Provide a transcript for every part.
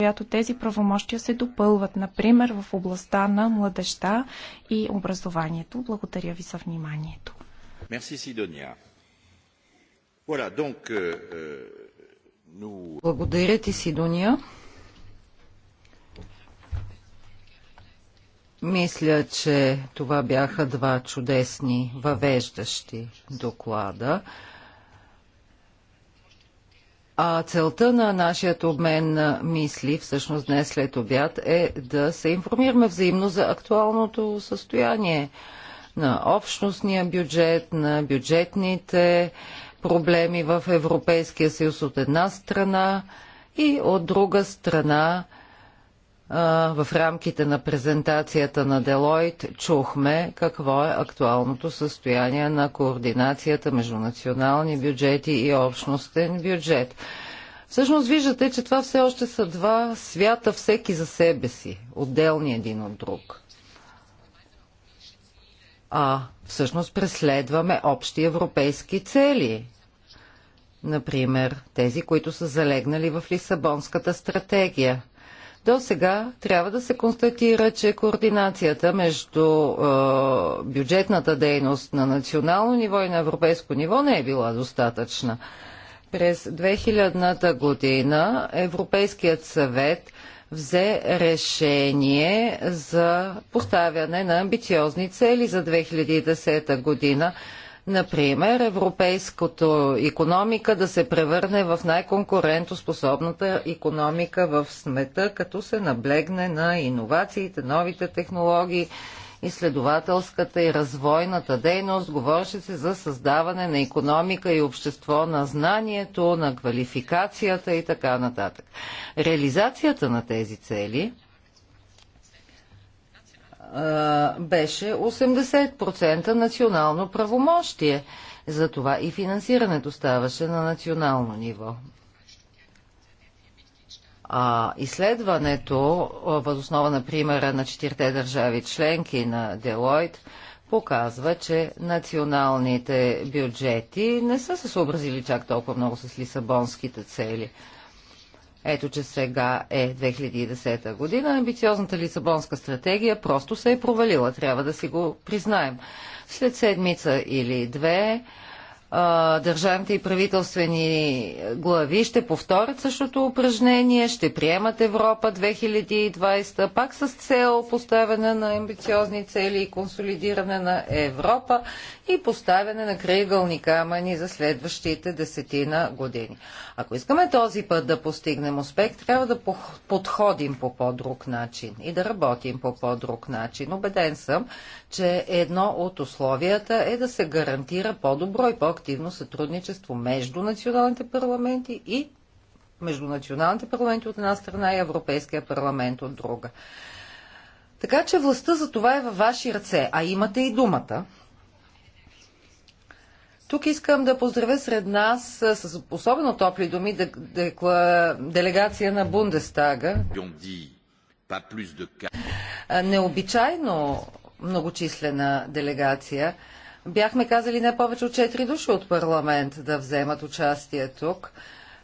която тези правомощия се допълват, например в областта на младеща и образованието. Благодаря ви за вниманието. Euh, euh, Благодаря ти, Сидония. Мисля, че това бяха два чудесни въвеждащи доклада. А целта на нашият обмен на мисли, всъщност днес след обяд, е да се информираме взаимно за актуалното състояние на общностния бюджет, на бюджетните проблеми в Европейския съюз от една страна и от друга страна в рамките на презентацията на Делойт чухме какво е актуалното състояние на координацията между национални бюджети и общностен бюджет. Всъщност виждате, че това все още са два свята всеки за себе си, отделни един от друг. А всъщност преследваме общи европейски цели. Например, тези, които са залегнали в Лисабонската стратегия. До сега трябва да се констатира, че координацията между е, бюджетната дейност на национално ниво и на европейско ниво не е била достатъчна. През 2000-та година Европейският съвет взе решение за поставяне на амбициозни цели за 2010 година Например, европейското економика да се превърне в най-конкурентоспособната економика в смета, като се наблегне на иновациите, новите технологии, изследователската и развойната дейност. Говореше се за създаване на економика и общество на знанието, на квалификацията и така нататък. Реализацията на тези цели – беше 80% национално правомощие. Затова и финансирането ставаше на национално ниво. А изследването, възоснова на примера на четирите държави членки на Делойт, показва, че националните бюджети не са се съобразили чак толкова много с лисабонските цели – ето, че сега е 2010 година. Амбициозната Лисабонска стратегия просто се е провалила, трябва да си го признаем. След седмица или две държавните и правителствени глави ще повторят същото упражнение, ще приемат Европа 2020, пак с цел поставяне на амбициозни цели и консолидиране на Европа и поставяне на крайъгълни камъни за следващите десетина години. Ако искаме този път да постигнем успех, трябва да подходим по по-друг начин и да работим по по-друг начин. Обеден съм, че едно от условията е да се гарантира по-добро и по-активно сътрудничество между националните парламенти и между националните парламенти от една страна и Европейския парламент от друга. Така че властта за това е във ваши ръце, а имате и думата. Тук искам да поздравя сред нас с особено топли думи декла... делегация на Бундестага. Необичайно многочислена делегация. Бяхме казали не повече от 4 души от парламент да вземат участие тук.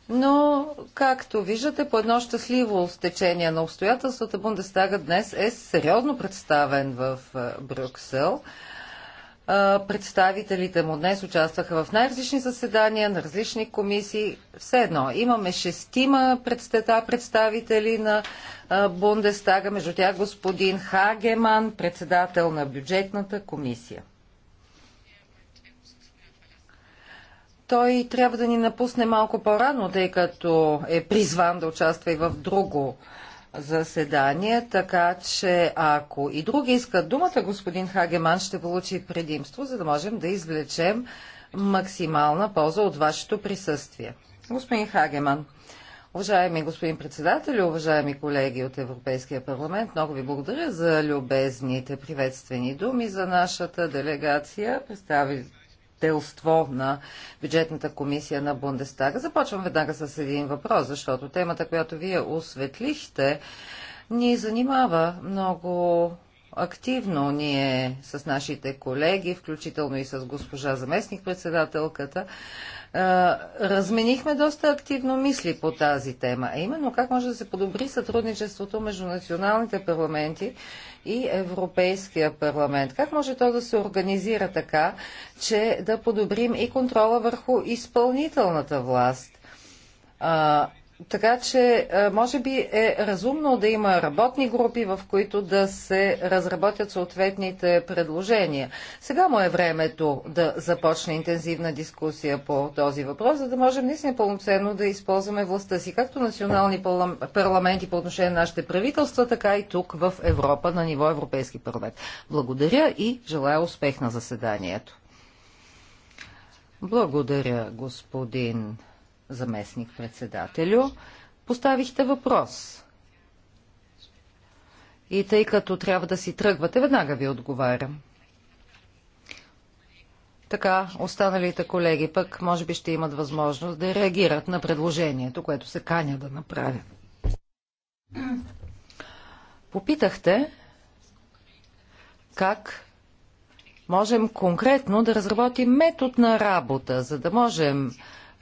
Но, както виждате, по едно щастливо стечение на обстоятелствата, Бундестага днес е сериозно представен в Брюксел представителите му днес участваха в най-различни заседания на различни комисии. Все едно, имаме шестима представители на Бундестага, между тях господин Хагеман, председател на бюджетната комисия. Той трябва да ни напусне малко по-рано, тъй като е призван да участва и в друго заседание, така че ако и други искат думата, господин Хагеман ще получи предимство, за да можем да извлечем максимална полза от вашето присъствие. Господин Хагеман, уважаеми господин председател, уважаеми колеги от Европейския парламент, много ви благодаря за любезните приветствени думи за нашата делегация, представители Телство на бюджетната комисия на Бундестага. Започвам веднага с един въпрос, защото темата, която вие осветлихте, ни занимава много активно ние с нашите колеги, включително и с госпожа заместник-председателката, разменихме доста активно мисли по тази тема, а именно как може да се подобри сътрудничеството между националните парламенти и Европейския парламент. Как може то да се организира така, че да подобрим и контрола върху изпълнителната власт? Така че, може би е разумно да има работни групи, в които да се разработят съответните предложения. Сега му е времето да започне интензивна дискусия по този въпрос, за да можем наистина пълноценно да използваме властта си, както национални парламенти по отношение на нашите правителства, така и тук в Европа на ниво Европейски парламент. Благодаря и желая успех на заседанието. Благодаря, господин заместник-председателю, поставихте въпрос. И тъй като трябва да си тръгвате, веднага ви отговарям. Така останалите колеги пък може би ще имат възможност да реагират на предложението, което се каня да направя. Попитахте как можем конкретно да разработим метод на работа, за да можем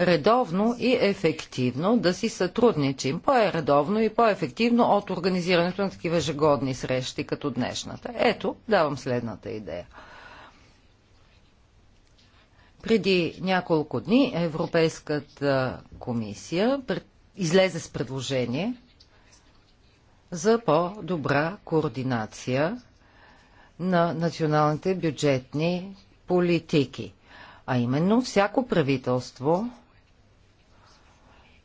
редовно и ефективно да си сътрудничим по-редовно и по-ефективно от организирането на такива ежегодни срещи като днешната. Ето, давам следната идея. Преди няколко дни Европейската комисия излезе с предложение за по-добра координация на националните бюджетни политики. А именно всяко правителство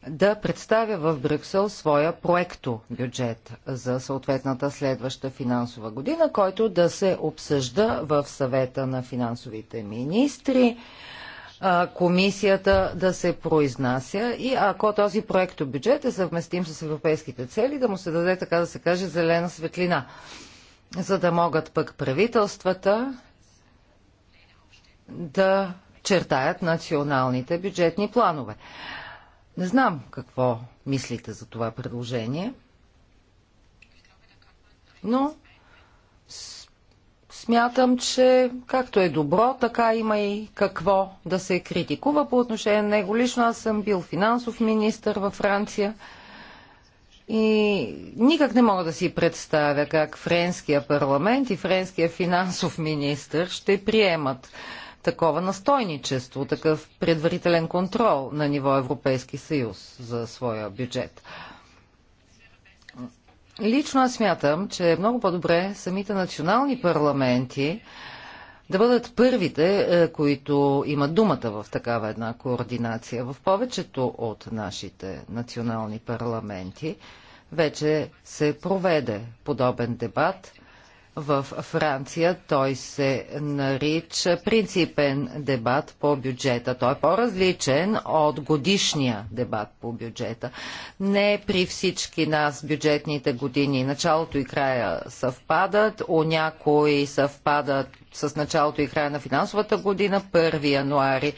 да представя в Брюксел своя проекто бюджет за съответната следваща финансова година, който да се обсъжда в съвета на финансовите министри, комисията да се произнася и ако този проекто бюджет е съвместим с европейските цели, да му се даде, така да се каже, зелена светлина, за да могат пък правителствата да чертаят националните бюджетни планове. Не знам какво мислите за това предложение, но смятам, че както е добро, така има и какво да се критикува по отношение на него. Лично аз съм бил финансов министр във Франция и никак не мога да си представя как френския парламент и френския финансов министр ще приемат такова настойничество, такъв предварителен контрол на ниво Европейски съюз за своя бюджет. Лично аз смятам, че е много по-добре самите национални парламенти да бъдат първите, е, които имат думата в такава една координация. В повечето от нашите национални парламенти вече се проведе подобен дебат в Франция. Той се нарича принципен дебат по бюджета. Той е по-различен от годишния дебат по бюджета. Не при всички нас бюджетните години началото и края съвпадат. У някои съвпадат с началото и края на финансовата година, 1 януари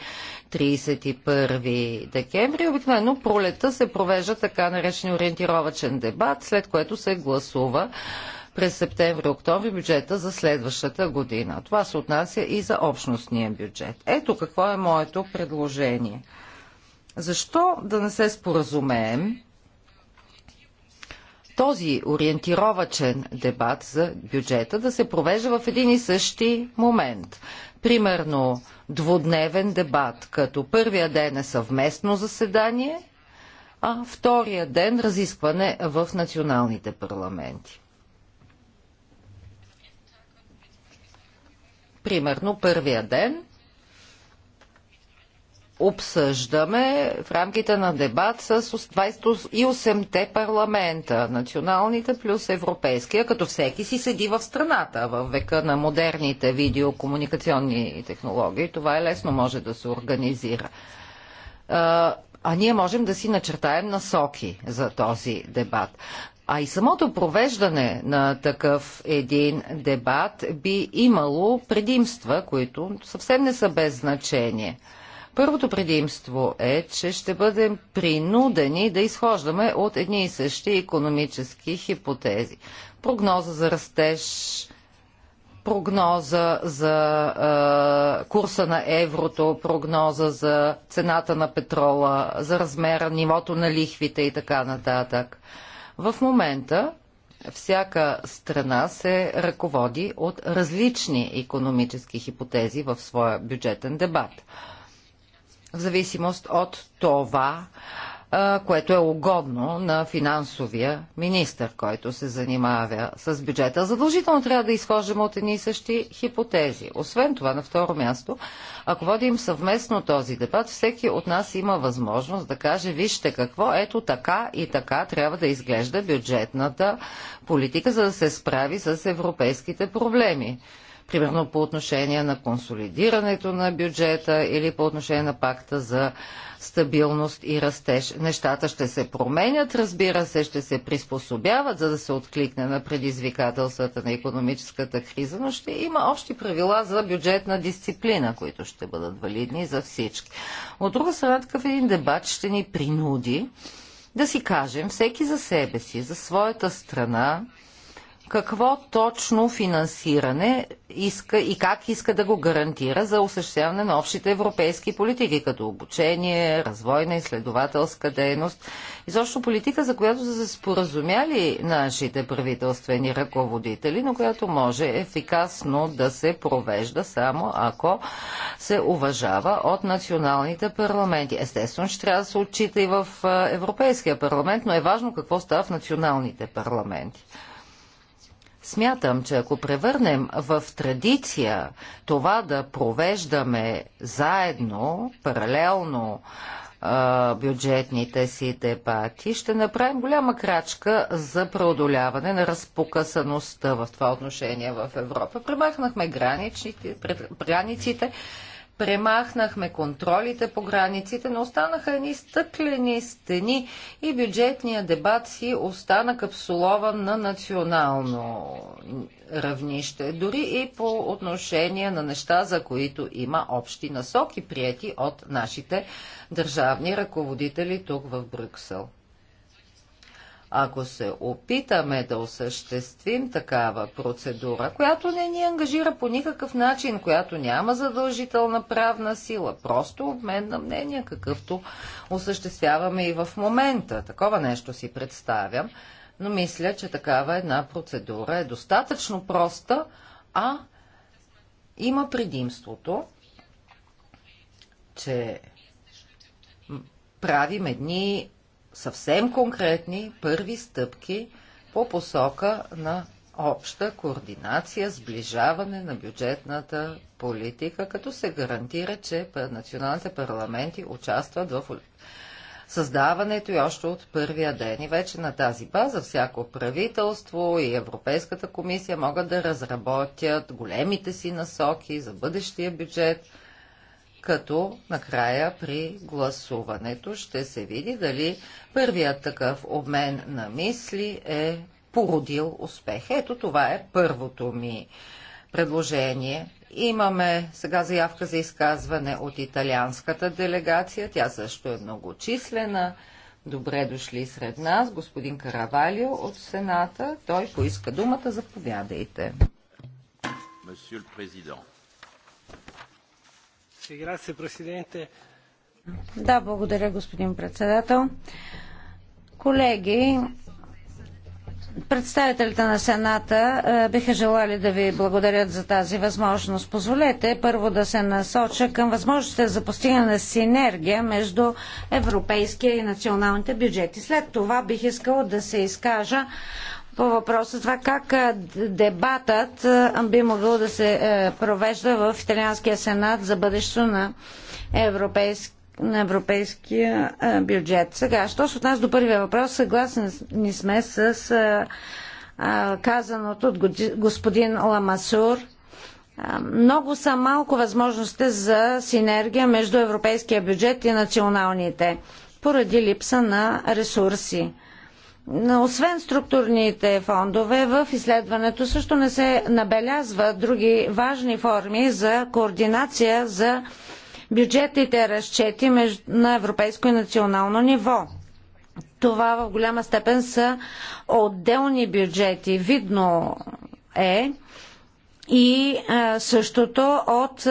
31 декември. Обикновено пролета се провежда така наречен ориентировачен дебат, след което се гласува през септември-октомври бюджета за следващата година. Това се отнася и за общностния бюджет. Ето какво е моето предложение. Защо да не се споразумеем този ориентировачен дебат за бюджета да се провежда в един и същи момент? Примерно двудневен дебат, като първия ден е съвместно заседание, а втория ден разискване в националните парламенти. Примерно първия ден обсъждаме в рамките на дебат с 28-те парламента, националните плюс европейския, като всеки си седи в страната в века на модерните видеокомуникационни технологии. Това е лесно може да се организира. А, а ние можем да си начертаем насоки за този дебат. А и самото провеждане на такъв един дебат би имало предимства, които съвсем не са без значение. Първото предимство е, че ще бъдем принудени да изхождаме от едни и същи економически хипотези. Прогноза за растеж, прогноза за е, курса на еврото, прогноза за цената на петрола, за размера, нивото на лихвите и така нататък. В момента всяка страна се ръководи от различни економически хипотези в своя бюджетен дебат. В зависимост от това, което е угодно на финансовия министр, който се занимава с бюджета. Задължително трябва да изхождаме от едни и същи хипотези. Освен това, на второ място, ако водим съвместно този дебат, всеки от нас има възможност да каже, вижте какво, ето така и така трябва да изглежда бюджетната политика, за да се справи с европейските проблеми примерно по отношение на консолидирането на бюджета или по отношение на пакта за стабилност и растеж. Нещата ще се променят, разбира се, ще се приспособяват, за да се откликне на предизвикателствата на економическата криза, но ще има общи правила за бюджетна дисциплина, които ще бъдат валидни за всички. От друга страна, такъв един дебат ще ни принуди да си кажем всеки за себе си, за своята страна, какво точно финансиране иска и как иска да го гарантира за осъществяване на общите европейски политики, като обучение, развойна изследователска дейност. и защо политика, за която са се споразумяли нашите правителствени ръководители, но която може ефикасно да се провежда само ако се уважава от националните парламенти. Естествено, ще трябва да се отчита и в Европейския парламент, но е важно какво става в националните парламенти. Смятам, че ако превърнем в традиция това да провеждаме заедно, паралелно, бюджетните си дебати, ще направим голяма крачка за преодоляване на разпокъсаността в това отношение в Европа. Премахнахме границите, границите премахнахме контролите по границите, но останаха едни стъклени стени и бюджетния дебат си остана капсулован на национално равнище, дори и по отношение на неща, за които има общи насоки, прияти от нашите държавни ръководители тук в Брюксел. Ако се опитаме да осъществим такава процедура, която не ни ангажира по никакъв начин, която няма задължителна правна сила, просто обмен на мнения, какъвто осъществяваме и в момента, такова нещо си представям, но мисля, че такава една процедура е достатъчно проста, а има предимството, че правим едни съвсем конкретни първи стъпки по посока на обща координация, сближаване на бюджетната политика, като се гарантира, че националните парламенти участват в създаването и още от първия ден. И вече на тази база всяко правителство и Европейската комисия могат да разработят големите си насоки за бъдещия бюджет – като накрая при гласуването ще се види дали първият такъв обмен на мисли е породил успех. Ето това е първото ми предложение. Имаме сега заявка за изказване от италианската делегация. Тя също е многочислена. Добре дошли сред нас. Господин Каравалио от Сената. Той поиска думата. Заповядайте. Месье президент. Да, благодаря, господин председател. Колеги, представителите на Сената е, биха желали да ви благодарят за тази възможност. Позволете първо да се насоча към възможностите за постигане на синергия между европейския и националните бюджети. След това бих искала да се изкажа по въпроса това как дебатът би могъл да се е, провежда в Италианския сенат за бъдещето на, европейски, на европейския бюджет. Сега, що се отнася до първия въпрос, съгласни сме с казаното от господин Ламасур. Много са малко възможностите за синергия между европейския бюджет и националните, поради липса на ресурси. Освен структурните фондове, в изследването също не се набелязва други важни форми за координация за бюджетните разчети на европейско и национално ниво. Това в голяма степен са отделни бюджети. Видно е и същото от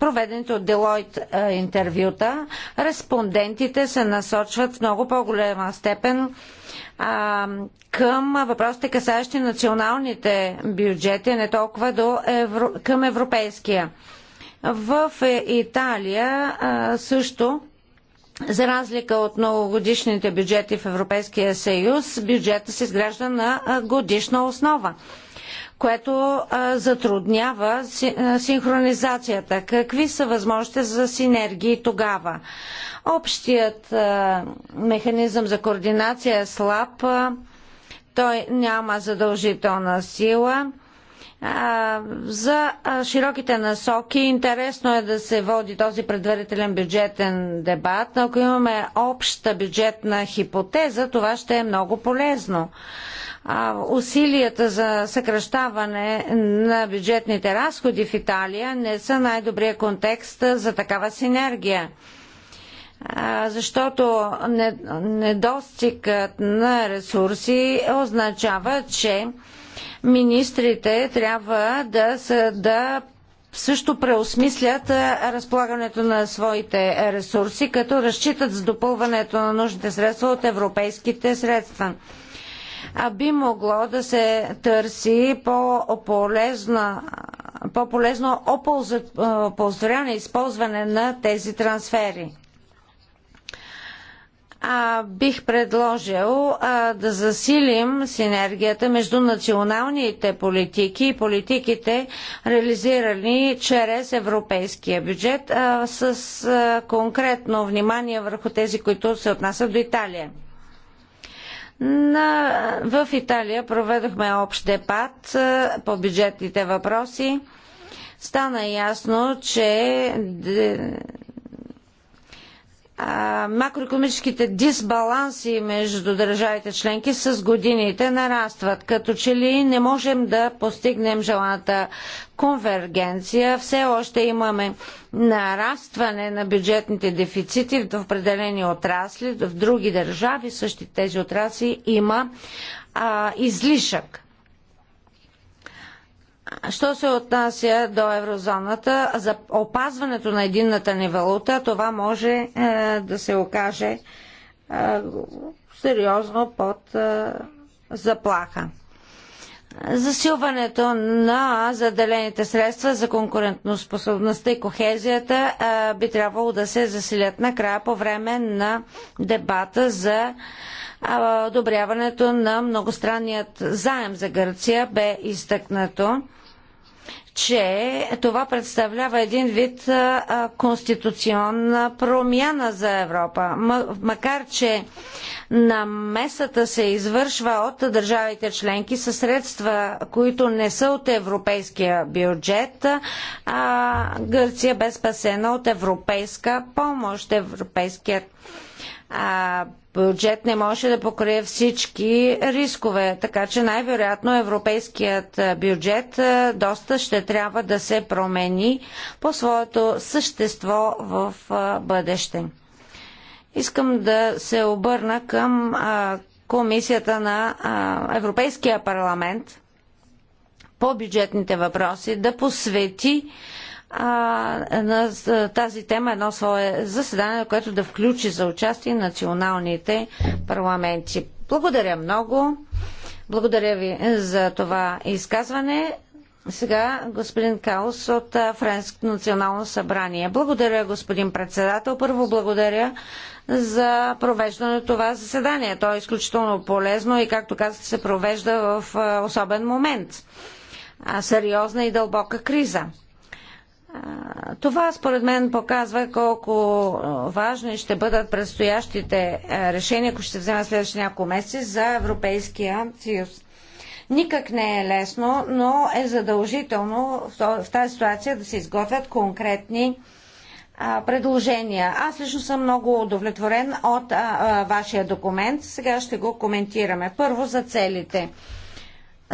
проведените от Делойт е, интервюта, респондентите се насочват в много по-голема степен а, към въпросите касащи националните бюджети, не толкова до евро, към европейския. В е, Италия а, също за разлика от многогодишните бюджети в Европейския съюз, бюджета се изгражда на годишна основа което затруднява синхронизацията. Какви са възможностите за синергии тогава? Общият механизъм за координация е слаб, той няма задължителна сила. За широките насоки интересно е да се води този предварителен бюджетен дебат. Ако имаме обща бюджетна хипотеза, това ще е много полезно усилията за съкръщаване на бюджетните разходи в Италия не са най-добрия контекст за такава синергия защото недостигът на ресурси означава, че министрите трябва да, са, да също преосмислят разполагането на своите ресурси, като разчитат с допълването на нужните средства от европейските средства а би могло да се търси по по-полезно оползотворяване и използване на тези трансфери. А, бих предложил а, да засилим синергията между националните политики и политиките, реализирани чрез европейския бюджет, а, с а, конкретно внимание върху тези, които се отнасят до Италия. На, в Италия проведохме общ депат по бюджетните въпроси. Стана ясно, че макроекономическите дисбаланси между държавите членки с годините нарастват. Като че ли не можем да постигнем желаната конвергенция, все още имаме нарастване на бюджетните дефицити в определени отрасли, в други държави същите тези отрасли има а, излишък. Що се отнася до еврозоната, за опазването на единната ни валута, това може е, да се окаже е, сериозно под е, заплаха. Засилването на заделените средства за конкурентоспособността и кохезията е, би трябвало да се засилят накрая по време на дебата за е, одобряването на многостранният заем за Гърция бе изтъкнато че това представлява един вид конституционна промяна за Европа. Макар, че намесата се извършва от държавите членки със средства, които не са от европейския бюджет, а Гърция бе спасена от европейска помощ. Европейският бюджет не може да покрие всички рискове, така че най-вероятно европейският бюджет доста ще трябва да се промени по своето същество в бъдеще. Искам да се обърна към Комисията на Европейския парламент по бюджетните въпроси да посвети а, на тази тема е едно свое заседание, което да включи за участие националните парламенти. Благодаря много. Благодаря ви за това изказване. Сега господин Каус от Френското национално събрание. Благодаря, господин председател. Първо благодаря за провеждането на това заседание. То е изключително полезно и, както казах, се провежда в особен момент. Сериозна и дълбока криза. Това според мен показва колко важни ще бъдат предстоящите решения, които ще вземат следващите няколко месеца за Европейския съюз. Никак не е лесно, но е задължително в тази ситуация да се изготвят конкретни предложения. Аз лично съм много удовлетворен от вашия документ. Сега ще го коментираме. Първо за целите.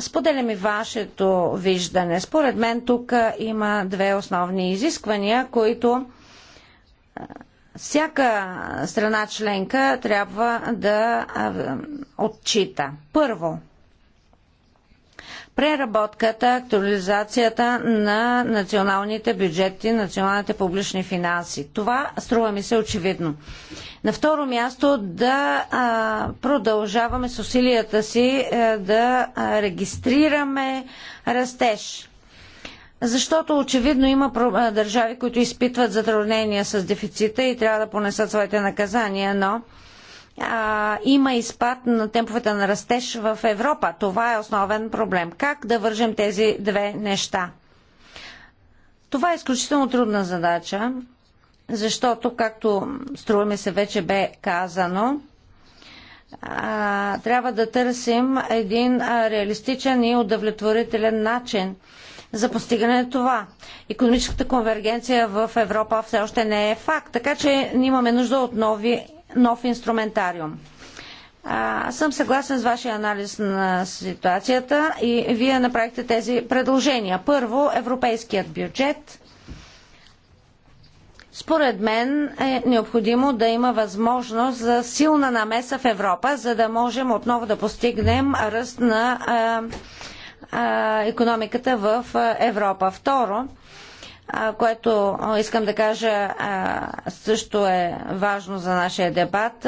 Споделям и вашето виждане. Според мен тук има две основни изисквания, които всяка страна членка трябва да отчита. Първо, преработката, актуализацията на националните бюджети, националните публични финанси. Това струва ми се е очевидно. На второ място да а, продължаваме с усилията си е, а, да регистрираме растеж. Защото очевидно има държави, които изпитват затруднения с дефицита и трябва да понесат своите наказания, но а, има и спад на темповете на растеж в Европа. Това е основен проблем. Как да вържем тези две неща? Това е изключително трудна задача, защото, както струваме се вече бе казано, а, трябва да търсим един а, реалистичен и удовлетворителен начин за постигане на това. Економическата конвергенция в Европа все още не е факт, така че имаме нужда от нови нов инструментариум. А, съм съгласен с вашия анализ на ситуацията и вие направихте тези предложения. Първо, европейският бюджет. Според мен е необходимо да има възможност за силна намеса в Европа, за да можем отново да постигнем ръст на а, а, економиката в Европа. Второ, което искам да кажа също е важно за нашия дебат.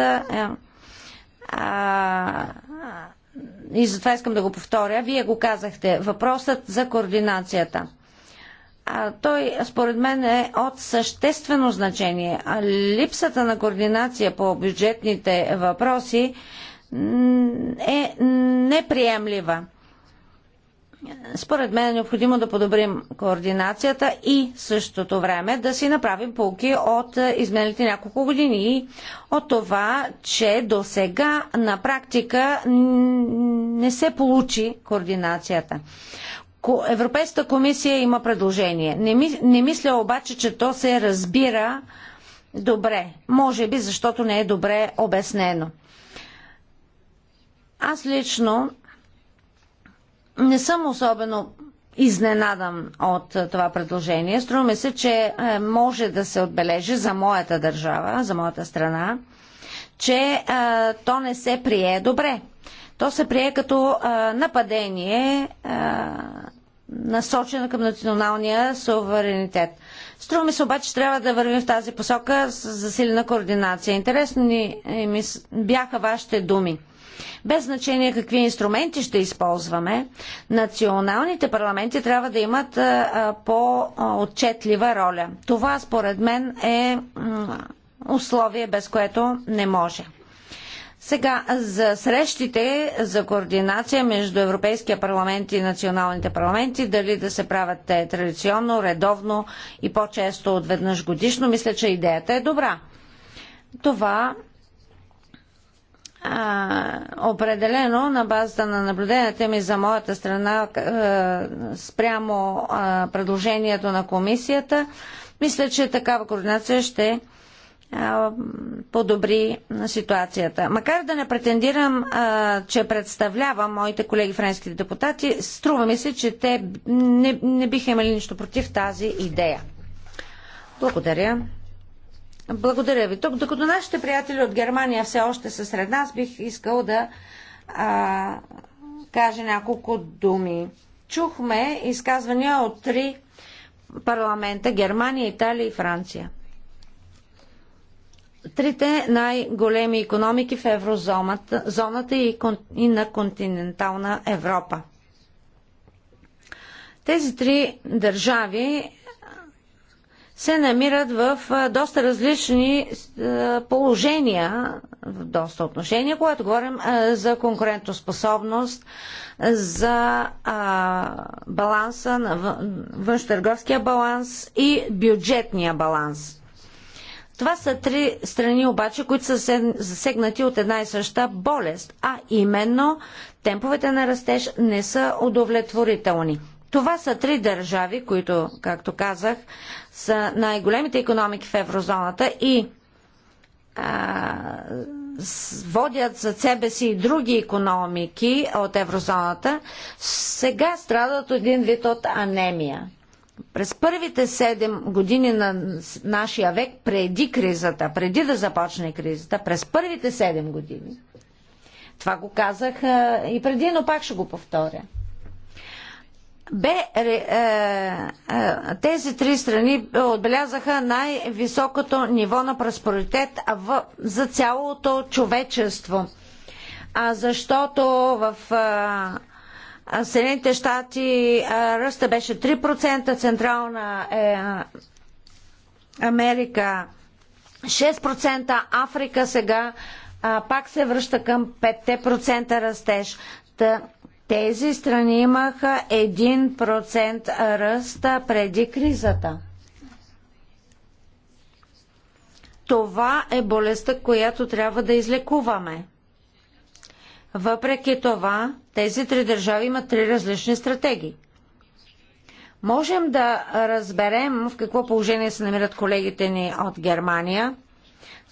И затова искам да го повторя. Вие го казахте. Въпросът за координацията. Той, според мен, е от съществено значение. Липсата на координация по бюджетните въпроси е неприемлива. Според мен е необходимо да подобрим координацията и същото време да си направим полки от изминалите няколко години и от това, че до сега на практика не се получи координацията. Европейската комисия има предложение. Не, ми, не мисля обаче, че то се разбира добре. Може би, защото не е добре обяснено. Аз лично не съм особено изненадан от това предложение. ми се, че може да се отбележи за моята държава, за моята страна, че а, то не се прие добре. То се прие като а, нападение, а, насочено към националния суверенитет. ми се обаче, че трябва да вървим в тази посока с засилена координация. Интересни е, ми бяха вашите думи без значение какви инструменти ще използваме, националните парламенти трябва да имат по-отчетлива роля. Това според мен е условие, без което не може. Сега, за срещите за координация между Европейския парламент и националните парламенти, дали да се правят те традиционно, редовно и по-често от веднъж годишно, мисля, че идеята е добра. Това а, определено на базата на наблюденията ми за моята страна е, спрямо предложението на комисията, мисля, че такава координация ще подобри ситуацията. Макар да не претендирам, че представлявам моите колеги френските депутати, струва ми се, че те не, не биха имали нищо против тази идея. Благодаря. Благодаря ви. Тук, докато нашите приятели от Германия все още са сред нас, бих искал да а, кажа няколко думи. Чухме изказвания от три парламента Германия, Италия и Франция. Трите най-големи економики в еврозоната зоната и, кон, и на континентална Европа. Тези три държави се намират в доста различни положения, в доста отношения, когато говорим за конкурентоспособност, за баланса на външно-търговския баланс и бюджетния баланс. Това са три страни обаче, които са засегнати от една и съща болест, а именно темповете на растеж не са удовлетворителни. Това са три държави, които, както казах, са най-големите економики в еврозоната и а, водят за себе си и други економики от еврозоната, сега страдат един вид от анемия. През първите 7 години на нашия век, преди кризата, преди да започне кризата, през първите 7 години, това го казах и преди, но пак ще го повторя – бе, е, е, е, тези три страни отбелязаха най-високото ниво на проспоритет в, за цялото човечество. А защото в е, е Съединените щати е, ръста беше 3%, Централна Америка 6%, Африка сега пак се връща към 5% растеж. Та, тези страни имаха 1% ръста преди кризата. Това е болестта, която трябва да излекуваме. Въпреки това, тези три държави имат три различни стратегии. Можем да разберем в какво положение се намират колегите ни от Германия –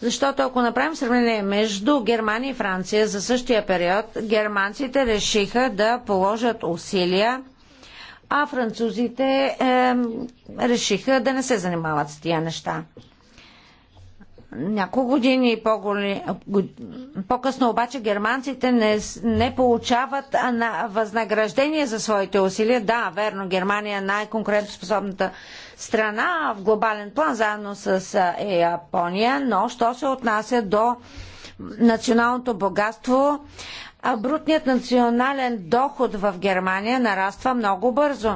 защото ако направим сравнение между Германия и Франция за същия период, германците решиха да положат усилия, а французите е, решиха да не се занимават с тия неща. Няколко години по-късно по обаче германците не, не получават възнаграждение за своите усилия. Да, верно, Германия е най-конкурентоспособната страна в глобален план, заедно с е, Япония, но що се отнася до националното богатство, брутният национален доход в Германия нараства много бързо.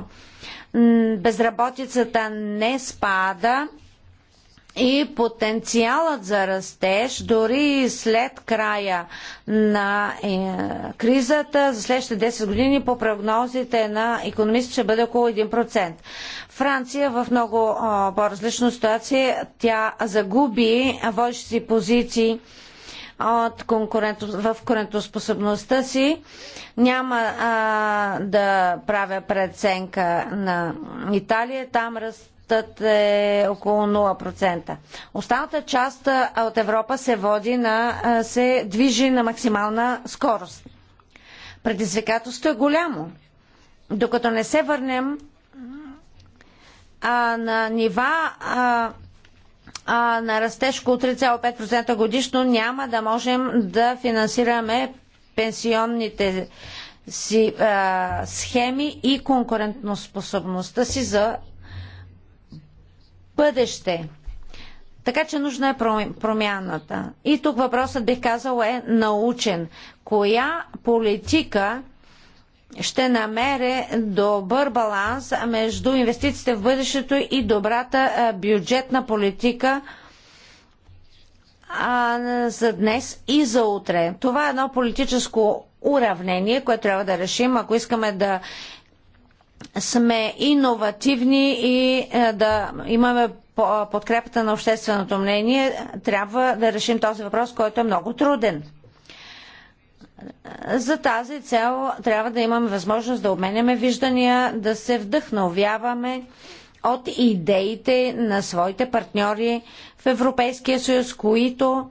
Безработицата не спада, и потенциалът за растеж дори след края на е, кризата за следващите 10 години по прогнозите на економистите ще бъде около 1%. Франция в много по-различна ситуация тя загуби водещи си позиции от конкурент... в конкурентоспособността си. Няма а, да правя преценка на Италия. Там раз ръстът е около 0%. Останата част от Европа се води на, се движи на максимална скорост. Предизвикателството е голямо. Докато не се върнем а, на нива а, а, на растеж около 3,5% годишно, няма да можем да финансираме пенсионните си а, схеми и конкурентноспособността си за бъдеще. Така че нужна е промяната. И тук въпросът, бих казал, е научен. Коя политика ще намери добър баланс между инвестициите в бъдещето и добрата бюджетна политика за днес и за утре. Това е едно политическо уравнение, което трябва да решим, ако искаме да сме иновативни и е, да имаме подкрепата на общественото мнение, трябва да решим този въпрос, който е много труден. За тази цел трябва да имаме възможност да обменяме виждания, да се вдъхновяваме от идеите на своите партньори в Европейския съюз, които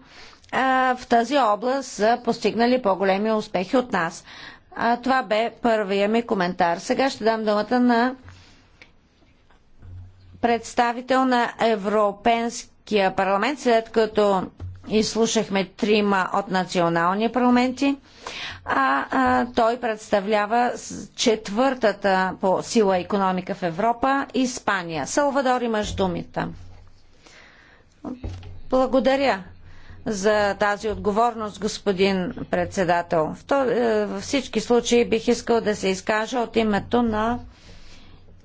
а, е, в тази област са постигнали по-големи успехи от нас. А, това бе първия ми коментар. Сега ще дам думата на представител на Европейския парламент, след като изслушахме трима от национални парламенти, а, а той представлява четвъртата по сила економика в Европа Испания. Салвадор, имаш думата. Благодаря за тази отговорност, господин председател. Е, във всички случаи бих искал да се изкажа от името на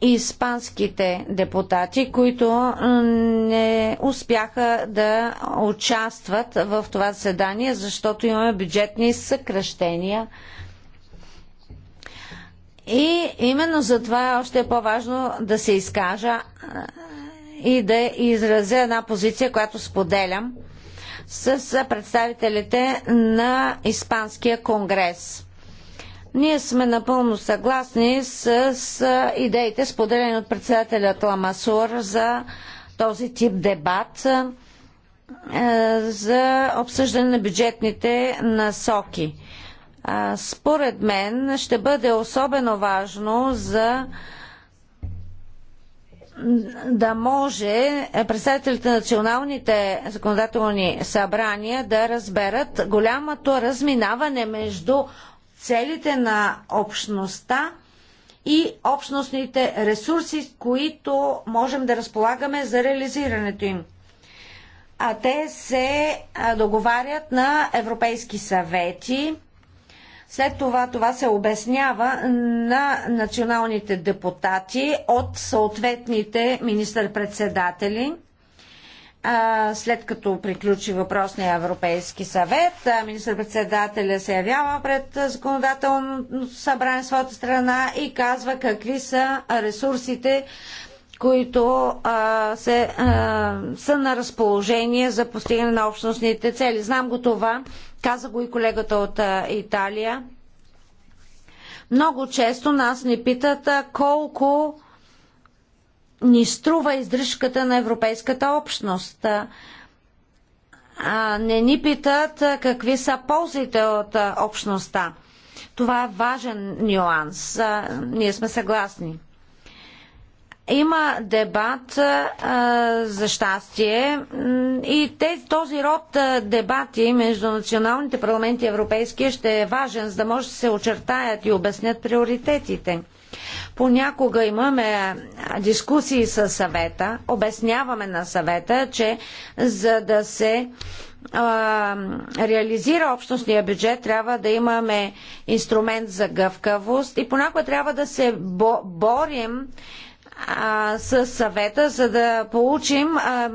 испанските депутати, които е, не успяха да участват в това заседание, защото имаме бюджетни съкръщения. И именно за това е още по-важно да се изкажа е, и да изразя една позиция, която споделям – с представителите на Испанския конгрес. Ние сме напълно съгласни с, с идеите, споделени от председателят Ламасур за този тип дебат е, за обсъждане на бюджетните насоки. Според мен ще бъде особено важно за да може представителите на националните законодателни събрания да разберат голямото разминаване между целите на общността и общностните ресурси, които можем да разполагаме за реализирането им. А те се договарят на европейски съвети след това това се обяснява на националните депутати от съответните министър-председатели. След като приключи въпросния Европейски съвет, министър-председателя се явява пред законодателно събрание своята страна и казва какви са ресурсите, които а, се, а, са на разположение за постигане на общностните цели. Знам го това каза го и колегата от Италия. Много често нас ни питат колко ни струва издръжката на Европейската общност. А, не ни питат какви са ползите от общността. Това е важен нюанс. ние сме съгласни. Има дебат а, за щастие и тези, този род а, дебати между националните парламенти и европейския ще е важен, за да може да се очертаят и обяснят приоритетите. Понякога имаме дискусии с съвета, обясняваме на съвета, че за да се а, реализира общностния бюджет, трябва да имаме инструмент за гъвкавост и понякога трябва да се борим с съвета, за да получим а,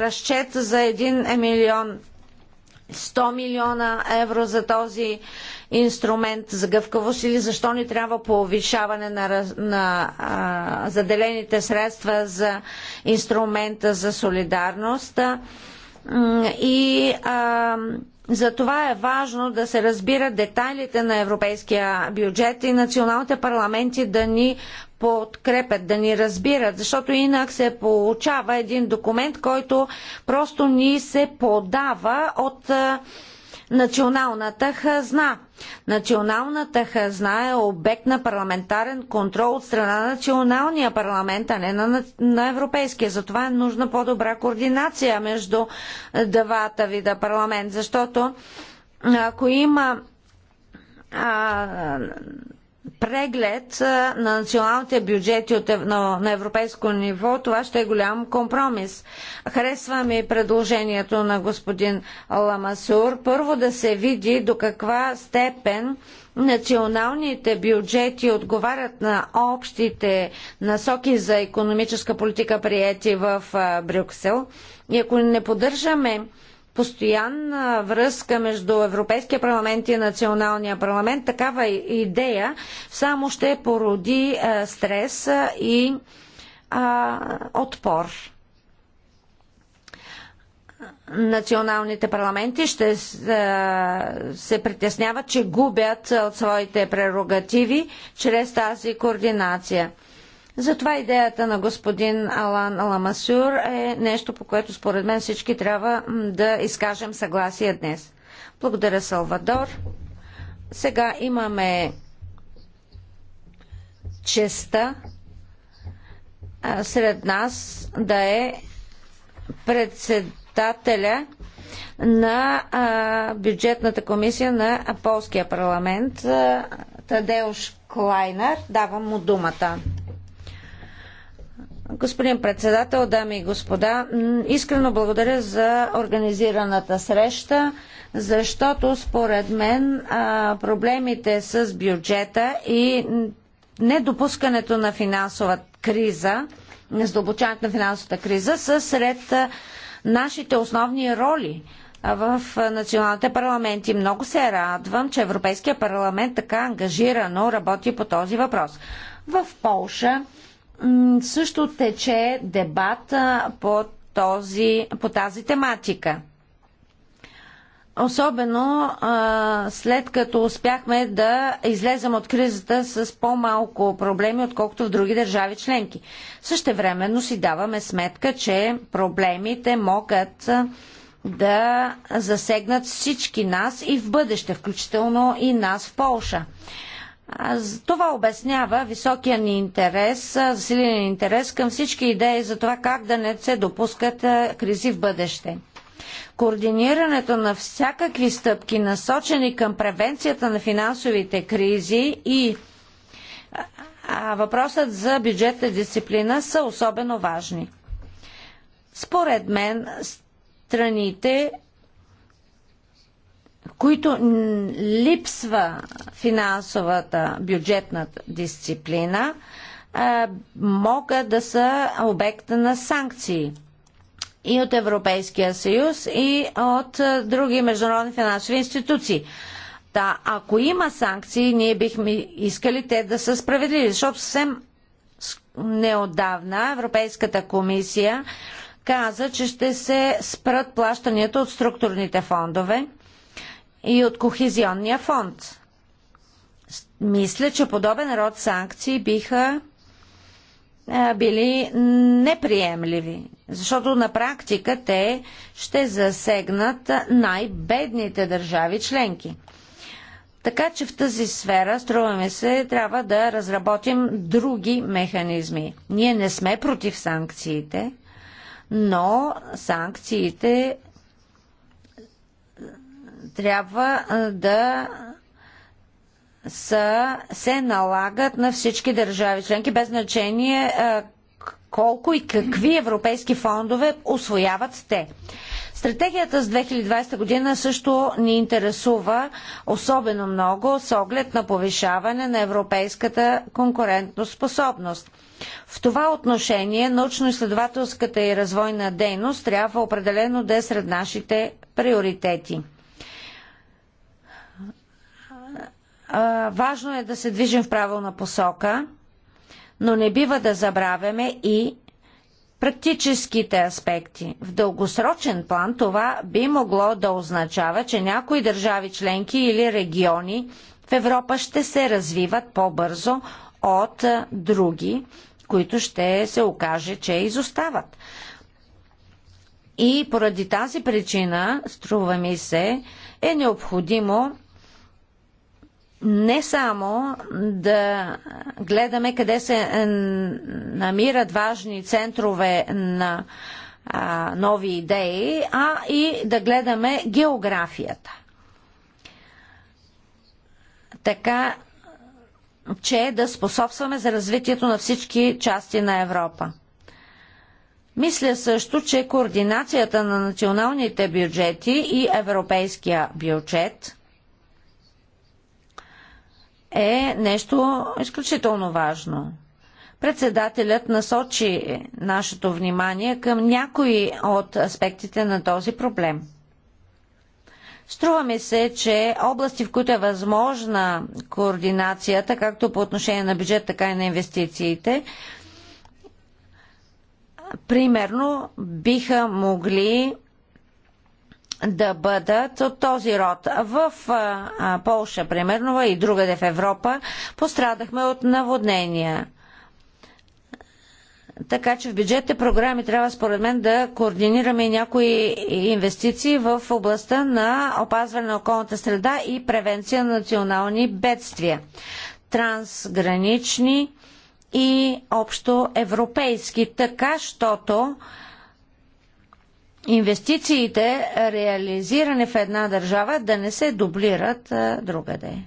разчет за 1 милион 100 милиона евро за този инструмент за гъвкавост или защо ни трябва повишаване на, на а, заделените средства за инструмента за солидарност и а, затова е важно да се разбират детайлите на европейския бюджет и националните парламенти да ни подкрепят, да ни разбират, защото инак се получава един документ, който просто ни се подава от националната хазна. Националната хазна е обект на парламентарен контрол от страна на националния парламент, а не на, на европейския. Затова е нужна по-добра координация между двата вида парламент, защото ако има а, преглед на националните бюджети от, на, европейско ниво, това ще е голям компромис. Харесва ми предложението на господин Ламасур. Първо да се види до каква степен националните бюджети отговарят на общите насоки за економическа политика, приети в Брюксел. И ако не поддържаме постоянна връзка между Европейския парламент и Националния парламент, такава идея само ще породи е, стрес и е, отпор националните парламенти ще е, се притесняват, че губят от своите прерогативи чрез тази координация. Затова идеята на господин Алан Ламасюр е нещо, по което според мен всички трябва да изкажем съгласие днес. Благодаря, Салвадор. Сега имаме честа сред нас да е председателя на бюджетната комисия на Полския парламент Тадеуш Клайнер. Давам му думата. Господин председател, дами и господа, искрено благодаря за организираната среща, защото според мен проблемите с бюджета и недопускането на финансова криза, задълбочаването на финансовата криза са сред нашите основни роли в националните парламенти. Много се радвам, че Европейския парламент така ангажирано работи по този въпрос. В Полша също тече дебат по, този, по тази тематика. Особено а, след като успяхме да излезем от кризата с по-малко проблеми, отколкото в други държави членки. Същевременно си даваме сметка, че проблемите могат да засегнат всички нас и в бъдеще, включително и нас в Полша. Това обяснява високия ни интерес, засилен интерес към всички идеи за това как да не се допускат кризи в бъдеще. Координирането на всякакви стъпки, насочени към превенцията на финансовите кризи и въпросът за бюджетна дисциплина са особено важни. Според мен, страните които липсва финансовата бюджетна дисциплина, могат да са обект на санкции и от Европейския съюз, и от други международни финансови институции. Та, ако има санкции, ние бихме искали те да са справедливи, защото съвсем неодавна Европейската комисия каза, че ще се спрат плащанията от структурните фондове и от Кохезионния фонд. Мисля, че подобен род санкции биха били неприемливи, защото на практика те ще засегнат най-бедните държави членки. Така че в тази сфера, струваме се, трябва да разработим други механизми. Ние не сме против санкциите, но санкциите трябва да са, се налагат на всички държави членки, без значение колко и какви европейски фондове освояват те. Стратегията с 2020 година също ни интересува особено много с оглед на повишаване на европейската конкурентоспособност. В това отношение научно-изследователската и развойна дейност трябва определено да е сред нашите приоритети. важно е да се движим в правилна посока, но не бива да забравяме и практическите аспекти. В дългосрочен план това би могло да означава, че някои държави членки или региони в Европа ще се развиват по-бързо от други, които ще се окаже, че изостават. И поради тази причина, струва ми се, е необходимо не само да гледаме къде се е, намират важни центрове на а, нови идеи, а и да гледаме географията. Така, че да способстваме за развитието на всички части на Европа. Мисля също, че координацията на националните бюджети и европейския бюджет – е нещо изключително важно. Председателят насочи нашето внимание към някои от аспектите на този проблем. Струва ми се, че области, в които е възможна координацията, както по отношение на бюджет, така и на инвестициите, примерно биха могли да бъдат от този род. В а, Полша, примерно, и другаде в Европа, пострадахме от наводнения. Така че в бюджетните програми трябва според мен да координираме някои инвестиции в областта на опазване на околната среда и превенция на национални бедствия. Трансгранични и общо европейски, така щото инвестициите, реализирани в една държава, да не се дублират другаде.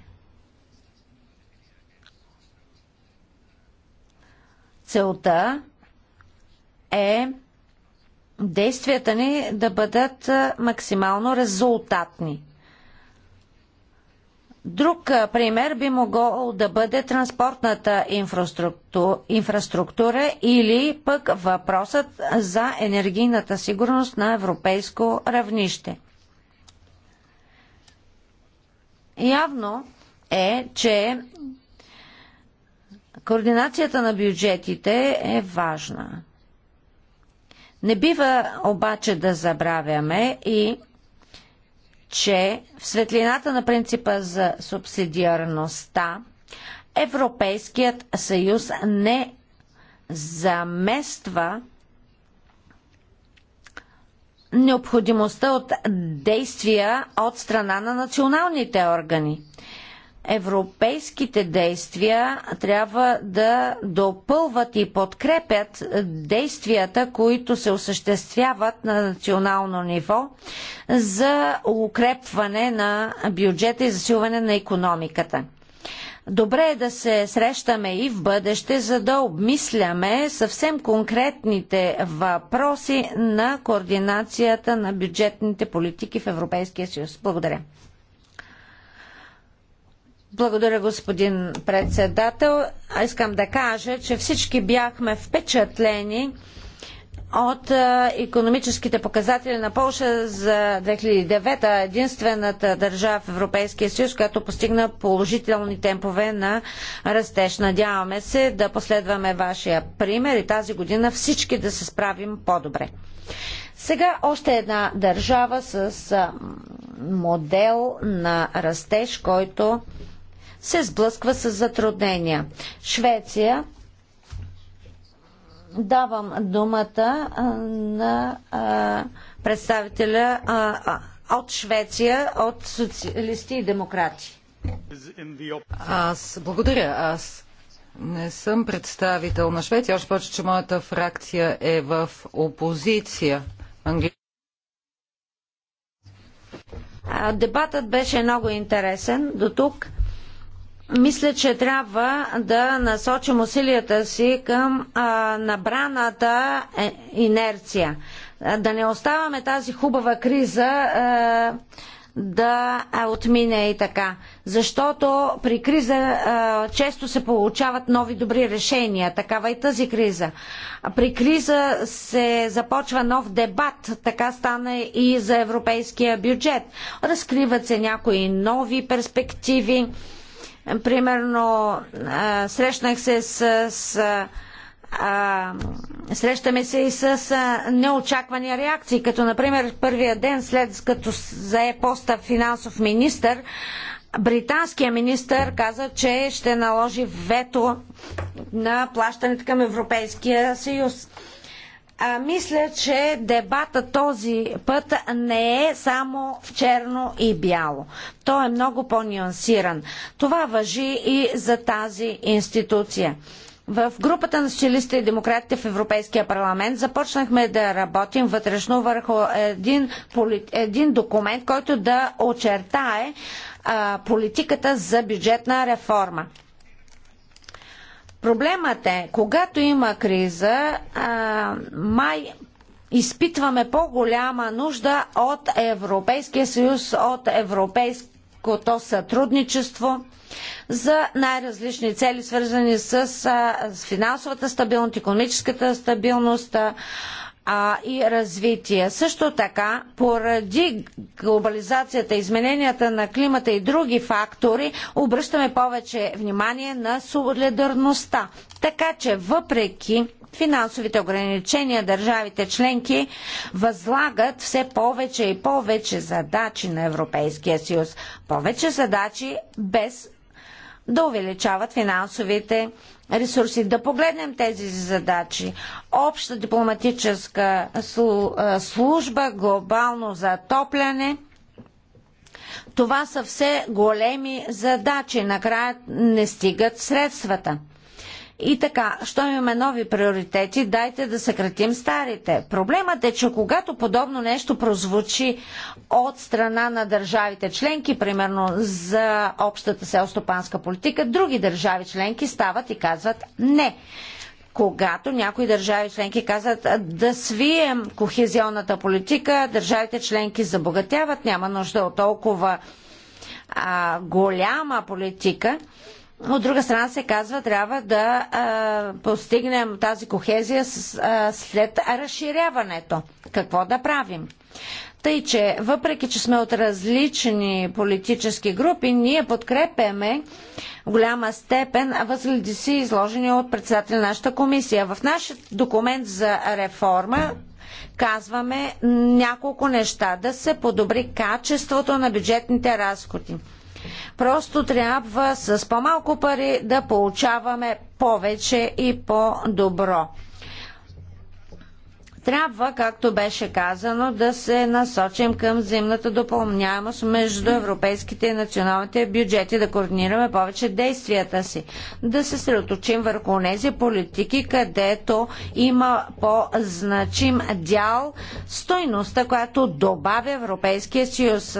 Целта е действията ни да бъдат максимално резултатни. Друг пример би могъл да бъде транспортната инфраструктура, инфраструктура или пък въпросът за енергийната сигурност на европейско равнище. Явно е, че координацията на бюджетите е важна. Не бива обаче да забравяме и че в светлината на принципа за субсидиарността Европейският съюз не замества необходимостта от действия от страна на националните органи европейските действия трябва да допълват и подкрепят действията, които се осъществяват на национално ниво за укрепване на бюджета и засилване на економиката. Добре е да се срещаме и в бъдеще, за да обмисляме съвсем конкретните въпроси на координацията на бюджетните политики в Европейския съюз. Благодаря. Благодаря, господин председател. А искам да кажа, че всички бяхме впечатлени от економическите показатели на Польша за 2009, единствената държава в Европейския съюз, която постигна положителни темпове на растеж. Надяваме се да последваме вашия пример и тази година всички да се справим по-добре. Сега още една държава с модел на растеж, който се сблъсква с затруднения. Швеция давам думата на представителя от Швеция, от социалисти и демократи. Аз благодаря. Аз не съм представител на Швеция, още повече, че моята фракция е в опозиция. Англи... Дебатът беше много интересен до тук. Мисля, че трябва да насочим усилията си към а, набраната е, инерция. Да не оставаме тази хубава криза а, да отмине и така. Защото при криза а, често се получават нови добри решения. Такава и тази криза. При криза се започва нов дебат. Така стана и за европейския бюджет. Разкриват се някои нови перспективи. Примерно, срещнах се с, с а, срещаме се и с а, неочаквани реакции, като например първия ден след като зае поста финансов министр, британския министр каза, че ще наложи вето на плащането към Европейския съюз. А, мисля, че дебата този път не е само в черно и бяло. Той е много по-нюансиран. Това въжи и за тази институция. В групата на социалистите и демократите в Европейския парламент започнахме да работим вътрешно върху един, един документ, който да очертае политиката за бюджетна реформа. Проблемът е, когато има криза, а, май изпитваме по-голяма нужда от Европейския съюз, от европейското сътрудничество за най-различни цели, свързани с, а, с финансовата стабилност, економическата стабилност, а, а, и развитие. Също така, поради глобализацията, измененията на климата и други фактори, обръщаме повече внимание на солидарността. Така че, въпреки финансовите ограничения, държавите членки възлагат все повече и повече задачи на Европейския съюз. Повече задачи без да увеличават финансовите ресурси. Да погледнем тези задачи. Обща дипломатическа служба, глобално затопляне. Това са все големи задачи. Накрая не стигат средствата. И така, що имаме нови приоритети, дайте да съкратим старите. Проблемът е, че когато подобно нещо прозвучи от страна на държавите членки, примерно за общата селстопанска политика, други държави членки стават и казват не когато някои държави членки казват да свием кохезионната политика, държавите членки забогатяват, няма нужда от толкова а, голяма политика. От друга страна се казва, трябва да а, постигнем тази кохезия с, а, след разширяването. Какво да правим? Тъй, че въпреки, че сме от различни политически групи, ние подкрепяме в голяма степен възгледи си изложени от председателя на нашата комисия. В нашия документ за реформа казваме няколко неща. Да се подобри качеството на бюджетните разходи Просто трябва с по-малко пари да получаваме повече и по-добро трябва, както беше казано, да се насочим към взаимната допълняемост между европейските и националните бюджети, да координираме повече действията си, да се средоточим върху тези политики, където има по-значим дял стойността, която добавя Европейския съюз.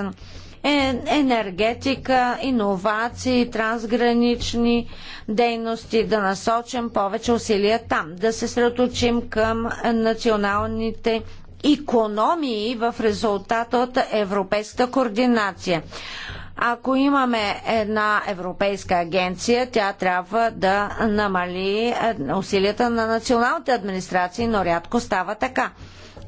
Е, енергетика, иновации, трансгранични дейности, да насочим повече усилия там, да се средоточим към националните икономии в резултат от европейската координация. Ако имаме една европейска агенция, тя трябва да намали усилията на националните администрации, но рядко става така.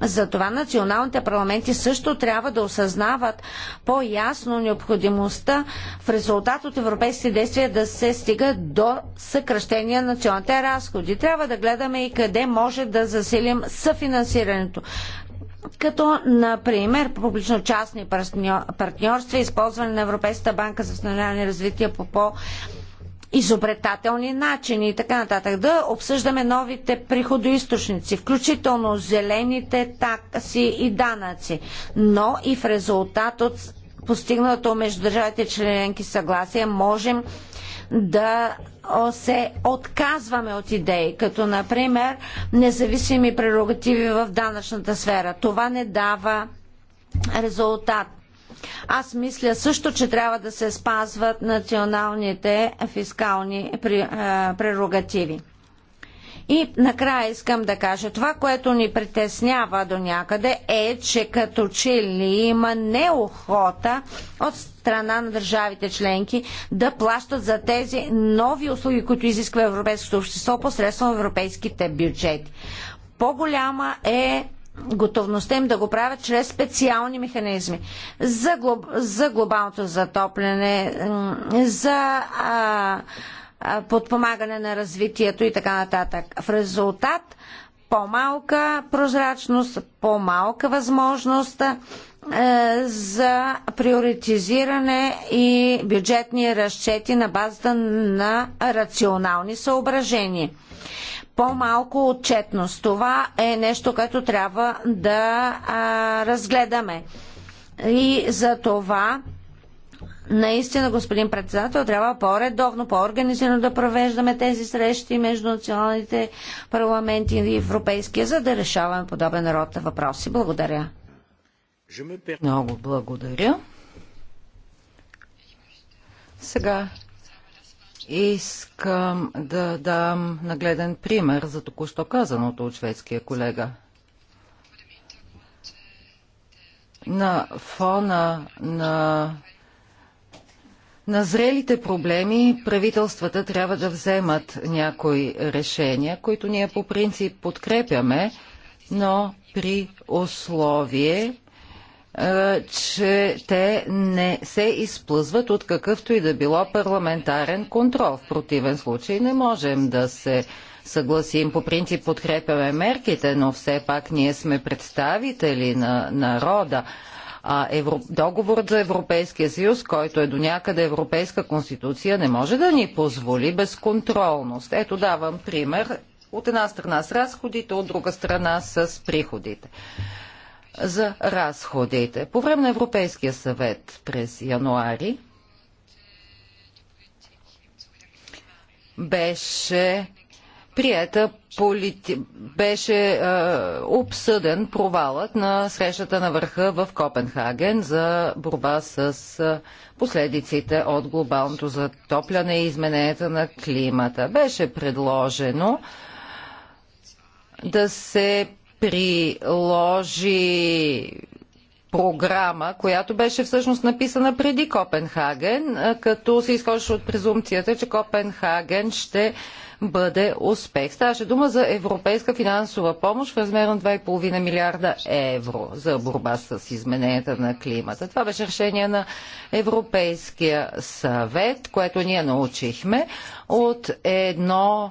Затова националните парламенти също трябва да осъзнават по-ясно необходимостта в резултат от европейските действия да се стига до съкръщение на националните разходи. Трябва да гледаме и къде може да засилим съфинансирането като, например, публично-частни партньорства, използване на Европейската банка за възстановяване и развитие по по изобретателни начини и така нататък. Да обсъждаме новите приходоисточници, включително зелените такси и данъци, но и в резултат от постигнато между държавите членки съгласие можем да се отказваме от идеи, като например независими прерогативи в данъчната сфера. Това не дава резултат. Аз мисля също, че трябва да се спазват националните фискални прерогативи. И накрая искам да кажа, това, което ни притеснява до някъде е, че като че ли има неохота от страна на държавите членки да плащат за тези нови услуги, които изисква европейското общество посредством европейските бюджети. По-голяма е готовността им да го правят чрез специални механизми за, глоб, за глобалното затопляне, за а, а, подпомагане на развитието и така нататък. В резултат по-малка прозрачност, по-малка възможност а, е, за приоритизиране и бюджетни разчети на базата на рационални съображения по-малко отчетност. Това е нещо, което трябва да а, разгледаме. И за това наистина, господин председател, трябва по-редовно, по-организирано да провеждаме тези срещи между националните парламенти и европейския, за да решаваме подобен род въпроси. Благодаря. Много благодаря. Сега Искам да дам нагледен пример за току-що казаното от шведския колега. На фона на на зрелите проблеми правителствата трябва да вземат някои решения, които ние по принцип подкрепяме, но при условие, че те не се изплъзват от какъвто и да било парламентарен контрол. В противен случай не можем да се съгласим. По принцип подкрепяме мерките, но все пак ние сме представители на народа. А Евро... договорът за Европейския съюз, който е до някъде Европейска конституция, не може да ни позволи безконтролност. Ето давам пример от една страна с разходите, от друга страна с приходите за разходите. По време на Европейския съвет през януари беше приета полити... беше е, обсъден провалът на срещата на върха в Копенхаген за борба с последиците от глобалното затопляне и измененията на климата. Беше предложено да се приложи програма, която беше всъщност написана преди Копенхаген, като се изхождаше от презумцията, че Копенхаген ще бъде успех. Ставаше дума за европейска финансова помощ в размер на 2,5 милиарда евро за борба с измененията на климата. Това беше решение на Европейския съвет, което ние научихме от едно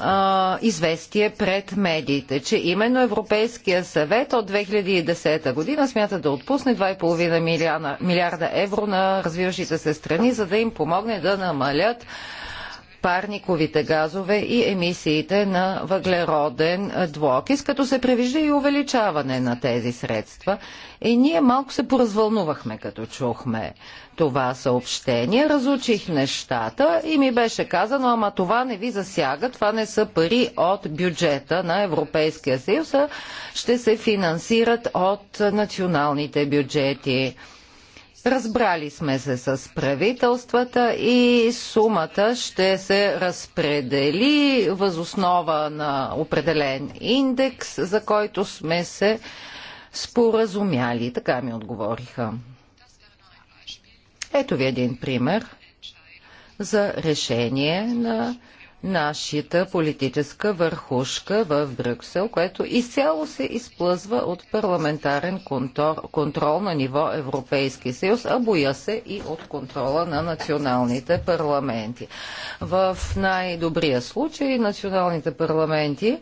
а, известие пред медиите, че именно Европейския съвет от 2010 година смята да отпусне 2,5 милиарда евро на развиващите се страни, за да им помогне да намалят парниковите газове и емисиите на въглероден двуокис, като се превижда и увеличаване на тези средства. И ние малко се поразвълнувахме, като чухме това съобщение. Разучих нещата и ми беше казано, ама това не ви засяга, това не са пари от бюджета на Европейския съюз, а ще се финансират от националните бюджети. Разбрали сме се с правителствата и сумата ще се разпредели възоснова на определен индекс, за който сме се споразумяли. Така ми отговориха. Ето ви един пример за решение на нашата политическа върхушка в Брюксел, което изцяло се изплъзва от парламентарен контор, контрол на ниво Европейски съюз, а боя се и от контрола на националните парламенти. В най-добрия случай националните парламенти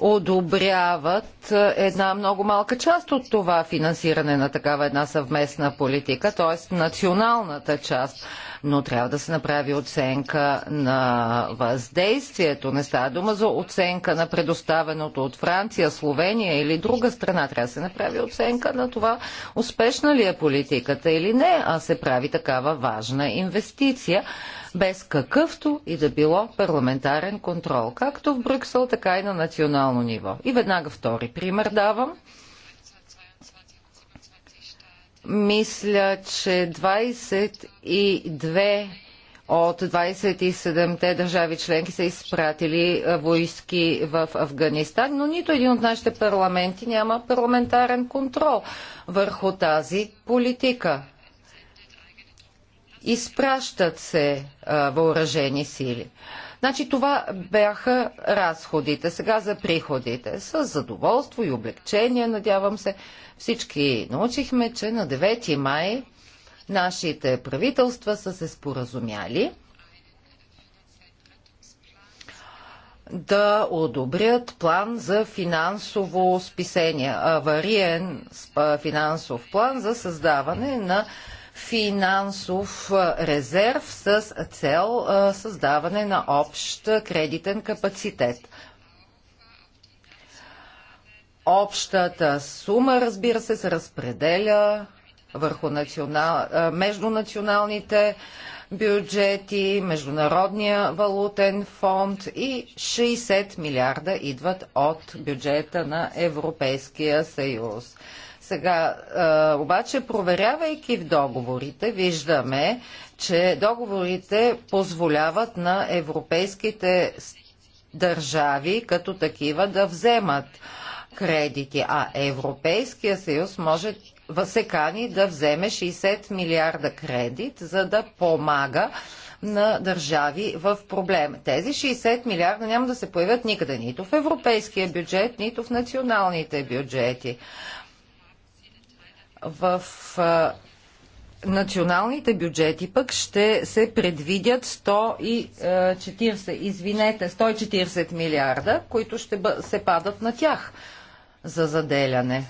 одобряват една много малка част от това финансиране на такава една съвместна политика, т.е. националната част но трябва да се направи оценка на въздействието. Не става дума за оценка на предоставеното от Франция, Словения или друга страна. Трябва да се направи оценка на това успешна ли е политиката или не, а се прави такава важна инвестиция без какъвто и да било парламентарен контрол, както в Брюксел, така и на национално ниво. И веднага втори пример давам. Мисля, че 22 от 27-те държави членки са изпратили войски в Афганистан, но нито един от нашите парламенти няма парламентарен контрол върху тази политика. Изпращат се а, въоръжени сили. Значи това бяха разходите. Сега за приходите. С задоволство и облегчение, надявам се, всички научихме, че на 9 май нашите правителства са се споразумяли да одобрят план за финансово списение, авариен финансов план за създаване на финансов резерв с цел създаване на общ кредитен капацитет. Общата сума, разбира се, се разпределя върху национал... между националните бюджети, Международния валутен фонд и 60 милиарда идват от бюджета на Европейския съюз. Сега, обаче, проверявайки в договорите, виждаме, че договорите позволяват на европейските държави като такива да вземат кредити, а Европейския съюз може се кани да вземе 60 милиарда кредит, за да помага на държави в проблем. Тези 60 милиарда няма да се появят никъде, нито в европейския бюджет, нито в националните бюджети. В националните бюджети пък ще се предвидят 140, извинете, 140 милиарда, които ще се падат на тях за заделяне.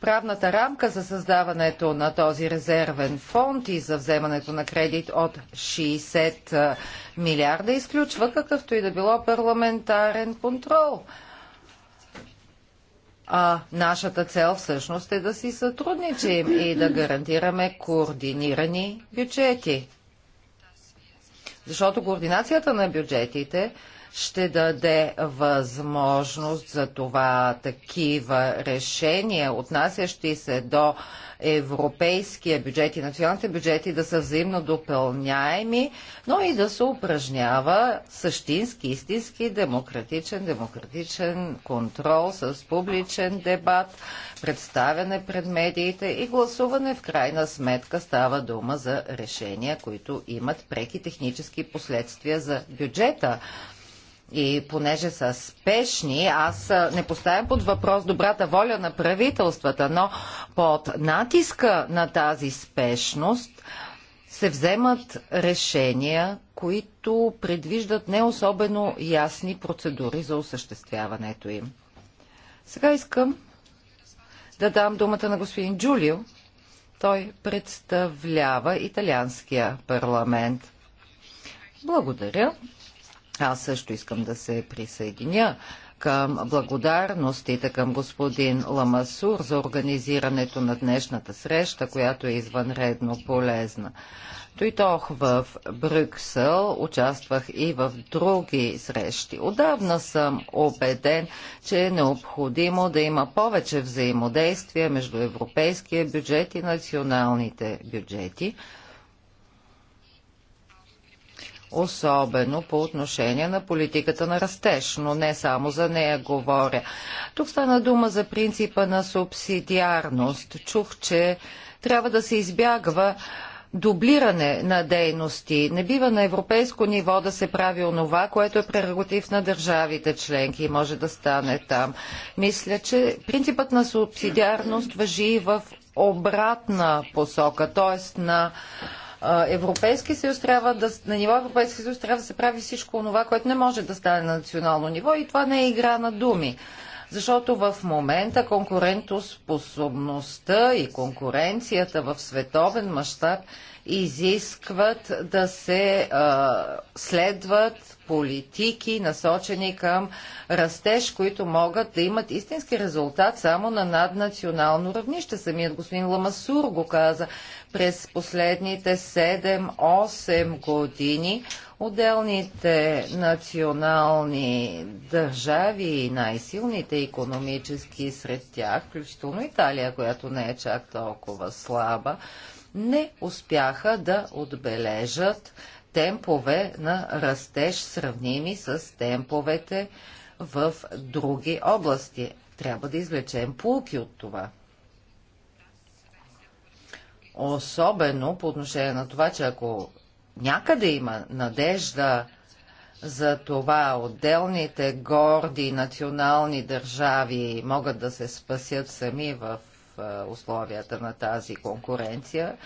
Правната рамка за създаването на този резервен фонд и за вземането на кредит от 60 милиарда изключва какъвто и да било парламентарен контрол – а нашата цел всъщност е да си сътрудничим и да гарантираме координирани бюджети. Защото координацията на бюджетите ще даде възможност за това такива решения, отнасящи се до европейския бюджет и националните бюджети да са взаимно допълняеми, но и да се упражнява същински, истински демократичен, демократичен контрол с публичен дебат, представяне пред медиите и гласуване. В крайна сметка става дума за решения, които имат преки технически последствия за бюджета. И понеже са спешни, аз не поставям под въпрос добрата воля на правителствата, но под натиска на тази спешност се вземат решения, които предвиждат не особено ясни процедури за осъществяването им. Сега искам да дам думата на господин Джулио. Той представлява италианския парламент. Благодаря. Аз също искам да се присъединя към благодарностите към господин Ламасур за организирането на днешната среща, която е извънредно полезна. Дойдох в Брюксел, участвах и в други срещи. Отдавна съм убеден, че е необходимо да има повече взаимодействие между европейския бюджет и националните бюджети – особено по отношение на политиката на растеж, но не само за нея говоря. Тук стана дума за принципа на субсидиарност. Чух, че трябва да се избягва дублиране на дейности. Не бива на европейско ниво да се прави онова, което е прерогатив на държавите членки и може да стане там. Мисля, че принципът на субсидиарност въжи и в обратна посока, т.е. на Европейски съюз трябва да, на ниво Европейски съюз трябва да се прави всичко това, което не може да стане на национално ниво и това не е игра на думи. Защото в момента конкурентоспособността и конкуренцията в световен мащаб изискват да се а, следват политики, насочени към растеж, които могат да имат истински резултат само на наднационално равнище. Самият господин Ламасур го каза. През последните 7-8 години отделните национални държави и най-силните економически сред тях, включително Италия, която не е чак толкова слаба, не успяха да отбележат темпове на растеж, сравними с темповете в други области. Трябва да извлечем полуки от това. Особено по отношение на това, че ако някъде има надежда за това отделните горди национални държави могат да се спасят сами в е, условията на тази конкуренция.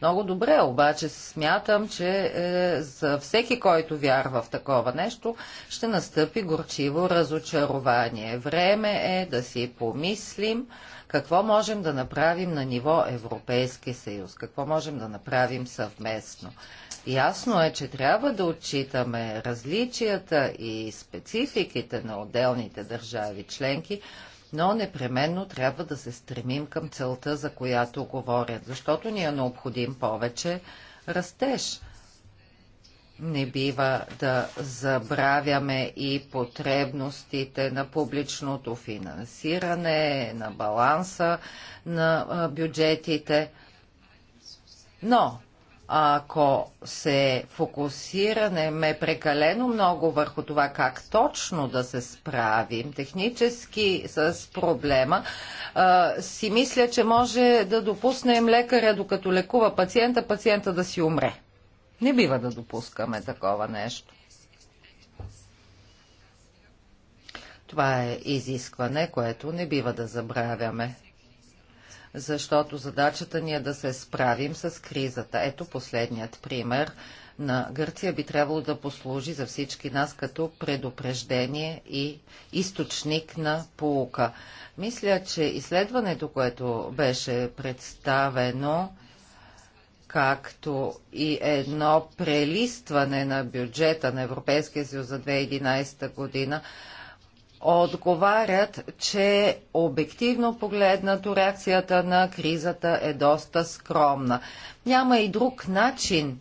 Много добре, обаче смятам, че е, за всеки, който вярва в такова нещо, ще настъпи горчиво разочарование. Време е да си помислим какво можем да направим на ниво Европейски съюз, какво можем да направим съвместно. Ясно е, че трябва да отчитаме различията и спецификите на отделните държави членки, но непременно трябва да се стремим към целта, за която говоря, защото ни е необходим повече растеж. Не бива да забравяме и потребностите на публичното финансиране, на баланса на бюджетите. Но ако се фокусираме прекалено много върху това как точно да се справим технически с проблема, а, си мисля, че може да допуснем лекаря, докато лекува пациента, пациента да си умре. Не бива да допускаме такова нещо. Това е изискване, което не бива да забравяме защото задачата ни е да се справим с кризата. Ето последният пример на Гърция би трябвало да послужи за всички нас като предупреждение и източник на полука. Мисля, че изследването, което беше представено, както и едно прелистване на бюджета на Европейския съюз за 2011 година, отговарят, че обективно погледнато реакцията на кризата е доста скромна. Няма и друг начин,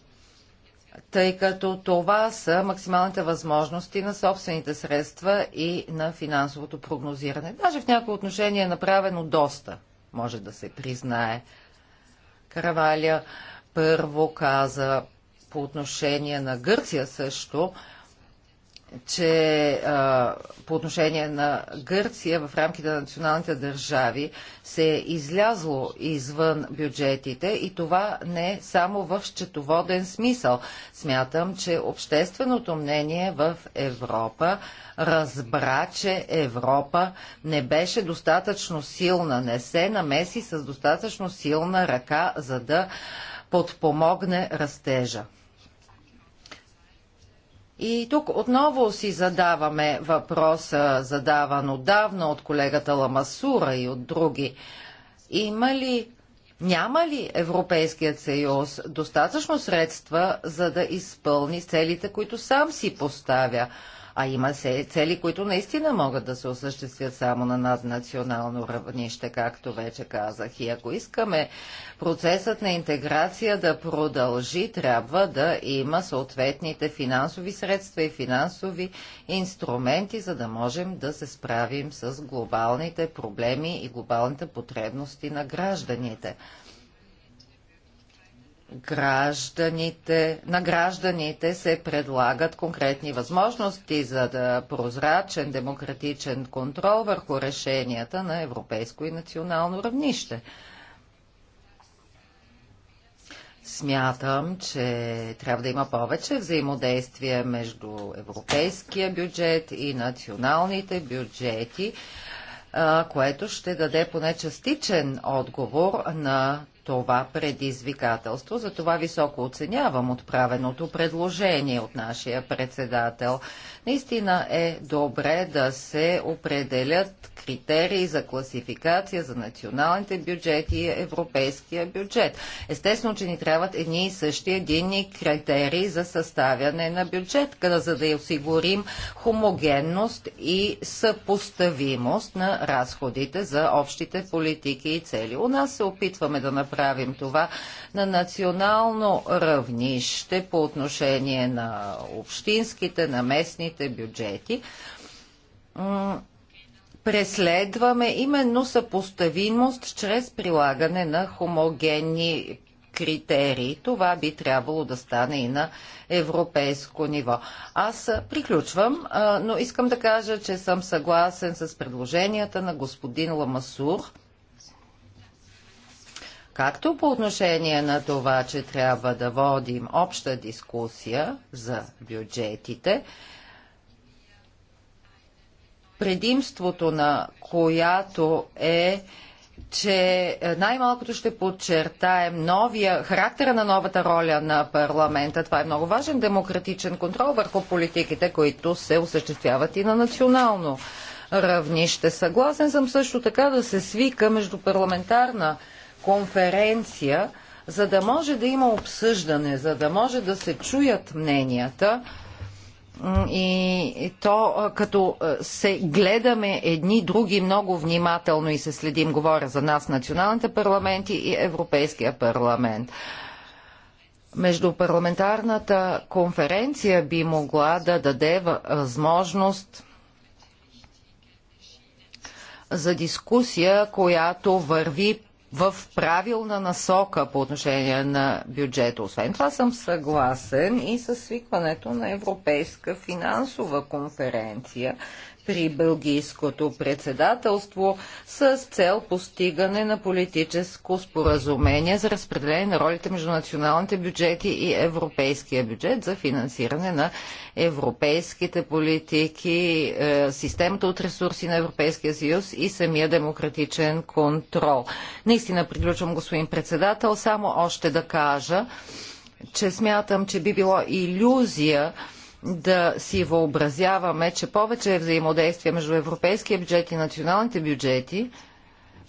тъй като това са максималните възможности на собствените средства и на финансовото прогнозиране. Даже в някои отношения е направено доста, може да се признае. Караваля първо каза по отношение на Гърция също, че а, по отношение на Гърция в рамките на националните държави се е излязло извън бюджетите и това не е само в счетоводен смисъл. Смятам, че общественото мнение в Европа разбра, че Европа не беше достатъчно силна, не се намеси с достатъчно силна ръка, за да подпомогне растежа. И тук отново си задаваме въпроса, задаван отдавна от колегата Ламасура и от други. Има ли, няма ли Европейският съюз достатъчно средства, за да изпълни целите, които сам си поставя? А има се цели, които наистина могат да се осъществят само на национално равнище, както вече казах. И ако искаме процесът на интеграция да продължи, трябва да има съответните финансови средства и финансови инструменти, за да можем да се справим с глобалните проблеми и глобалните потребности на гражданите гражданите, на гражданите се предлагат конкретни възможности за да прозрачен демократичен контрол върху решенията на европейско и национално равнище. Смятам, че трябва да има повече взаимодействие между европейския бюджет и националните бюджети, което ще даде поне частичен отговор на това предизвикателство. Затова високо оценявам отправеното предложение от нашия председател. Наистина е добре да се определят критерии за класификация за националните бюджети и европейския бюджет. Естествено, че ни трябват едни и същи единни критерии за съставяне на бюджет, за да осигурим хомогенност и съпоставимост на разходите за общите политики и цели. У нас се опитваме да направим направим това на национално равнище по отношение на общинските, на местните бюджети преследваме именно съпоставимост чрез прилагане на хомогенни критерии. Това би трябвало да стане и на европейско ниво. Аз приключвам, но искам да кажа, че съм съгласен с предложенията на господин Ламасур – както по отношение на това, че трябва да водим обща дискусия за бюджетите, предимството на която е че най-малкото ще подчертаем новия, характера на новата роля на парламента. Това е много важен демократичен контрол върху политиките, които се осъществяват и на национално равнище. Съгласен съм също така да се свика между парламентарна конференция, за да може да има обсъждане, за да може да се чуят мненията и то като се гледаме едни други много внимателно и се следим, говоря за нас, националните парламенти и Европейския парламент. Междупарламентарната конференция би могла да даде възможност за дискусия, която върви в правилна насока по отношение на бюджета. Освен това съм съгласен и с свикването на Европейска финансова конференция, при бългийското председателство с цел постигане на политическо споразумение за разпределение на ролите между националните бюджети и европейския бюджет за финансиране на европейските политики, е, системата от ресурси на Европейския съюз и самия демократичен контрол. Наистина приключвам, господин председател, само още да кажа, че смятам, че би било иллюзия да си въобразяваме, че повече взаимодействие между европейския бюджет и националните бюджети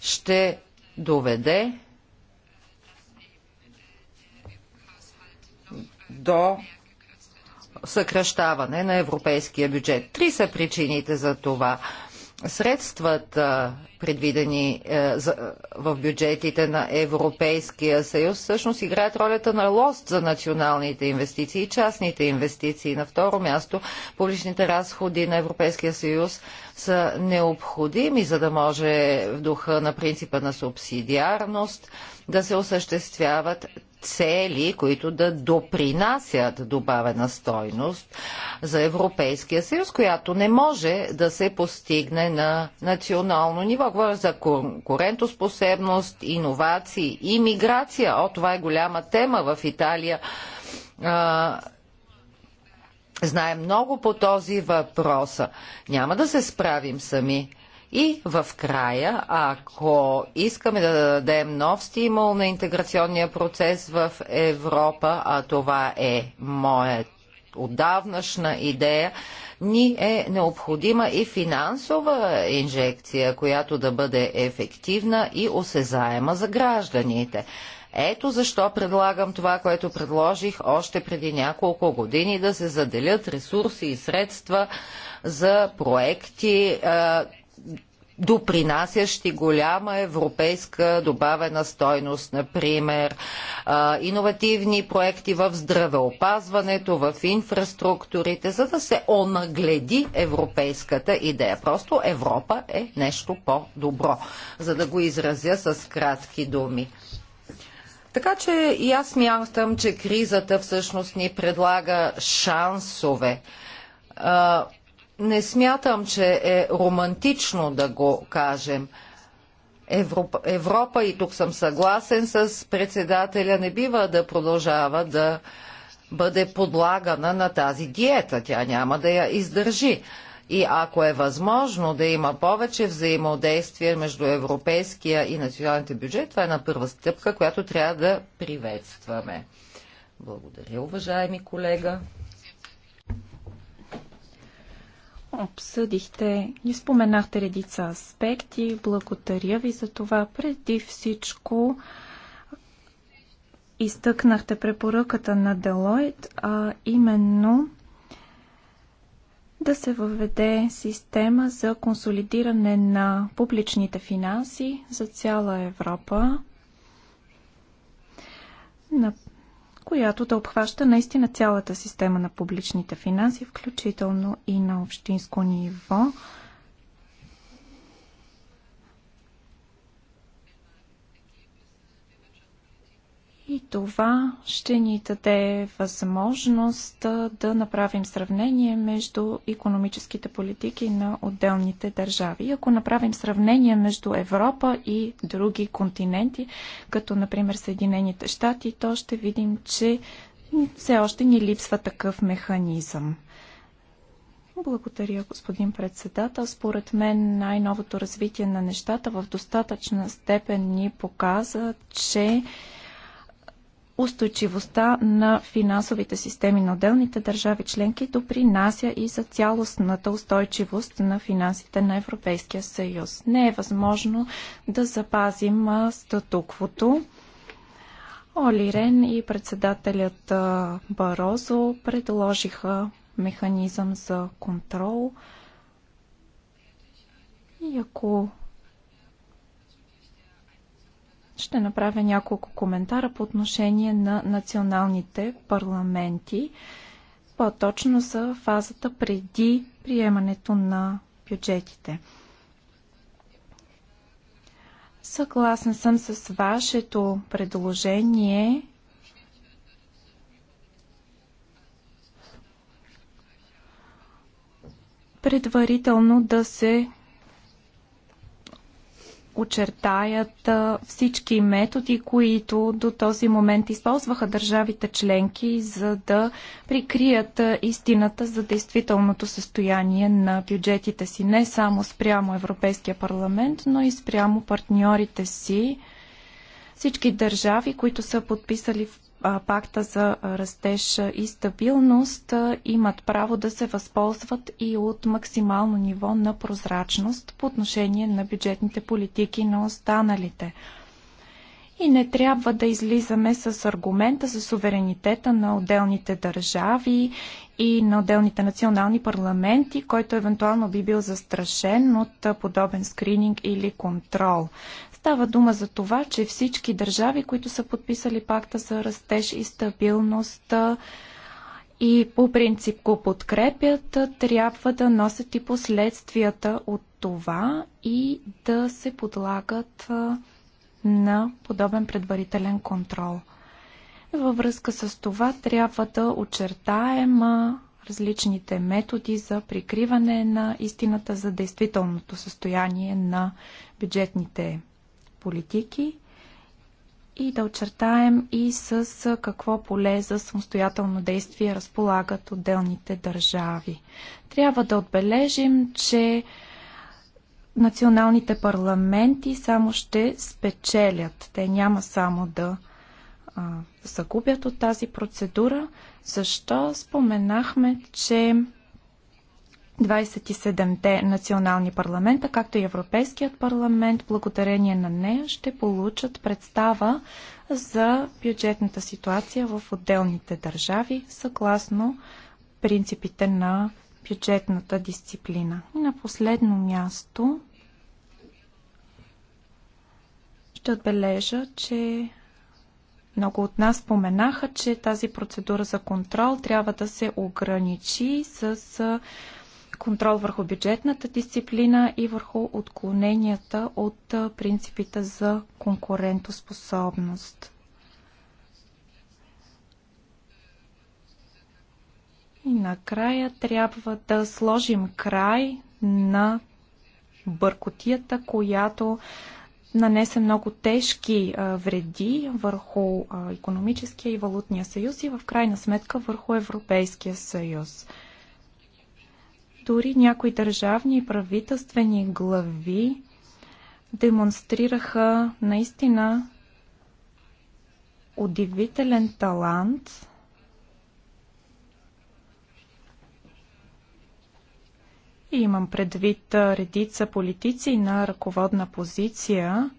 ще доведе до съкръщаване на европейския бюджет. Три са причините за това. Средствата предвидени е, в бюджетите на Европейския съюз, всъщност играят ролята на лост за националните инвестиции и частните инвестиции. На второ място, публичните разходи на Европейския съюз са необходими, за да може в духа на принципа на субсидиарност да се осъществяват цели, които да допринасят добавена стойност за Европейския съюз, която не може да се постигне на национално ниво договор за конкурентоспособност, иновации и миграция. О, това е голяма тема в Италия. Знаем много по този въпрос. Няма да се справим сами. И в края, ако искаме да дадем нов стимул на интеграционния процес в Европа, а това е моят отдавнашна идея, ни е необходима и финансова инжекция, която да бъде ефективна и осезаема за гражданите. Ето защо предлагам това, което предложих още преди няколко години, да се заделят ресурси и средства за проекти, допринасящи голяма европейска добавена стойност, например иновативни проекти в здравеопазването, в инфраструктурите, за да се онагледи европейската идея. Просто Европа е нещо по-добро, за да го изразя с кратки думи. Така че и аз мятам, че кризата всъщност ни предлага шансове не смятам, че е романтично да го кажем. Европа, Европа, и тук съм съгласен с председателя, не бива да продължава да бъде подлагана на тази диета. Тя няма да я издържи. И ако е възможно да има повече взаимодействие между европейския и националните бюджет, това е на първа стъпка, която трябва да приветстваме. Благодаря, уважаеми колега. обсъдихте и споменахте редица аспекти. Благодаря ви за това. Преди всичко изтъкнахте препоръката на Делойт, а именно да се въведе система за консолидиране на публичните финанси за цяла Европа. На която да обхваща наистина цялата система на публичните финанси, включително и на общинско ниво. И това ще ни даде възможност да направим сравнение между економическите политики на отделните държави. И ако направим сравнение между Европа и други континенти, като например Съединените щати, то ще видим, че все още ни липсва такъв механизъм. Благодаря, господин председател. Според мен най-новото развитие на нещата в достатъчна степен ни показа, че устойчивостта на финансовите системи на отделните държави членки допринася и за цялостната устойчивост на финансите на Европейския съюз. Не е възможно да запазим статуквото. Оли Рен и председателят Барозо предложиха механизъм за контрол. И ако ще направя няколко коментара по отношение на националните парламенти, по-точно за фазата преди приемането на бюджетите. Съгласна съм с вашето предложение предварително да се очертаят всички методи, които до този момент използваха държавите членки, за да прикрият истината за действителното състояние на бюджетите си, не само спрямо Европейския парламент, но и спрямо партньорите си. Всички държави, които са подписали в пакта за растеж и стабилност имат право да се възползват и от максимално ниво на прозрачност по отношение на бюджетните политики на останалите. И не трябва да излизаме с аргумента за суверенитета на отделните държави и на отделните национални парламенти, който евентуално би бил застрашен от подобен скрининг или контрол. Става дума за това, че всички държави, които са подписали пакта за растеж и стабилност и по принцип го подкрепят, трябва да носят и последствията от това и да се подлагат на подобен предварителен контрол. Във връзка с това трябва да очертаем различните методи за прикриване на истината за действителното състояние на бюджетните политики и да очертаем и с какво поле за самостоятелно действие разполагат отделните държави. Трябва да отбележим, че националните парламенти само ще спечелят. Те няма само да а, загубят от тази процедура. Защо споменахме, че 27-те национални парламента, както и Европейският парламент, благодарение на нея ще получат представа за бюджетната ситуация в отделните държави, съгласно принципите на бюджетната дисциплина. И на последно място ще отбележа, че много от нас споменаха, че тази процедура за контрол трябва да се ограничи с контрол върху бюджетната дисциплина и върху отклоненията от принципите за конкурентоспособност. И накрая трябва да сложим край на бъркотията, която нанесе много тежки вреди върху економическия и валутния съюз и в крайна сметка върху Европейския съюз. Дори някои държавни и правителствени глави демонстрираха наистина удивителен талант и имам предвид редица политици на ръководна позиция,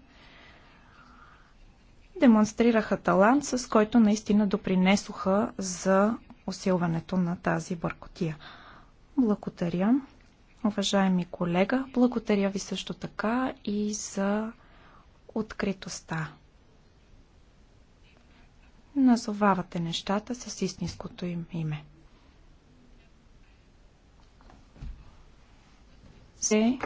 демонстрираха талант, с който наистина допринесоха за усилването на тази бъркотия. Благодаря. Уважаеми колега, благодаря ви също така и за откритостта. Назовавате нещата с истинското им име. Се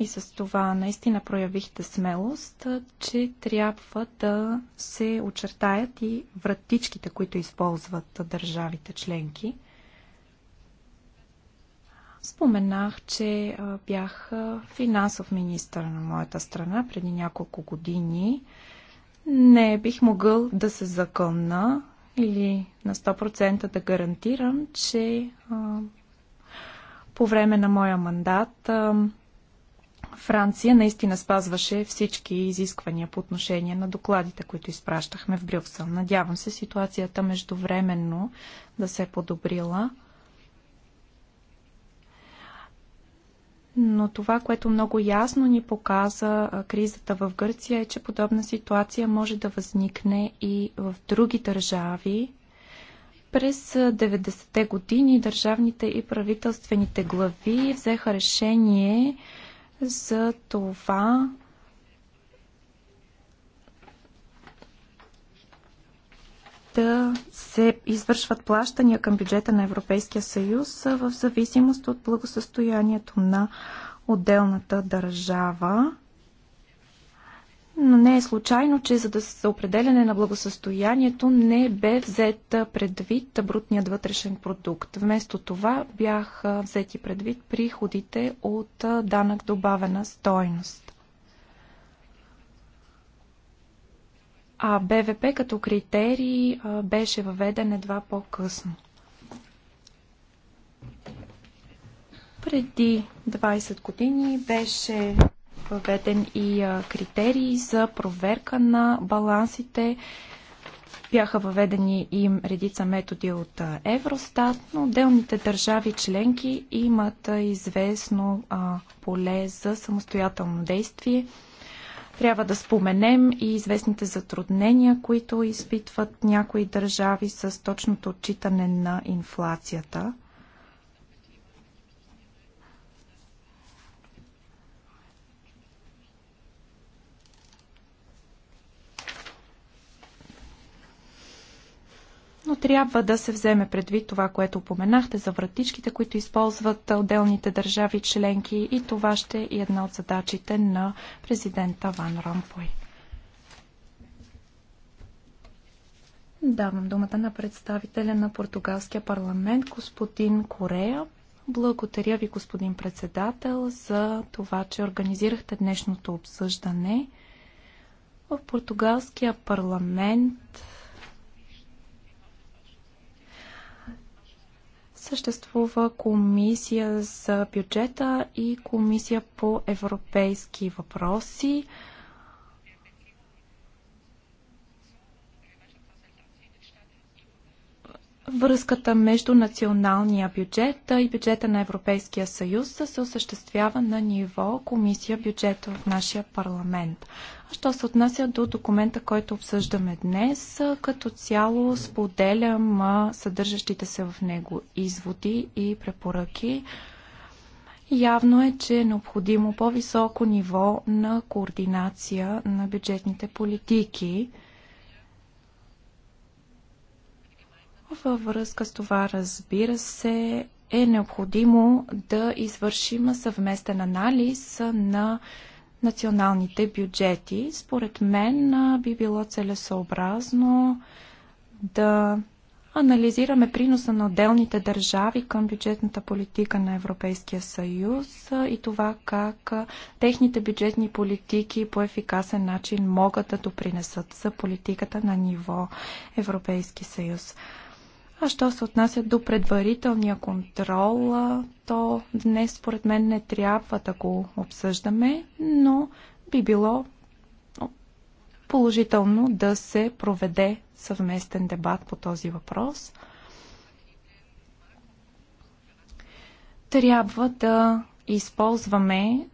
И с това наистина проявихте смелост, че трябва да се очертаят и вратичките, които използват държавите членки. Споменах, че бях финансов министър на моята страна преди няколко години. Не бих могъл да се закълна или на 100% да гарантирам, че по време на моя мандат а, Франция наистина спазваше всички изисквания по отношение на докладите, които изпращахме в Брюксел. Надявам се ситуацията междувременно да се е подобрила. Но това, което много ясно ни показа кризата в Гърция е, че подобна ситуация може да възникне и в други държави. През 90-те години държавните и правителствените глави взеха решение за това да се извършват плащания към бюджета на Европейския съюз в зависимост от благосъстоянието на отделната държава но не е случайно, че за да се определяне на благосъстоянието не бе взет предвид брутният вътрешен продукт. Вместо това бяха взети предвид приходите от данък добавена стойност. А БВП като критерий беше въведен едва по-късно. Преди 20 години беше въведен и критерии за проверка на балансите. Бяха въведени и редица методи от Евростат, но отделните държави членки имат известно поле за самостоятелно действие. Трябва да споменем и известните затруднения, които изпитват някои държави с точното отчитане на инфлацията – но трябва да се вземе предвид това, което упоменахте за вратичките, които използват отделните държави членки и това ще е една от задачите на президента Ван Ромпой. Давам думата на представителя на португалския парламент, господин Корея. Благодаря ви, господин председател, за това, че организирахте днешното обсъждане. В португалския парламент Съществува комисия за бюджета и комисия по европейски въпроси. Връзката между националния бюджет и бюджета на Европейския съюз се осъществява на ниво комисия бюджета в нашия парламент. А що се отнася до документа, който обсъждаме днес, като цяло споделям съдържащите се в него изводи и препоръки. Явно е, че е необходимо по-високо ниво на координация на бюджетните политики – Във връзка с това, разбира се, е необходимо да извършим съвместен анализ на националните бюджети. Според мен би било целесообразно да анализираме приноса на отделните държави към бюджетната политика на Европейския съюз и това как техните бюджетни политики по ефикасен начин могат да допринесат за политиката на ниво Европейски съюз. А що се отнася до предварителния контрол, то днес според мен не трябва да го обсъждаме, но би било положително да се проведе съвместен дебат по този въпрос. Трябва да използваме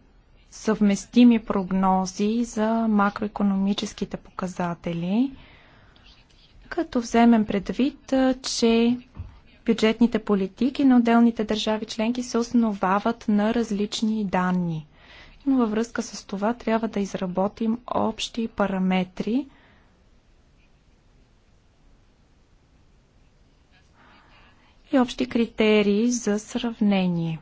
съвместими прогнози за макроекономическите показатели – като вземем предвид, че бюджетните политики на отделните държави членки се основават на различни данни. Но във връзка с това трябва да изработим общи параметри, и общи критерии за сравнение.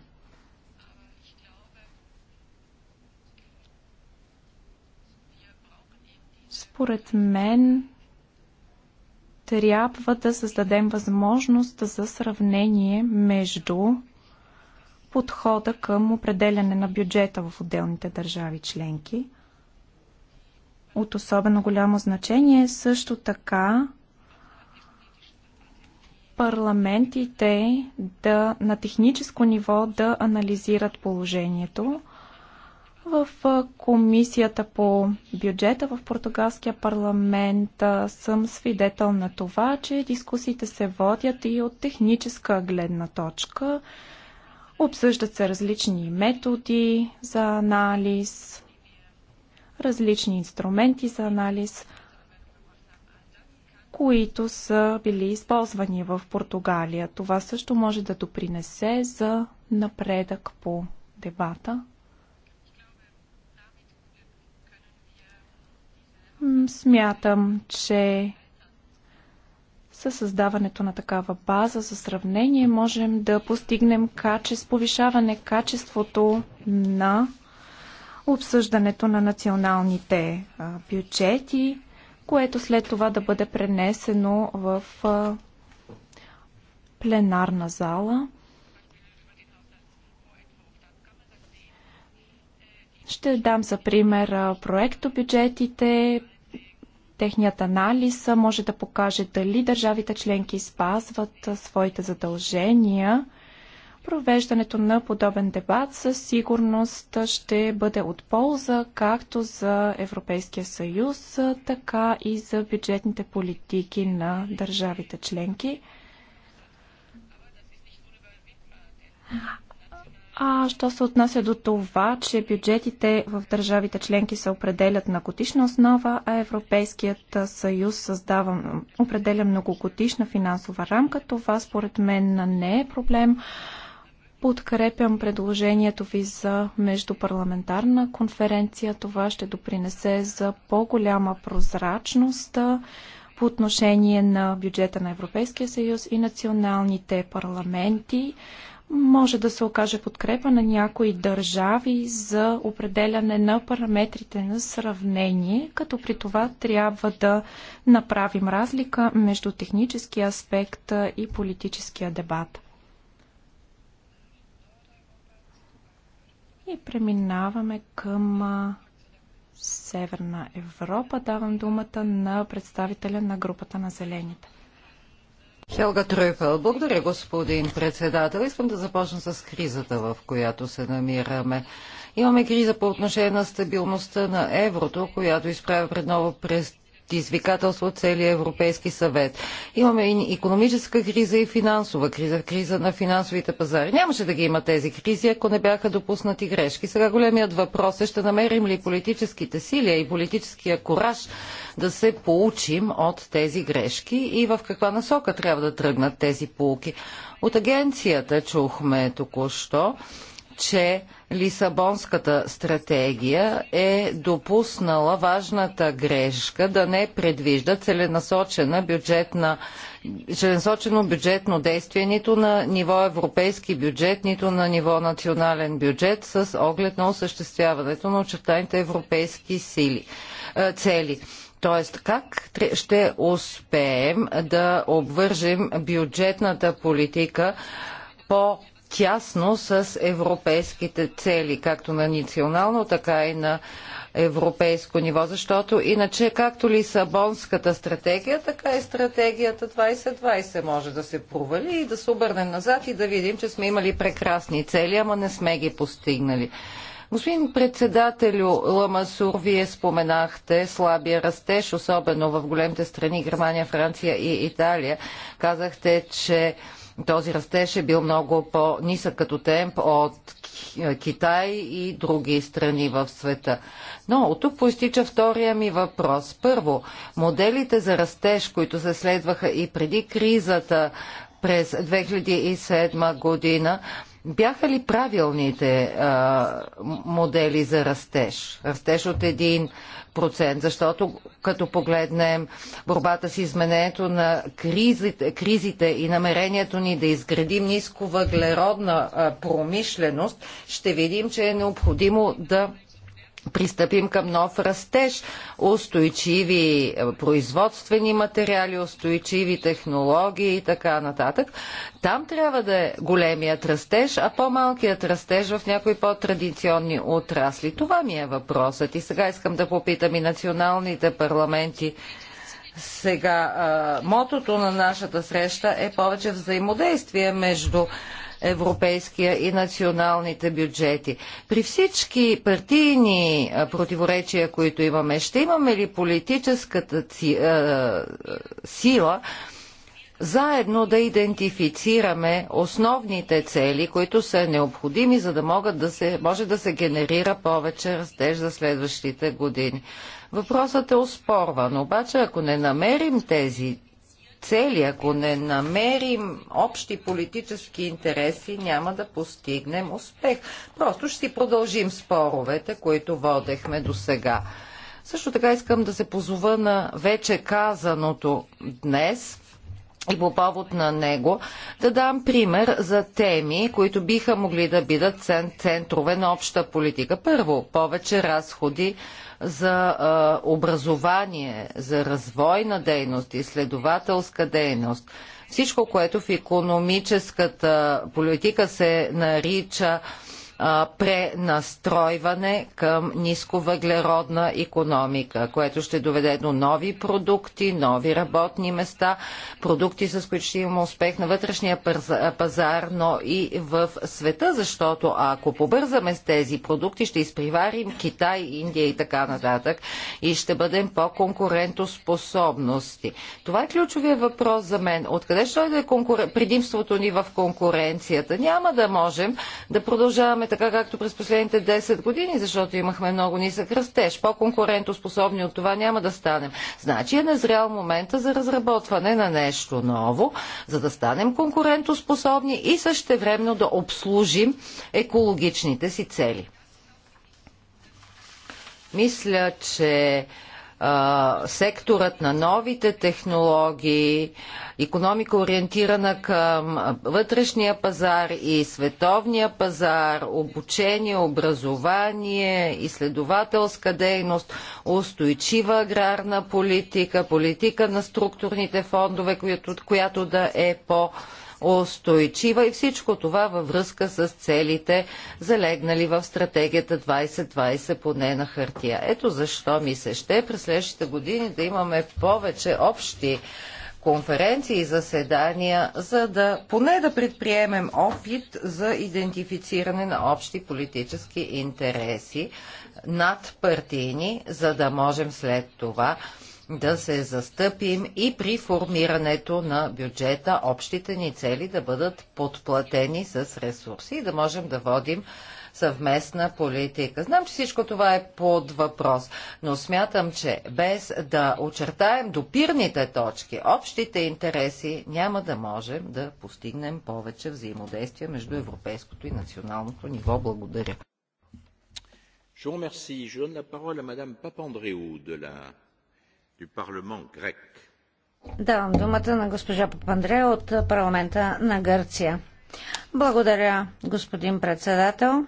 Според мен трябва да създадем възможност за сравнение между подхода към определяне на бюджета в отделните държави членки. От особено голямо значение е също така парламентите да, на техническо ниво да анализират положението – в комисията по бюджета в португалския парламент съм свидетел на това, че дискусиите се водят и от техническа гледна точка. Обсъждат се различни методи за анализ, различни инструменти за анализ, които са били използвани в Португалия. Това също може да допринесе за напредък по дебата. Смятам, че със създаването на такава база за сравнение можем да постигнем качество, повишаване качеството на обсъждането на националните бюджети, което след това да бъде пренесено в пленарна зала. Ще дам за пример проекто бюджетите, техният анализ може да покаже дали държавите членки спазват своите задължения. Провеждането на подобен дебат със сигурност ще бъде от полза както за Европейския съюз, така и за бюджетните политики на държавите членки. А що се отнася до това, че бюджетите в държавите членки се определят на годишна основа, а Европейският съюз създава, определя многогодишна финансова рамка, това според мен не е проблем. Подкрепям предложението ви за междупарламентарна конференция. Това ще допринесе за по-голяма прозрачност по отношение на бюджета на Европейския съюз и националните парламенти може да се окаже подкрепа на някои държави за определяне на параметрите на сравнение, като при това трябва да направим разлика между техническия аспект и политическия дебат. И преминаваме към Северна Европа. Давам думата на представителя на групата на зелените. Хелга Трюпел. Благодаря, господин председател. Искам да започна с кризата, в която се намираме. Имаме криза по отношение на стабилността на еврото, която изправя пред ново през предизвикателство от целия Европейски съвет. Имаме и економическа криза и финансова криза, криза на финансовите пазари. Нямаше да ги има тези кризи, ако не бяха допуснати грешки. Сега големият въпрос е ще намерим ли политическите сили и политическия кораж да се получим от тези грешки и в каква насока трябва да тръгнат тези полки. От агенцията чухме току-що, че Лисабонската стратегия е допуснала важната грешка да не предвижда целенасочена бюджетна целенасочено бюджетно действие нито на ниво европейски бюджет, нито на ниво национален бюджет с оглед на осъществяването на очертаните европейски сили, е, цели. Тоест, как ще успеем да обвържем бюджетната политика по тясно с европейските цели, както на национално, така и на европейско ниво, защото иначе както Лисабонската стратегия, така и стратегията 2020 може да се провали и да се обърнем назад и да видим, че сме имали прекрасни цели, ама не сме ги постигнали. Господин председателю Ламасур, вие споменахте слабия растеж, особено в големите страни Германия, Франция и Италия. Казахте, че този растеж е бил много по-нисък като темп от Китай и други страни в света. Но от тук поистича втория ми въпрос. Първо, моделите за растеж, които се следваха и преди кризата през 2007 година, бяха ли правилните а, модели за растеж? Растеж от един процент, защото като погледнем борбата с изменението на кризите, кризите и намерението ни да изградим нисковъглеродна промишленост, ще видим, че е необходимо да пристъпим към нов растеж, устойчиви е, производствени материали, устойчиви технологии и така нататък. Там трябва да е големият растеж, а по-малкият растеж в някои по-традиционни отрасли. Това ми е въпросът. И сега искам да попитам и националните парламенти. Сега, мотото на нашата среща е повече взаимодействие между европейския и националните бюджети. При всички партийни противоречия, които имаме, ще имаме ли политическата сила заедно да идентифицираме основните цели, които са необходими, за да могат да се, може да се генерира повече растеж за следващите години. Въпросът е оспорван, обаче ако не намерим тези цели, ако не намерим общи политически интереси, няма да постигнем успех. Просто ще си продължим споровете, които водехме до сега. Също така искам да се позова на вече казаното днес и по повод на него да дам пример за теми, които биха могли да бидат центрове на обща политика. Първо, повече разходи за а, образование, за развойна дейност, изследователска дейност. Всичко, което в економическата политика се нарича а, пренастройване към нисковъглеродна економика, което ще доведе до нови продукти, нови работни места, продукти, с които ще имаме успех на вътрешния пазар, но и в света, защото ако побързаме с тези продукти, ще изприварим Китай, Индия и така нататък и ще бъдем по-конкурентоспособности. Това е ключовия въпрос за мен. Откъде ще дойде конкурен... предимството ни в конкуренцията? Няма да можем да продължаваме продължаваме така, както през последните 10 години, защото имахме много нисък растеж. По-конкурентоспособни от това няма да станем. Значи е назрял момента за разработване на нещо ново, за да станем конкурентоспособни и същевременно да обслужим екологичните си цели. Мисля, че секторът на новите технологии, економика ориентирана към вътрешния пазар и световния пазар, обучение, образование, изследователска дейност, устойчива аграрна политика, политика на структурните фондове, която, която да е по- устойчива и всичко това във връзка с целите, залегнали в стратегията 2020 поне на хартия. Ето защо ми се ще през следващите години да имаме повече общи конференции и заседания, за да поне да предприемем опит за идентифициране на общи политически интереси над партийни, за да можем след това да се застъпим и при формирането на бюджета, общите ни цели да бъдат подплатени с ресурси и да можем да водим съвместна политика. Знам, че всичко това е под въпрос, но смятам, че без да очертаем допирните точки, общите интереси, няма да можем да постигнем повече взаимодействие между европейското и националното ниво. Благодаря. Je vous remercie. Je donne la parole à Madame Papandreou de la du Parlement grec. Давам думата на госпожа Папандрея от парламента на Гърция. Благодаря, господин председател.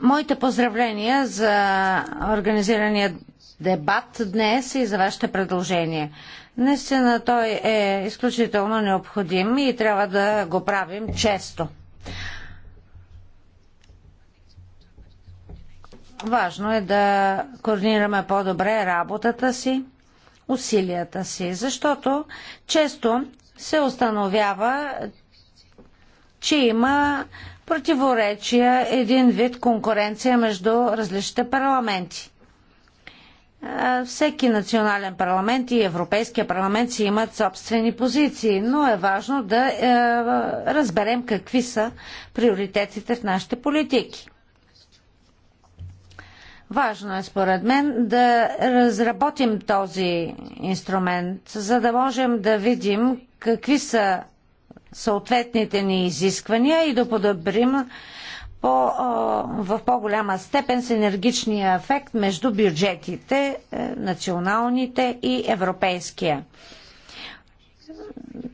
Моите поздравления за организирания дебат днес и за вашето предложение. Наистина той е изключително необходим и трябва да го правим често. Важно е да координираме по-добре работата си, усилията си, защото често се установява, че има противоречия, един вид конкуренция между различните парламенти. Всеки национален парламент и Европейския парламент си имат собствени позиции, но е важно да е, разберем какви са приоритетите в нашите политики. Важно е според мен да разработим този инструмент, за да можем да видим какви са съответните ни изисквания и да подобрим по, в по-голяма степен синергичния ефект между бюджетите, е, националните и европейския.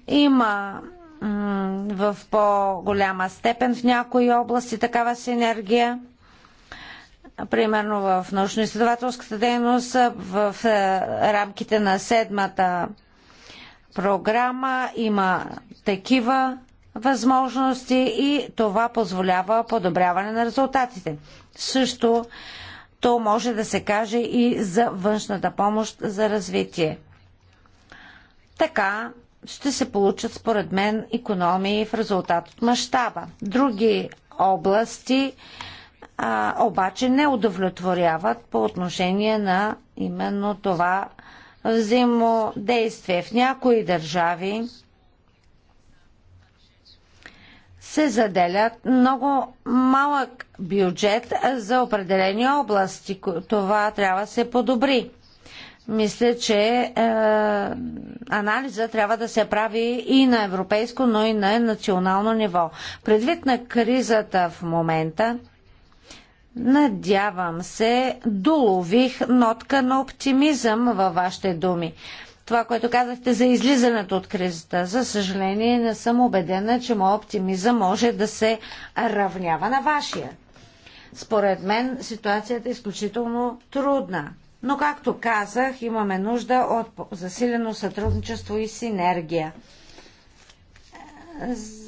Има в по-голяма степен в някои области такава синергия примерно в научно-изследователската дейност, в е, рамките на седмата програма има такива възможности и това позволява подобряване на резултатите. Също то може да се каже и за външната помощ за развитие. Така ще се получат според мен економии в резултат от мащаба. Други области а, обаче не удовлетворяват по отношение на именно това взаимодействие. В някои държави се заделят много малък бюджет за определени области. Това трябва да се подобри. Мисля, че е, анализа трябва да се прави и на европейско, но и на национално ниво. Предвид на кризата в момента, Надявам се, долових нотка на оптимизъм във вашите думи. Това, което казахте за излизането от кризата, за съжаление не съм убедена, че моят оптимизъм може да се равнява на вашия. Според мен ситуацията е изключително трудна. Но, както казах, имаме нужда от засилено сътрудничество и синергия,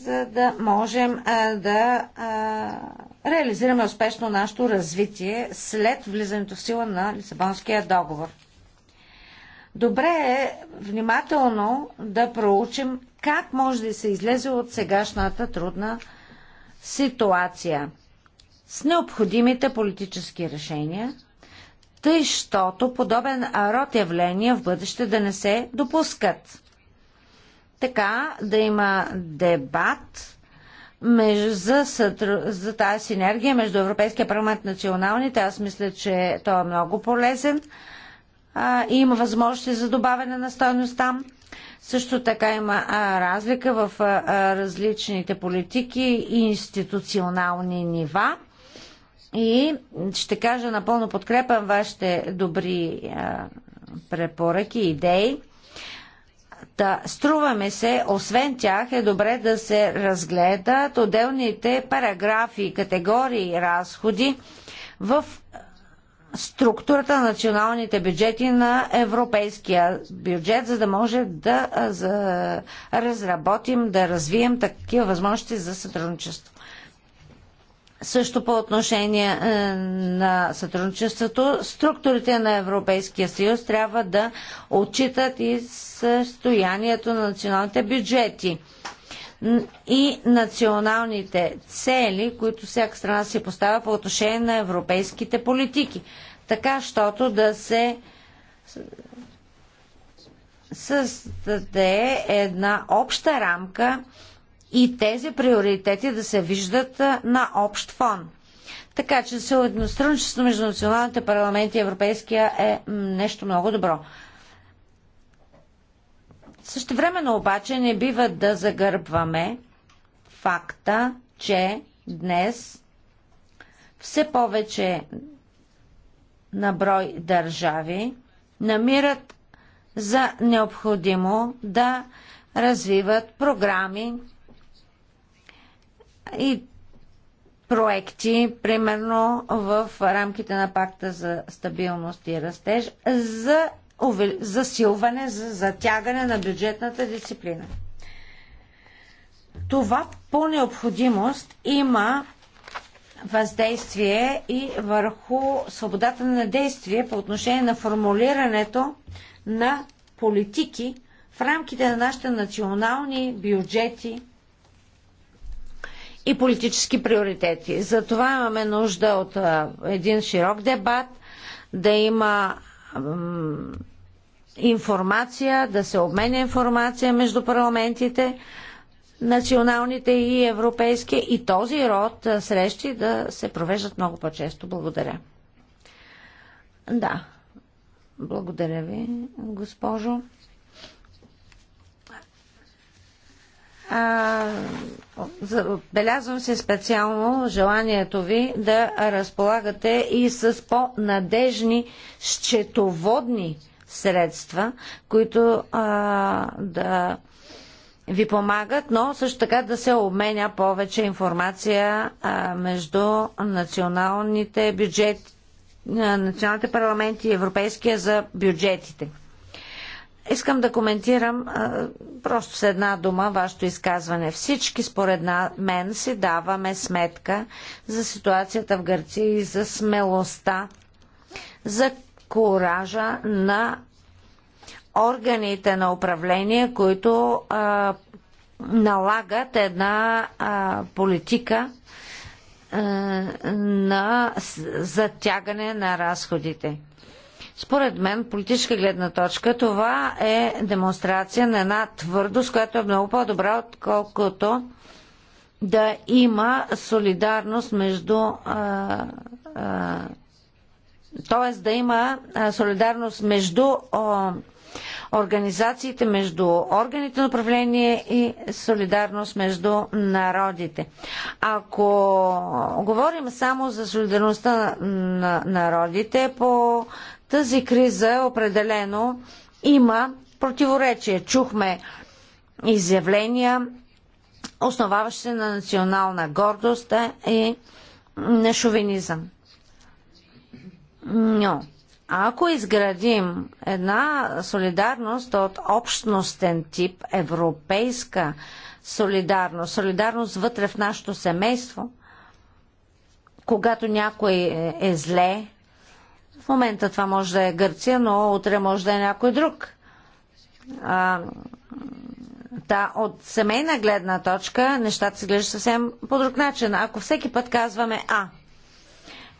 за да можем а, да а, реализираме успешно нашето развитие след влизането в сила на Лисабонския договор. Добре е внимателно да проучим как може да се излезе от сегашната трудна ситуация с необходимите политически решения, тъй, щото подобен род явления в бъдеще да не се допускат. Така да има дебат за, за тази синергия между Европейския парламент и националните. Аз мисля, че той е много полезен а, и има възможности за добавяне на стойност там. Също така има а, разлика в а, различните политики и институционални нива. И ще кажа напълно подкрепям вашите добри а, препоръки, идеи. Та, струва ми се, освен тях е добре да се разгледат отделните параграфи и категории разходи в структурата на националните бюджети на европейския бюджет, за да може да за, разработим, да развием такива възможности за сътрудничество. Също по отношение е, на сътрудничеството, структурите на Европейския съюз трябва да отчитат и състоянието на националните бюджети и националните цели, които всяка страна си поставя по отношение на европейските политики. Така, щото да се създаде една обща рамка и тези приоритети да се виждат на общ фон. Така че съедностранчество между националните парламенти и Европейския е нещо много добро. Също времено обаче не бива да загърбваме факта, че днес все повече на брой държави намират за необходимо да развиват програми и проекти, примерно в рамките на пакта за стабилност и растеж, за засилване, за затягане на бюджетната дисциплина. Това по необходимост има въздействие и върху свободата на действие по отношение на формулирането на политики в рамките на нашите национални бюджети и политически приоритети. Затова имаме нужда от един широк дебат, да има информация, да се обменя информация между парламентите, националните и европейски и този род срещи да се провеждат много по-често. Благодаря. Да. Благодаря ви, госпожо. А Отбелязвам се специално желанието ви да разполагате и с по-надежни счетоводни средства, които а, да ви помагат, но също така да се обменя повече информация а, между националните бюджети, националните парламенти и Европейския за бюджетите. Искам да коментирам просто с една дума вашето изказване. Всички, според мен, си даваме сметка за ситуацията в Гърция и за смелостта, за коража на органите на управление, които а, налагат една а, политика а, на затягане на разходите. Според мен, политическа гледна точка, това е демонстрация на една твърдост, която е много по-добра, отколкото да има солидарност между. т.е. да има солидарност между организациите, между органите на управление и солидарност между народите. Ако говорим само за солидарността на народите, по тази криза определено има противоречие. Чухме изявления, основаващи се на национална гордост и на шовинизъм. Но ако изградим една солидарност от общностен тип, европейска солидарност, солидарност вътре в нашето семейство, когато някой е, е зле, в момента това може да е Гърция, но утре може да е някой друг. А, та, от семейна гледна точка нещата се гледат съвсем по друг начин. Ако всеки път казваме А,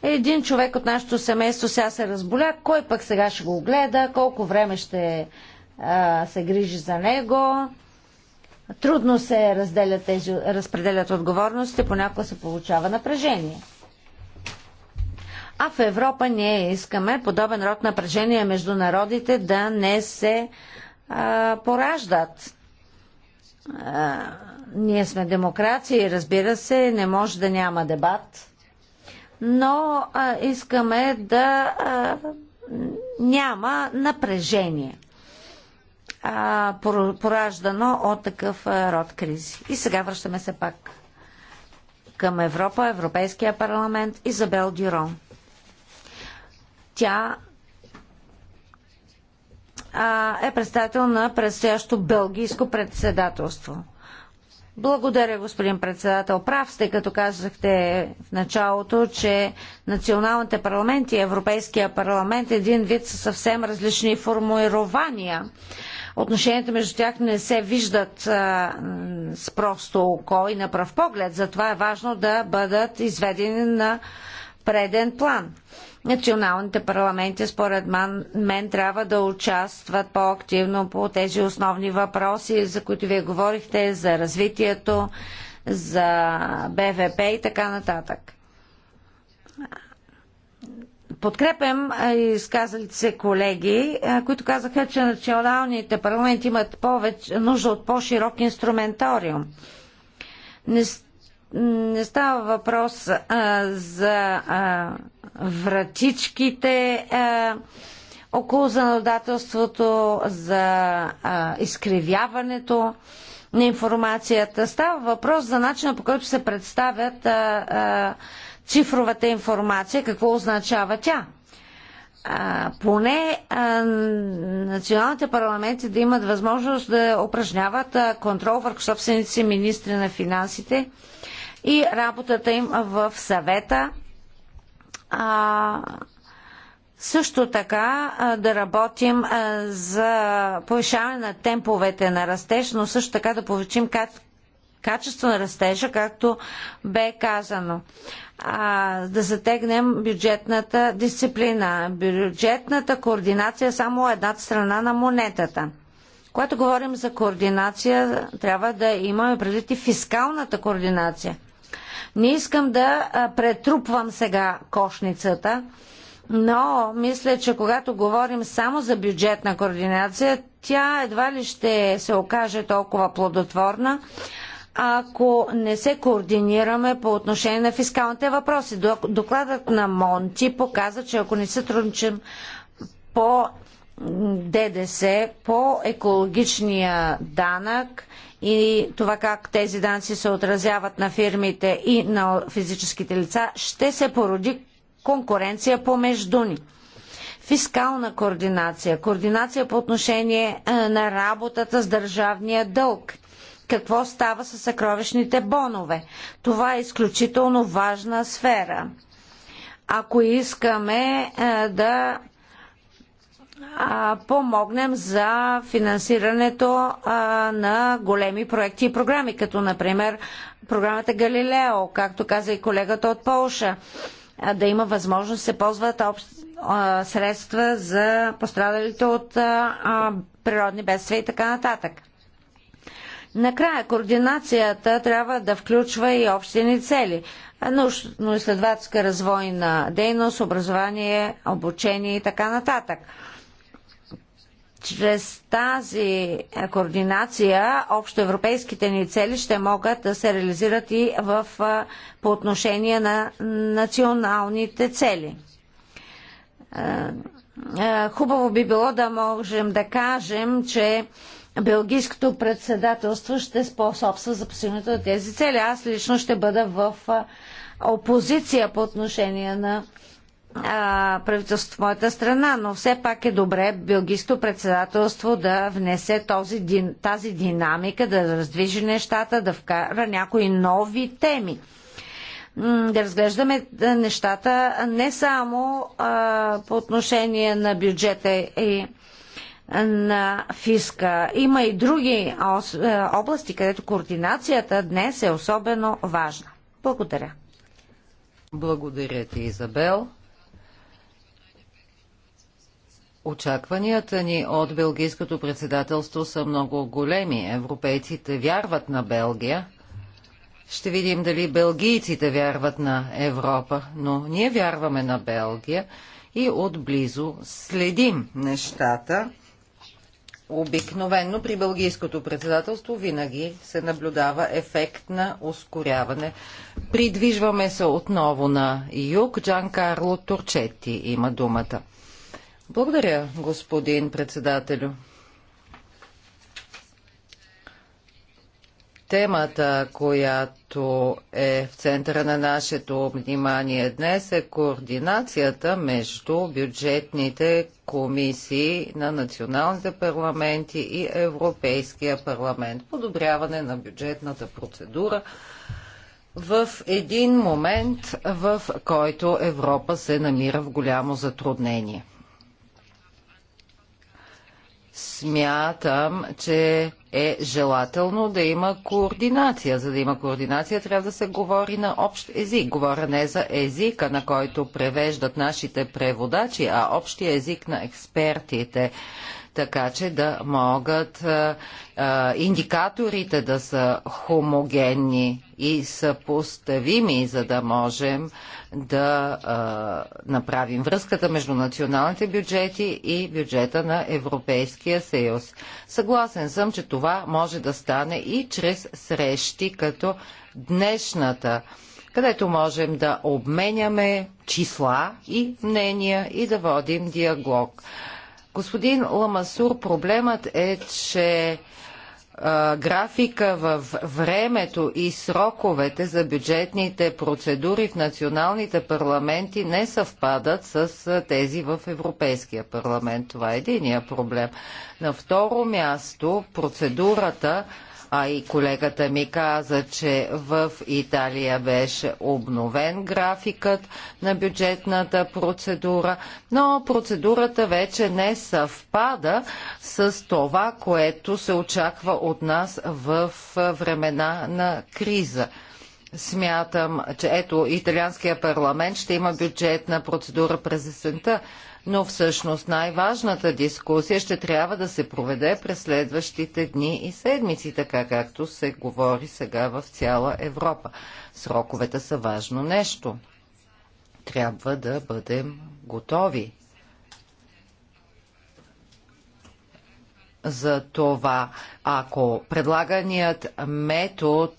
един човек от нашето семейство сега се разболя, кой пък сега ще го гледа, колко време ще а, се грижи за него. Трудно се разделят тези, разпределят отговорностите, понякога се получава напрежение. А в Европа ние искаме подобен род напрежение между народите да не се а, пораждат. А, ние сме демокрация и разбира се, не може да няма дебат, но а, искаме да а, няма напрежение, а, пораждано от такъв род кризи. И сега връщаме се пак към Европа, Европейския парламент, Изабел Дюрон. Тя е представител на предстоящо белгийско председателство. Благодаря, господин председател. Прав сте, като казахте в началото, че националните парламенти и Европейския парламент е един вид са съвсем различни формулирования. Отношенията между тях не се виждат а, с просто око и на пръв поглед. Затова е важно да бъдат изведени на преден план националните парламенти, според мен, трябва да участват по-активно по тези основни въпроси, за които вие говорихте, за развитието, за БВП и така нататък. Подкрепям изказалите се колеги, които казаха, че националните парламенти имат повече, нужда от по-широк инструментариум. Не, не става въпрос а, за а, вратичките а, е, около занодателството, за а, е, изкривяването на информацията. Става въпрос за начина по който се представят а, е, а, цифровата информация, какво означава тя. А, поне а, националните парламенти да имат възможност да упражняват а, контрол върху собствените си министри на финансите и работата им в съвета а, също така да работим за повишаване на темповете на растеж, но също така да повечим качество на растежа, както бе казано. А, да затегнем бюджетната дисциплина. Бюджетната координация е само едната страна на монетата. Когато говорим за координация, трябва да имаме предвид и фискалната координация – не искам да претрупвам сега кошницата, но мисля, че когато говорим само за бюджетна координация, тя едва ли ще се окаже толкова плодотворна, ако не се координираме по отношение на фискалните въпроси. Докладът на Монти показа, че ако не сътрудничим по ДДС, по екологичния данък и това как тези данци се отразяват на фирмите и на физическите лица, ще се породи конкуренция помежду ни. Фискална координация, координация по отношение на работата с държавния дълг, какво става с съкровищните бонове. Това е изключително важна сфера. Ако искаме да помогнем за финансирането на големи проекти и програми, като например програмата Галилео, както каза и колегата от Полша, да има възможност да се ползват средства за пострадалите от природни бедствия и така нататък. Накрая координацията трябва да включва и общини цели научно-изследователска развойна дейност, образование, обучение и така нататък чрез тази е, координация общоевропейските ни цели ще могат да се реализират и в, е, по отношение на националните цели. Е, хубаво би било да можем да кажем, че Белгийското председателство ще способства за постигането на тези цели. Аз лично ще бъда в опозиция по отношение на правителството в моята страна, но все пак е добре Белгийското председателство да внесе този, тази динамика, да раздвижи нещата, да вкара някои нови теми да разглеждаме нещата не само а, по отношение на бюджета и на фиска. Има и други области, където координацията днес е особено важна. Благодаря. Благодаря ти, Изабел. Очакванията ни от Белгийското председателство са много големи. Европейците вярват на Белгия. Ще видим дали белгийците вярват на Европа, но ние вярваме на Белгия и отблизо следим нещата. Обикновенно при Бългийското председателство винаги се наблюдава ефект на ускоряване. Придвижваме се отново на юг. Джан Карло Турчети има думата. Благодаря, господин председателю. Темата, която е в центъра на нашето внимание днес е координацията между бюджетните комисии на националните парламенти и Европейския парламент. Подобряване на бюджетната процедура в един момент, в който Европа се намира в голямо затруднение смятам, че е желателно да има координация. За да има координация, трябва да се говори на общ език. Говоря не за езика, на който превеждат нашите преводачи, а общия език на експертите така че да могат а, а, индикаторите да са хомогенни и съпоставими, за да можем да а, направим връзката между националните бюджети и бюджета на Европейския съюз. Съгласен съм, че това може да стане и чрез срещи като днешната където можем да обменяме числа и мнения и да водим диалог. Господин Ламасур, проблемът е, че графика в времето и сроковете за бюджетните процедури в националните парламенти не съвпадат с тези в Европейския парламент. Това е единия проблем. На второ място, процедурата а и колегата ми каза, че в Италия беше обновен графикът на бюджетната процедура, но процедурата вече не съвпада с това, което се очаква от нас в времена на криза. Смятам, че ето, италианския парламент ще има бюджетна процедура през есента но всъщност най-важната дискусия ще трябва да се проведе през следващите дни и седмици, така както се говори сега в цяла Европа. Сроковете са важно нещо. Трябва да бъдем готови за това, ако предлаганият метод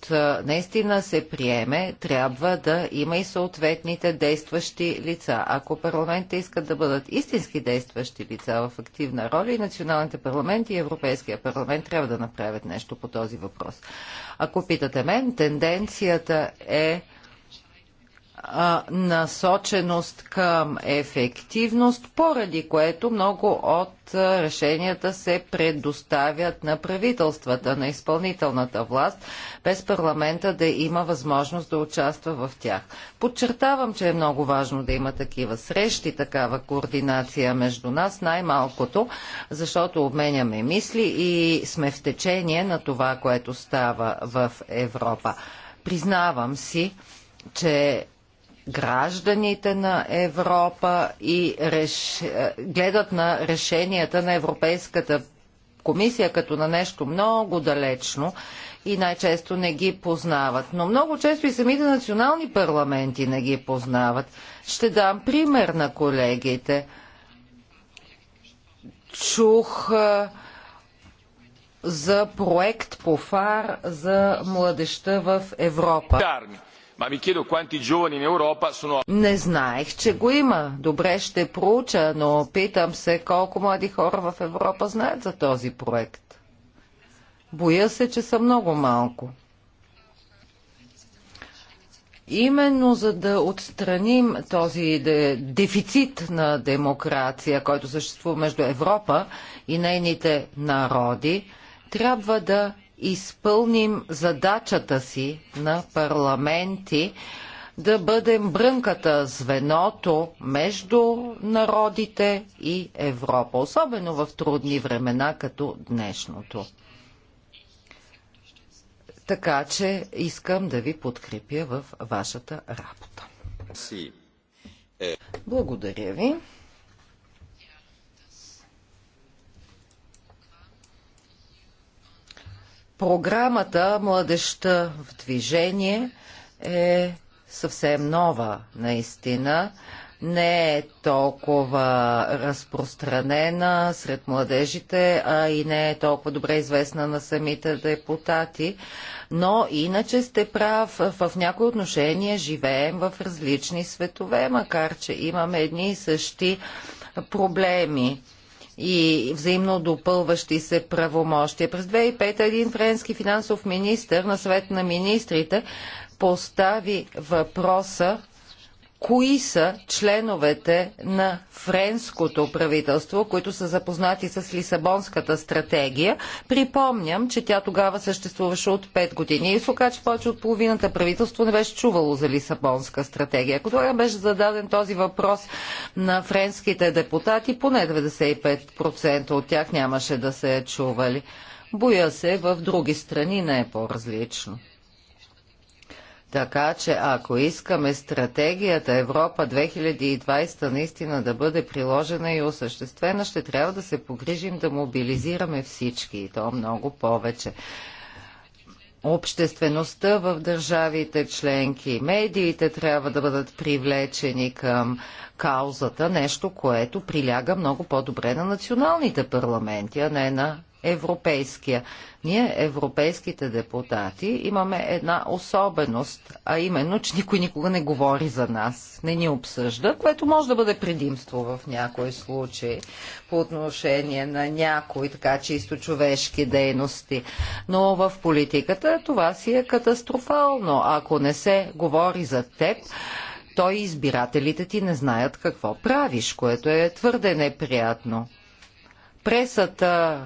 наистина се приеме, трябва да има и съответните действащи лица. Ако парламентите искат да бъдат истински действащи лица в активна роля, и националните парламенти и Европейския парламент трябва да направят нещо по този въпрос. Ако питате мен, тенденцията е насоченост към ефективност, поради което много от решенията се предоставят на правителствата, на изпълнителната власт, без парламента да има възможност да участва в тях. Подчертавам, че е много важно да има такива срещи, такава координация между нас, най-малкото, защото обменяме мисли и сме в течение на това, което става в Европа. Признавам си, че гражданите на Европа и реш... Е, гледат на решенията на Европейската комисия като на нещо много далечно и най-често не ги познават. Но много често и самите национални парламенти не ги познават. Ще дам пример на колегите. Чух е, за проект по фар за младеща в Европа. Армия не знаех, че го има. Добре ще проуча, но питам се колко млади хора в Европа знаят за този проект. Боя се, че са много малко. Именно за да отстраним този дефицит на демокрация, който съществува между Европа и нейните народи, трябва да изпълним задачата си на парламенти да бъдем брънката, звеното между народите и Европа, особено в трудни времена като днешното. Така че искам да ви подкрепя в вашата работа. Е. Благодаря ви. Програмата Младеща в движение е съвсем нова, наистина. Не е толкова разпространена сред младежите, а и не е толкова добре известна на самите депутати. Но иначе сте прав, в някои отношения живеем в различни светове, макар че имаме едни и същи проблеми и взаимно допълващи се правомощия. През 2005 един френски финансов министр на съвет на министрите постави въпроса кои са членовете на френското правителство, които са запознати с Лисабонската стратегия. Припомням, че тя тогава съществуваше от 5 години и се че повече от половината правителство не беше чувало за Лисабонска стратегия. Ако тогава беше зададен този въпрос на френските депутати, поне 95% от тях нямаше да се е чували. Боя се, в други страни не е по-различно. Така че ако искаме стратегията Европа 2020 наистина да бъде приложена и осъществена, ще трябва да се погрижим да мобилизираме всички и то много повече. Обществеността в държавите членки, медиите трябва да бъдат привлечени към каузата, нещо, което приляга много по-добре на националните парламенти, а не на европейския. Ние, европейските депутати, имаме една особеност, а именно, че никой никога не говори за нас, не ни обсъжда, което може да бъде предимство в някои случаи по отношение на някои така чисто човешки дейности. Но в политиката това си е катастрофално. Ако не се говори за теб, той избирателите ти не знаят какво правиш, което е твърде неприятно. Пресата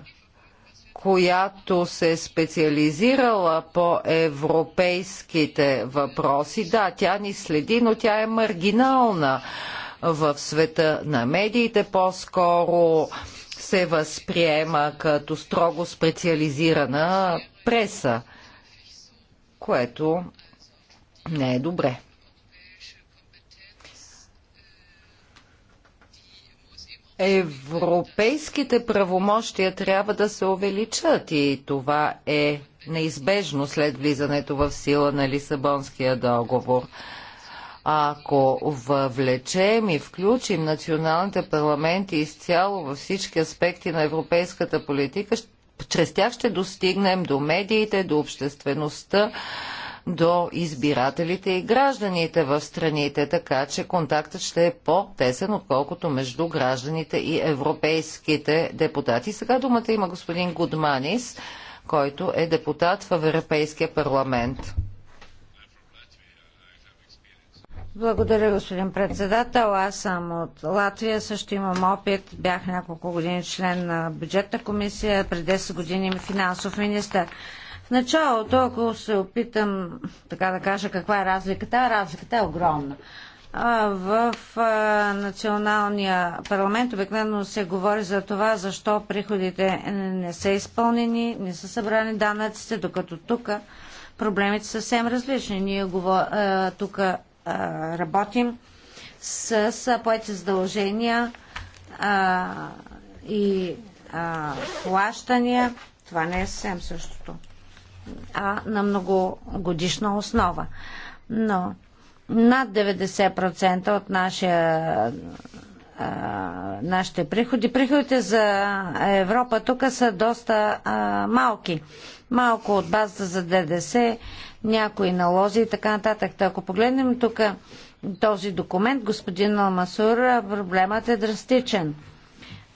която се е специализирала по европейските въпроси. Да, тя ни следи, но тя е маргинална в света на медиите. По-скоро се възприема като строго специализирана преса, което не е добре. Европейските правомощия трябва да се увеличат и това е неизбежно след влизането в сила на Лисабонския договор. Ако въвлечем и включим националните парламенти изцяло във всички аспекти на европейската политика, чрез тях ще достигнем до медиите, до обществеността, до избирателите и гражданите в страните, така че контактът ще е по-тесен, отколкото между гражданите и европейските депутати. Сега думата има господин Гудманис, който е депутат в Европейския парламент. Благодаря, господин председател. Аз съм от Латвия, също имам опит. Бях няколко години член на бюджетна комисия, преди 10 години финансов министър началото, ако се опитам така да кажа каква е разликата, разликата е огромна. В националния парламент обикновено се говори за това, защо приходите не са изпълнени, не са събрани данъците, докато тук проблемите са съвсем различни. Ние тук работим с поети задължения и плащания. Това не е съвсем същото а на многогодишна основа. Но над 90% от нашия нашите приходи. Приходите за Европа тук са доста а, малки. Малко от базата за ДДС, някои налози и така нататък. Та, ако погледнем тук този документ, господин Алмасур, проблемът е драстичен.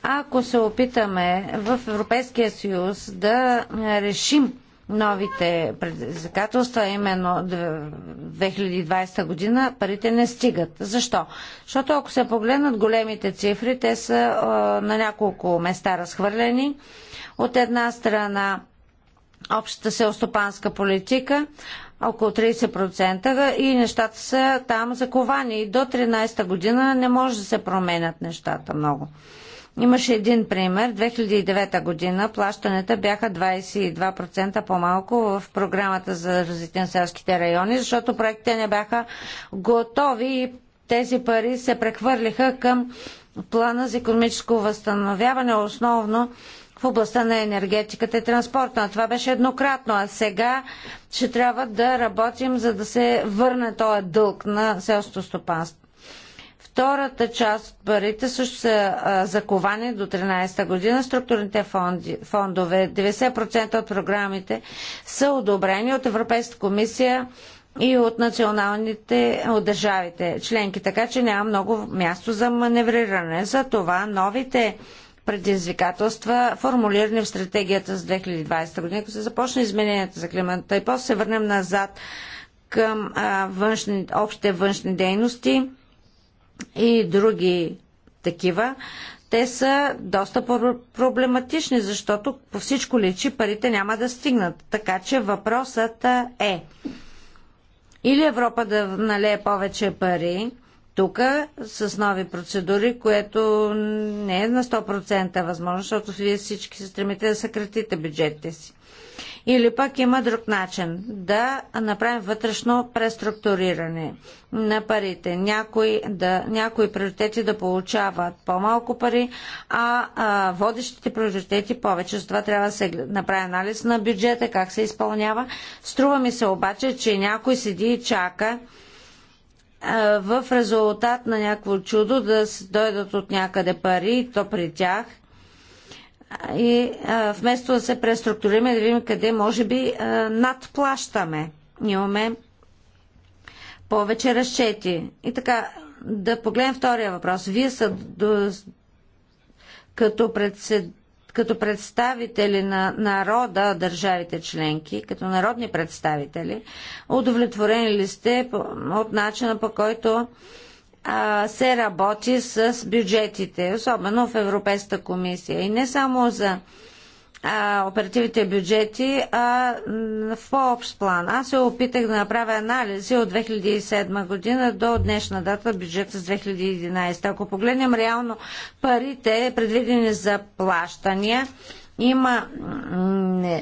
Ако се опитаме в Европейския съюз да решим новите предизвикателства, именно 2020 година, парите не стигат. Защо? Защото ако се погледнат големите цифри, те са а, на няколко места разхвърлени. От една страна общата селстопанска политика, около 30% и нещата са там заковани. И до 13-та година не може да се променят нещата много. Имаше един пример. 2009 година плащанията бяха 22% по-малко в програмата за развитие на селските райони, защото проектите не бяха готови и тези пари се прехвърлиха към плана за економическо възстановяване, основно в областта на енергетиката и транспорта. Това беше еднократно, а сега ще трябва да работим, за да се върне този дълг на селското стопанство. Втората част от парите също са а, заковани до 13-та година. Структурните фонди, фондове, 90% от програмите са одобрени от Европейската комисия и от националните, от държавите членки, така че няма много място за маневриране. За това новите предизвикателства, формулирани в стратегията за 2020 година, като се започне измененията за климата и после се върнем назад към а, външни, общите външни дейности – и други такива, те са доста проблематични, защото по всичко личи парите няма да стигнат. Така че въпросът е или Европа да налее повече пари тук с нови процедури, което не е на 100% възможно, защото вие всички се стремите да съкратите бюджетите си. Или пък има друг начин да направим вътрешно преструктуриране на парите. Някои, да, някои приоритети да получават по-малко пари, а, а водещите приоритети повече. това трябва да се направи анализ на бюджета, как се изпълнява. Струва ми се обаче, че някой седи и чака в резултат на някакво чудо да дойдат от някъде пари, то при тях – и а, вместо да се преструктурираме, да видим къде може би а, надплащаме. Имаме повече разчети. И така, да погледнем втория въпрос. Вие са до, като, председ, като представители на народа, държавите членки, като народни представители, удовлетворени ли сте от начина по който се работи с бюджетите, особено в Европейската комисия. И не само за оперативните бюджети а, в по-общ план. Аз се опитах да направя анализи от 2007 година до днешна дата бюджета с 2011. Ако погледнем реално парите, предвидени за плащания, има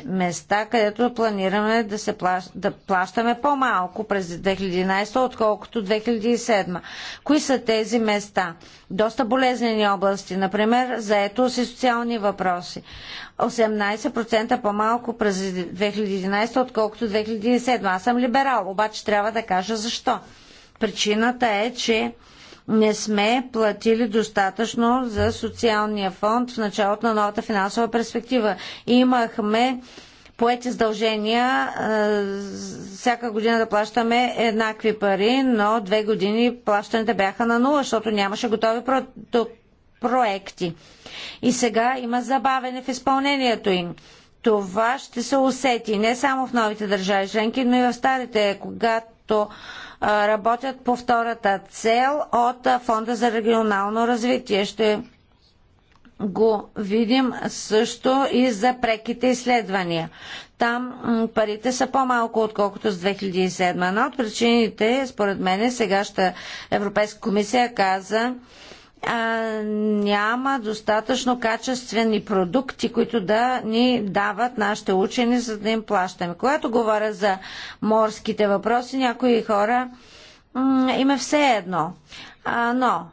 места, където планираме да, се плащ, да плащаме по-малко през 2011, отколкото 2007. Кои са тези места? Доста болезнени области, например заетост и социални въпроси. 18% по-малко през 2011, отколкото 2007. Аз съм либерал, обаче трябва да кажа защо. Причината е, че не сме платили достатъчно за социалния фонд в началото на новата финансова перспектива. Имахме поети задължения всяка година да плащаме еднакви пари, но две години плащаните бяха на нула, защото нямаше готови проекти. И сега има забавене в изпълнението им. Това ще се усети не само в новите държави членки, но и в старите, когато работят по втората цел от Фонда за регионално развитие. Ще го видим също и за преките изследвания. Там парите са по-малко, отколкото с 2007. Но от причините, според мен, сегаща Европейска комисия каза, няма достатъчно качествени продукти, които да ни дават нашите учени, за да им плащаме. Когато говоря за морските въпроси, някои хора има е все едно. А, но,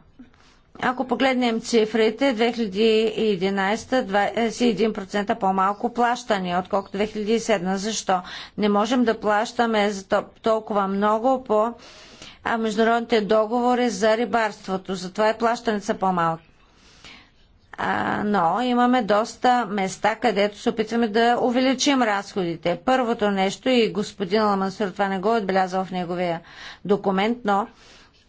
ако погледнем цифрите, 2011 21% по-малко плащане, отколкото 2007. Защо? Не можем да плащаме за толкова много по а международните договори за рибарството. Затова и плащането са по-малки. но имаме доста места, където се опитваме да увеличим разходите. Първото нещо, и господин Ламансур това не го е отбелязал в неговия документ, но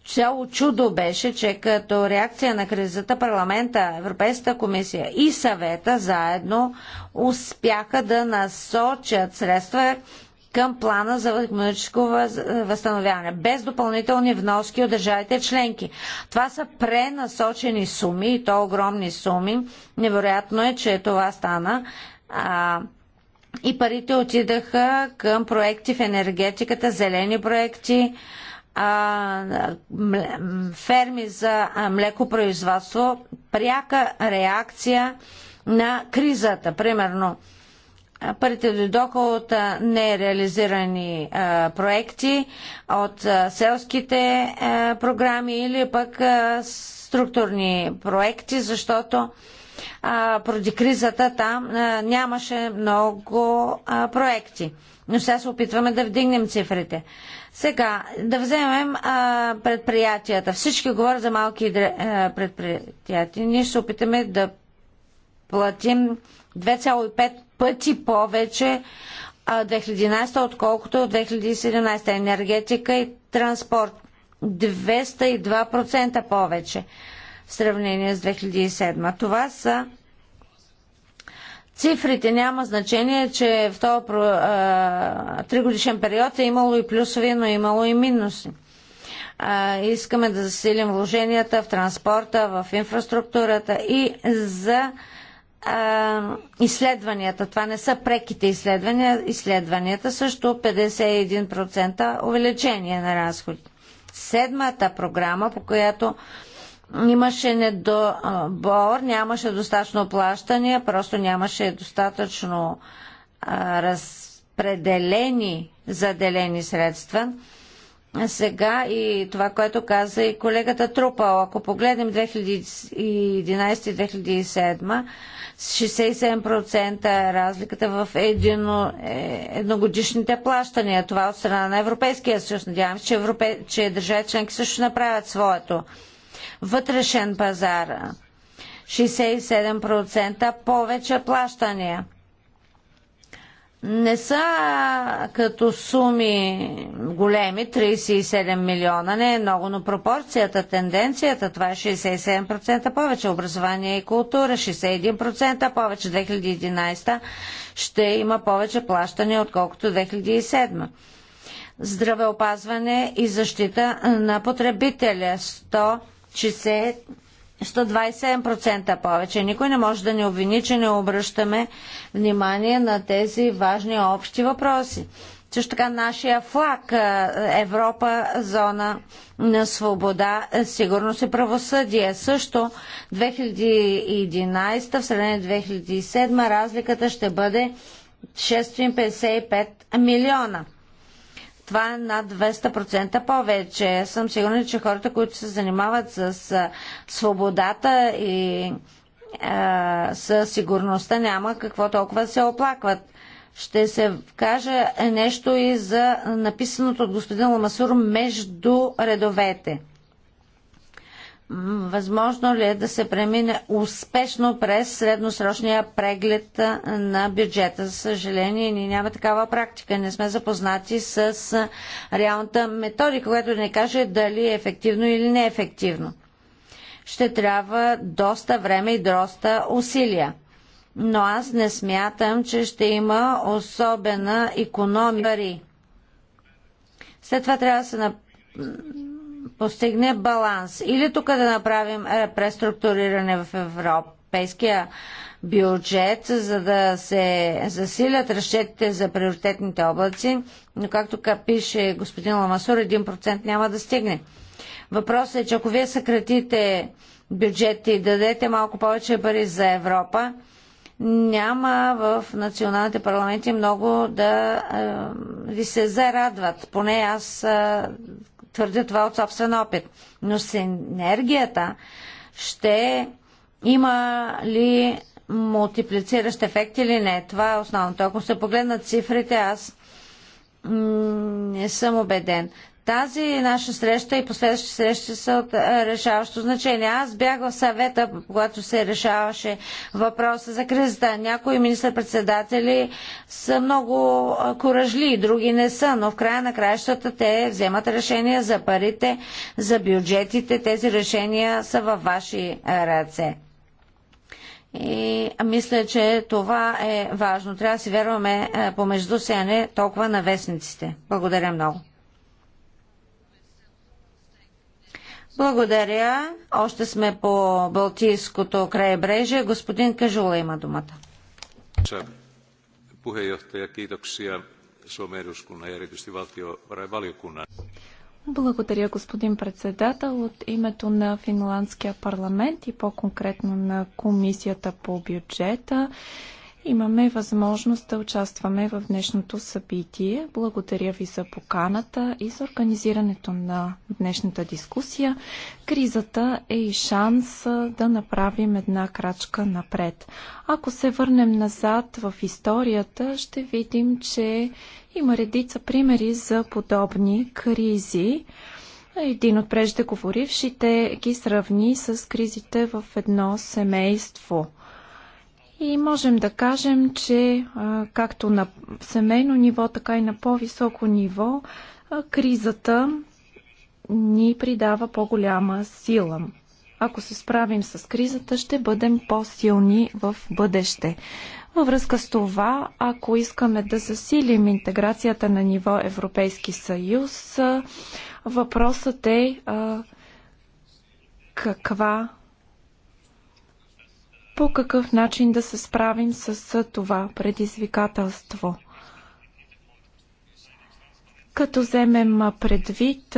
цяло чудо беше, че като реакция на кризата парламента, Европейската комисия и съвета заедно успяха да насочат средства към плана за економическо възстановяване, без допълнителни вноски от държавите членки. Това са пренасочени суми, и то огромни суми. Невероятно е, че това стана. А, и парите отидаха към проекти в енергетиката, зелени проекти, а, ферми за млекопроизводство, пряка реакция на кризата. Примерно, Парите дойдоха от нереализирани проекти, от селските програми или пък структурни проекти, защото поради кризата там нямаше много проекти. Но сега се опитваме да вдигнем цифрите. Сега, да вземем предприятията. Всички говорят за малки предприятия. Ние ще се опитаме да платим 2,5 пъти повече 2011, отколкото 2017. Енергетика и транспорт 202% повече в сравнение с 2007. Това са цифрите. Няма значение, че в този тригодишен период е имало и плюсови, но е имало и минуси. А, искаме да засилим вложенията в транспорта, в инфраструктурата и за а, изследванията. Това не са преките изследвания. Изследванията също 51% увеличение на разходите. Седмата програма, по която имаше недобор, нямаше достатъчно плащания, просто нямаше достатъчно а, разпределени, заделени средства. Сега и това, което каза и колегата Трупал, ако погледнем 2011-2007, 67% е разликата в едино, е, едногодишните плащания. Това е от страна на Европейския съюз. Надявам се, че, европе... че държави членки също направят своето. Вътрешен пазар. 67% повече плащания не са като суми големи, 37 милиона, не е много, но пропорцията, тенденцията, това е 67% повече, образование и култура 61% повече, 2011 ще има повече плащане, отколкото 2007 здравеопазване и защита на потребителя 160 127% повече. Никой не може да ни обвини, че не обръщаме внимание на тези важни общи въпроси. Също така нашия флаг е, Европа, зона на свобода, е, сигурност и правосъдие. Също 2011 в сравнение 2007 разликата ще бъде 655 милиона. Това е над 200% повече. съм сигурна, че хората, които се занимават с свободата и със сигурността няма какво толкова се оплакват. Ще се каже нещо и за написаното от господин Ламасур между редовете възможно ли е да се премине успешно през средносрочния преглед на бюджета. За съжаление, ние няма такава практика. Не сме запознати с реалната методика, която не каже дали е ефективно или неефективно. Ще трябва доста време и доста усилия. Но аз не смятам, че ще има особена економия. След това трябва да се направи постигне баланс. Или тук да направим е, преструктуриране в европейския бюджет, за да се засилят разчетите за приоритетните облаци, но както пише господин Ламасур, 1% няма да стигне. Въпросът е, че ако вие съкратите бюджет и дадете малко повече пари за Европа, няма в националните парламенти много да е, ви се зарадват. Поне аз е, твърдя това от собствен опит. Но синергията ще има ли мултиплициращ ефект или не? Това е основното. Ако се погледнат цифрите, аз не съм убеден. Тази наша среща и последващи срещи са от е, решаващо значение. Аз бях в съвета, когато се решаваше въпроса за кризата. Някои министър-председатели са много е, коражли, други не са, но в края на краищата те вземат решения за парите, за бюджетите. Тези решения са във ваши е, ръце. И мисля, че това е важно. Трябва да си вярваме помежду се, а не толкова на вестниците. Благодаря много. Благодаря. Още сме по Балтийското крайбрежие. Господин Кажула има думата. Благодаря, господин председател. От името на Финландския парламент и по-конкретно на Комисията по бюджета имаме възможност да участваме в днешното събитие. Благодаря ви за поканата и за организирането на днешната дискусия. Кризата е и шанс да направим една крачка напред. Ако се върнем назад в историята, ще видим, че има редица примери за подобни кризи. Един от преждеговорившите ги сравни с кризите в едно семейство – и можем да кажем, че както на семейно ниво, така и на по-високо ниво, кризата ни придава по-голяма сила. Ако се справим с кризата, ще бъдем по-силни в бъдеще. Във връзка с това, ако искаме да засилим интеграцията на ниво Европейски съюз, въпросът е каква по какъв начин да се справим с това предизвикателство. Като вземем предвид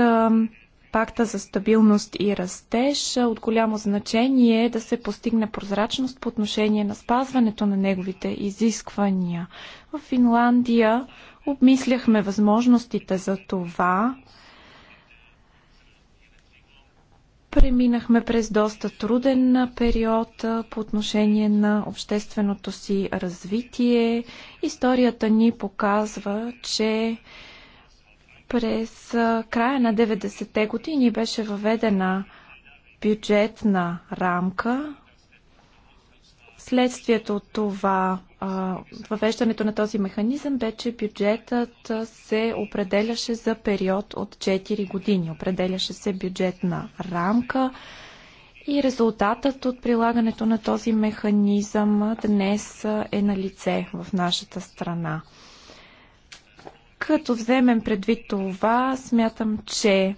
пакта за стабилност и растеж, от голямо значение е да се постигне прозрачност по отношение на спазването на неговите изисквания. В Финландия обмисляхме възможностите за това. Преминахме през доста труден период по отношение на общественото си развитие. Историята ни показва, че през края на 90-те години беше въведена бюджетна рамка. Следствието от това въвеждането на този механизъм бе, че бюджетът се определяше за период от 4 години. Определяше се бюджетна рамка и резултатът от прилагането на този механизъм днес е на лице в нашата страна. Като вземем предвид това, смятам, че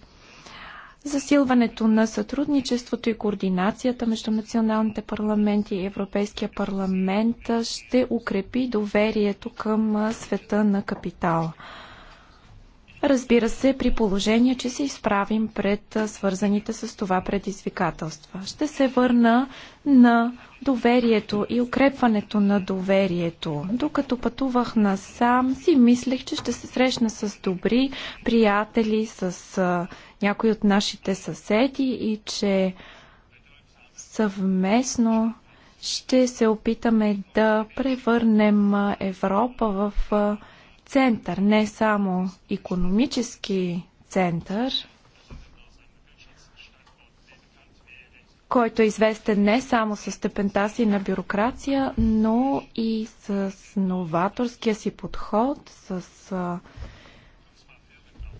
засилването на сътрудничеството и координацията между националните парламенти и Европейския парламент ще укрепи доверието към света на капитала. Разбира се, при положение, че се изправим пред свързаните с това предизвикателства. Ще се върна на доверието и укрепването на доверието. Докато пътувах насам, си мислех, че ще се срещна с добри приятели, с някои от нашите съседи и че съвместно ще се опитаме да превърнем Европа в център, не само економически център, който е известен не само с степента си на бюрокрация, но и с новаторския си подход, с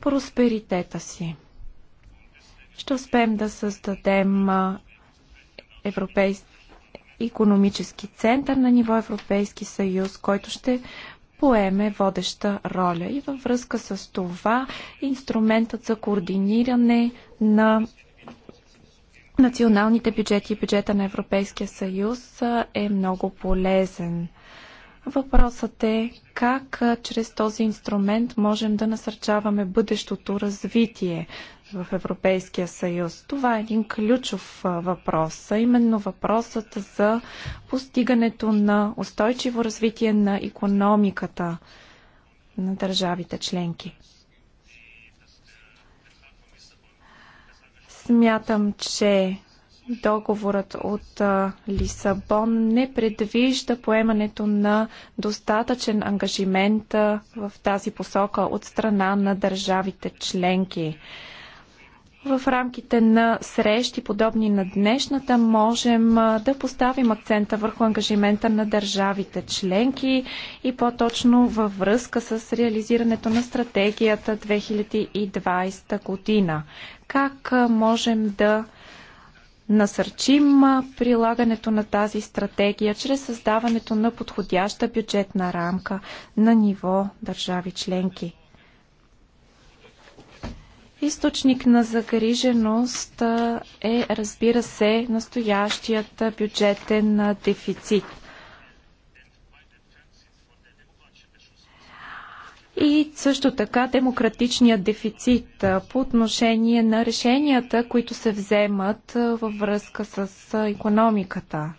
просперитета си. Ще успеем да създадем европейски економически център на ниво Европейски съюз, който ще поеме водеща роля. И във връзка с това инструментът за координиране на националните бюджети и бюджета на Европейския съюз е много полезен. Въпросът е как чрез този инструмент можем да насърчаваме бъдещото развитие в Европейския съюз? Това е един ключов въпрос, а именно въпросът за постигането на устойчиво развитие на економиката на държавите членки. Смятам, че договорът от Лисабон не предвижда поемането на достатъчен ангажимент в тази посока от страна на държавите членки. В рамките на срещи, подобни на днешната, можем да поставим акцента върху ангажимента на държавите членки и по-точно във връзка с реализирането на стратегията 2020 година. Как можем да насърчим прилагането на тази стратегия чрез създаването на подходяща бюджетна рамка на ниво държави членки. Източник на загриженост е, разбира се, настоящият бюджетен дефицит. И също така демократичният дефицит по отношение на решенията, които се вземат във връзка с економиката.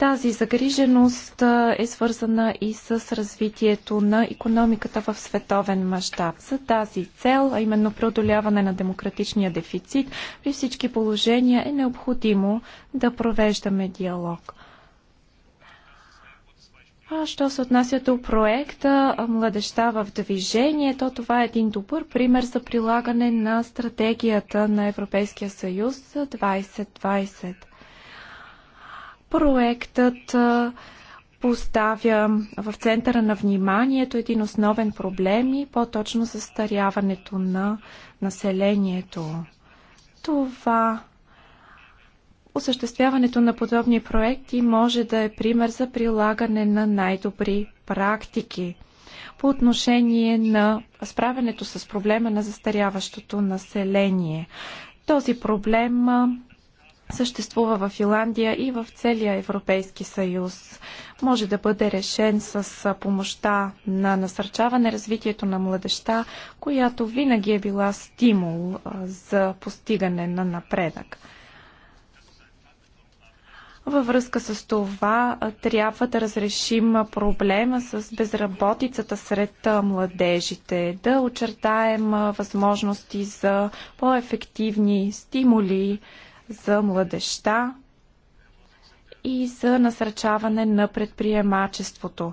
Тази загриженост е свързана и с развитието на економиката в световен мащаб. За тази цел, а именно преодоляване на демократичния дефицит, при всички положения е необходимо да провеждаме диалог. А що се отнася до проекта Младеща в движение, то това е един добър пример за прилагане на стратегията на Европейския съюз 2020. Проектът поставя в центъра на вниманието един основен проблем и по-точно застаряването на населението. Това осъществяването на подобни проекти може да е пример за прилагане на най-добри практики по отношение на справянето с проблема на застаряващото население. Този проблем съществува в Финландия и в целия Европейски съюз. Може да бъде решен с помощта на насърчаване развитието на младеща, която винаги е била стимул за постигане на напредък. Във връзка с това трябва да разрешим проблема с безработицата сред младежите, да очертаем възможности за по-ефективни стимули, за младеща и за насърчаване на предприемачеството.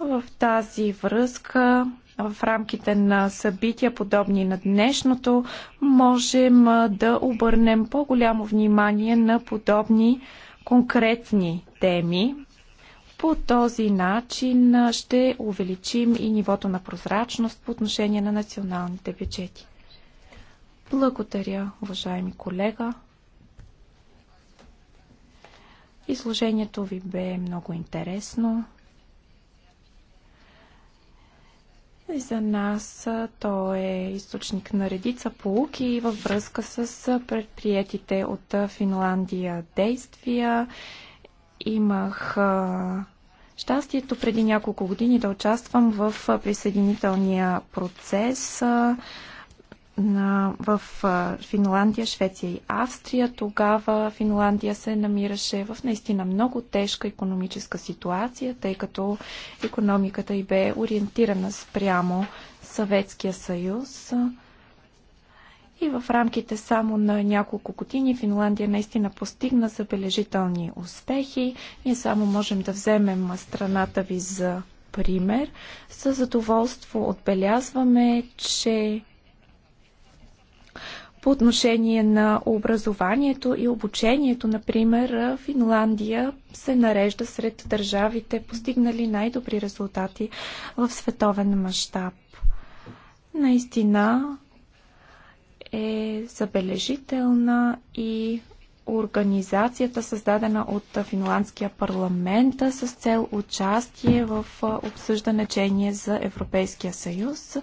В тази връзка в рамките на събития, подобни на днешното, можем да обърнем по-голямо внимание на подобни конкретни теми. По този начин ще увеличим и нивото на прозрачност по отношение на националните бюджети. Благодаря, уважаеми колега. Изложението ви бе много интересно. И за нас то е източник на редица полуки във връзка с предприятите от Финландия действия. Имах щастието преди няколко години да участвам в присъединителния процес на, в Финландия, Швеция и Австрия. Тогава Финландия се намираше в наистина много тежка економическа ситуация, тъй като економиката й бе ориентирана спрямо Съветския съюз. И в рамките само на няколко години Финландия наистина постигна забележителни успехи. Ние само можем да вземем страната ви за пример. С задоволство отбелязваме, че по отношение на образованието и обучението, например, Финландия се нарежда сред държавите, постигнали най-добри резултати в световен мащаб. Наистина е забележителна и организацията, създадена от финландския парламент с цел участие в обсъждане чение за Европейския съюз.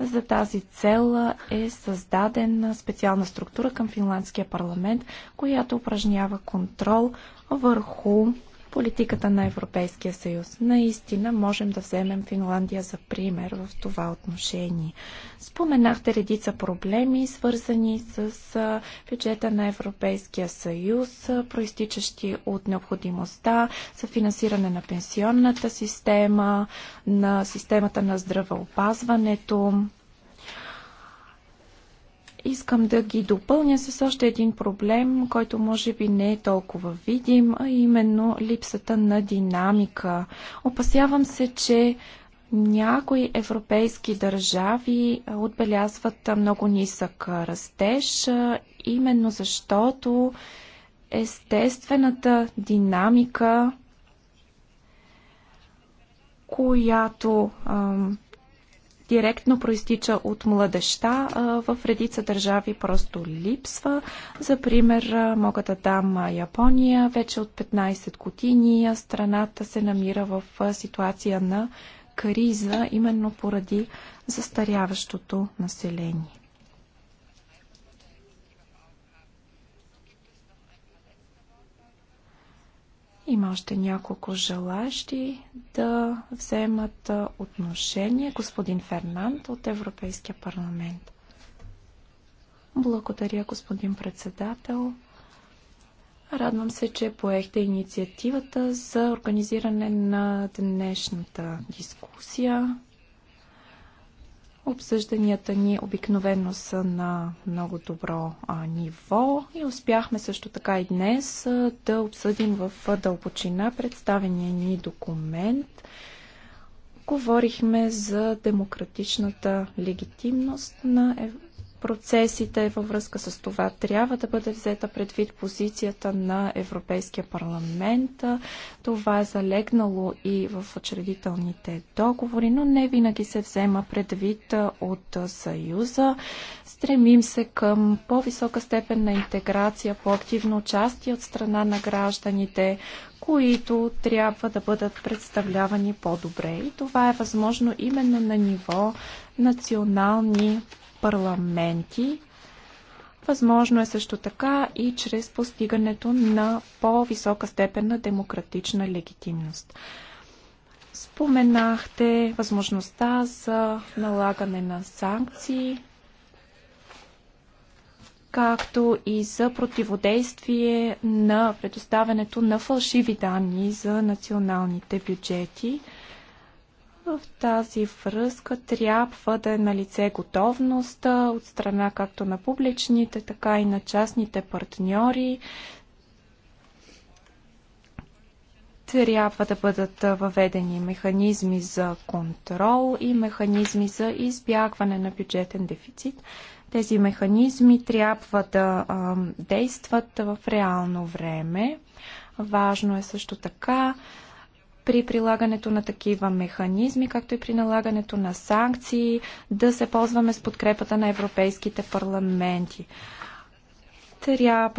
За тази цел е създадена специална структура към финландския парламент, която упражнява контрол върху политиката на Европейския съюз. Наистина можем да вземем Финландия за пример в това отношение. Споменахте редица проблеми, свързани с бюджета на Европейския съюз, проистичащи от необходимостта за финансиране на пенсионната система, на системата на здравеопазването, Искам да ги допълня с още един проблем, който може би не е толкова видим, а именно липсата на динамика. Опасявам се, че някои европейски държави отбелязват много нисък растеж, именно защото естествената динамика, която ам, директно проистича от младеща, в редица държави просто липсва. За пример, мога да дам Япония. Вече от 15 години страната се намира в ситуация на криза, именно поради застаряващото население. Има още няколко желащи да вземат отношение. Господин Фернанд от Европейския парламент. Благодаря, господин председател. Радвам се, че поехте инициативата за организиране на днешната дискусия. Обсъжданията ни обикновено са на много добро а, ниво и успяхме също така и днес а, да обсъдим в дълбочина представения ни документ. Говорихме за демократичната легитимност на Европейския процесите във връзка с това. Трябва да бъде взета предвид позицията на Европейския парламент. Това е залегнало и в учредителните договори, но не винаги се взема предвид от Съюза. Стремим се към по-висока степен на интеграция, по-активно участие от страна на гражданите, които трябва да бъдат представлявани по-добре. И това е възможно именно на ниво национални парламенти. Възможно е също така и чрез постигането на по-висока степен на демократична легитимност. Споменахте възможността за налагане на санкции, както и за противодействие на предоставянето на фалшиви данни за националните бюджети – в тази връзка трябва да е на лице готовността от страна както на публичните, така и на частните партньори. Трябва да бъдат въведени механизми за контрол и механизми за избягване на бюджетен дефицит. Тези механизми трябва да а, действат в реално време. Важно е също така при прилагането на такива механизми, както и при налагането на санкции, да се ползваме с подкрепата на европейските парламенти. Трябва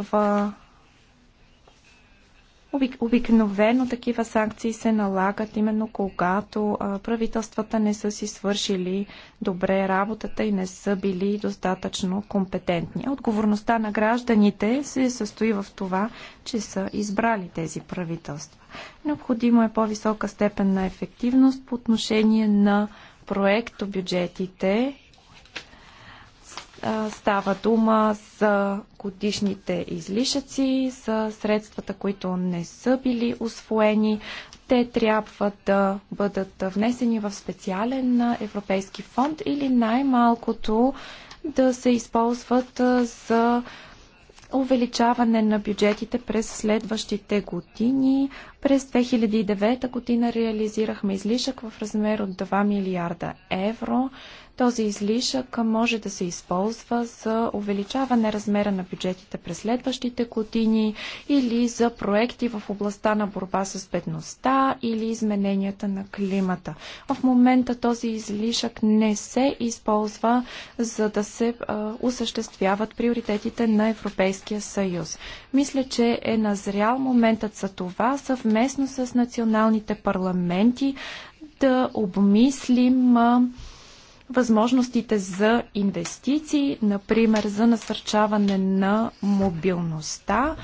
Обикновено такива санкции се налагат именно когато правителствата не са си свършили добре работата и не са били достатъчно компетентни. Отговорността на гражданите се състои в това, че са избрали тези правителства. Необходимо е по-висока степен на ефективност по отношение на проектобюджетите Става дума за годишните излишъци, за средствата, които не са били освоени. Те трябва да бъдат внесени в специален европейски фонд или най-малкото да се използват за увеличаване на бюджетите през следващите години. През 2009 година реализирахме излишък в размер от 2 милиарда евро. Този излишък може да се използва за увеличаване размера на бюджетите през следващите години или за проекти в областта на борба с бедността или измененията на климата. В момента този излишък не се използва за да се а, осъществяват приоритетите на Европейския съюз. Мисля, че е назрял моментът за това съвместно с националните парламенти да обмислим а, възможностите за инвестиции, например за насърчаване на мобилността.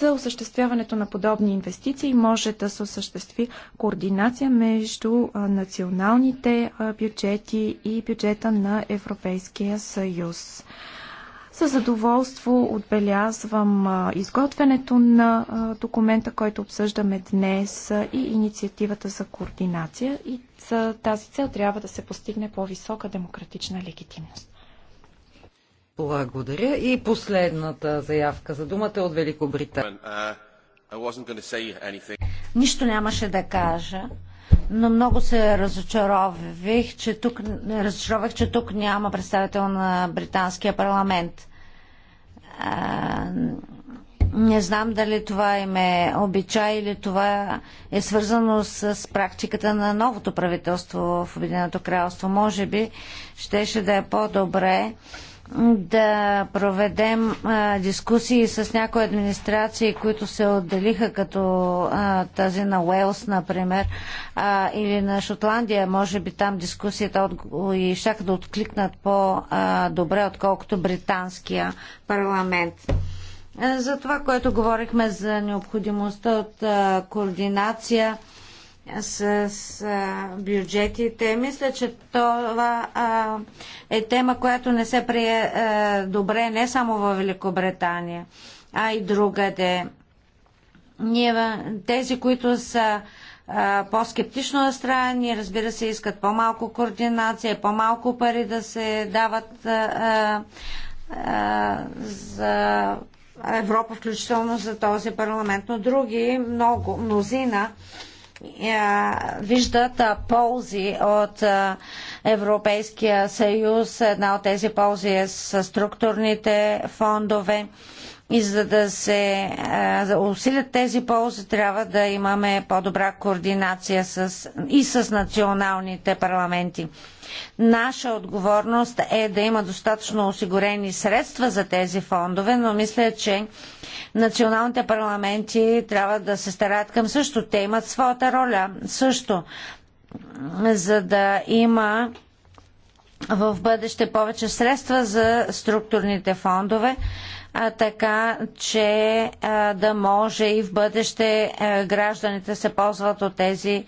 За осъществяването на подобни инвестиции може да се осъществи координация между националните бюджети и бюджета на Европейския съюз. Със задоволство отбелязвам изготвянето на документа, който обсъждаме днес и инициативата за координация и за тази цел трябва да се постигне по-висока демократична легитимност. Благодаря. И последната заявка за думата е от Великобритания. Нищо нямаше да кажа, но много се разочарових, че тук, разочаровах, че тук няма представител на британския парламент не знам дали това им е обичай или това е свързано с практиката на новото правителство в Обединеното кралство. Може би щеше да е по-добре да проведем а, дискусии с някои администрации, които се отделиха, като а, тази на Уелс, например, а, или на Шотландия. Може би там дискусията от... и щяха да откликнат по-добре, отколкото британския парламент. За това, което говорихме за необходимостта от а, координация, с, с а, бюджетите. Мисля, че това а, е тема, която не се прие а, добре не само в Великобритания, а и другаде. Ние, тези, които са по-скептично настроени, разбира се, искат по-малко координация, по-малко пари да се дават а, а, за Европа, включително за този парламент, но други, много, мнозина, а, е, виждат ползи от Европейския съюз. Една от тези ползи е с структурните фондове и за да се да усилят тези ползи, трябва да имаме по-добра координация с, и с националните парламенти. Наша отговорност е да има достатъчно осигурени средства за тези фондове, но мисля, че националните парламенти трябва да се стараят към също. Те имат своята роля също, за да има в бъдеще повече средства за структурните фондове а, така че а, да може и в бъдеще а, гражданите се ползват от тези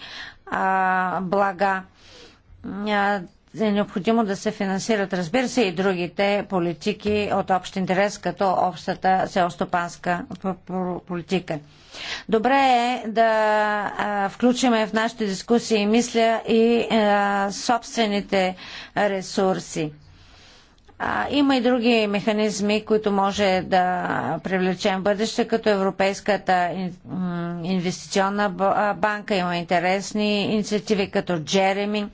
а, блага. А, е необходимо да се финансират, разбира се, и другите политики от общ интерес, като общата селстопанска политика. Добре е да а, включиме в нашите дискусии, мисля, и а, собствените ресурси има и други механизми, които може да привлечем в бъдеще, като Европейската инвестиционна банка. Има интересни инициативи, като Джереми,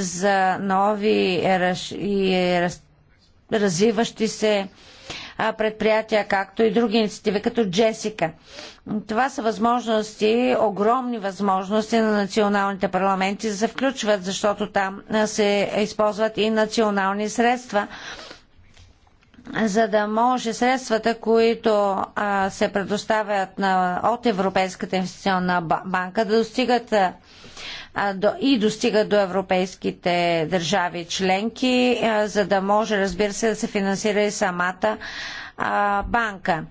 за нови и развиващи се предприятия, както и други инициативи, като Джесика. Това са възможности, огромни възможности на националните парламенти да се включват, защото там се използват и национални средства за да може средствата, които а, се предоставят на, от Европейската инвестиционна банка, да достигат а, до, и достигат до европейските държави членки, а, за да може, разбира се, да се финансира и самата банка.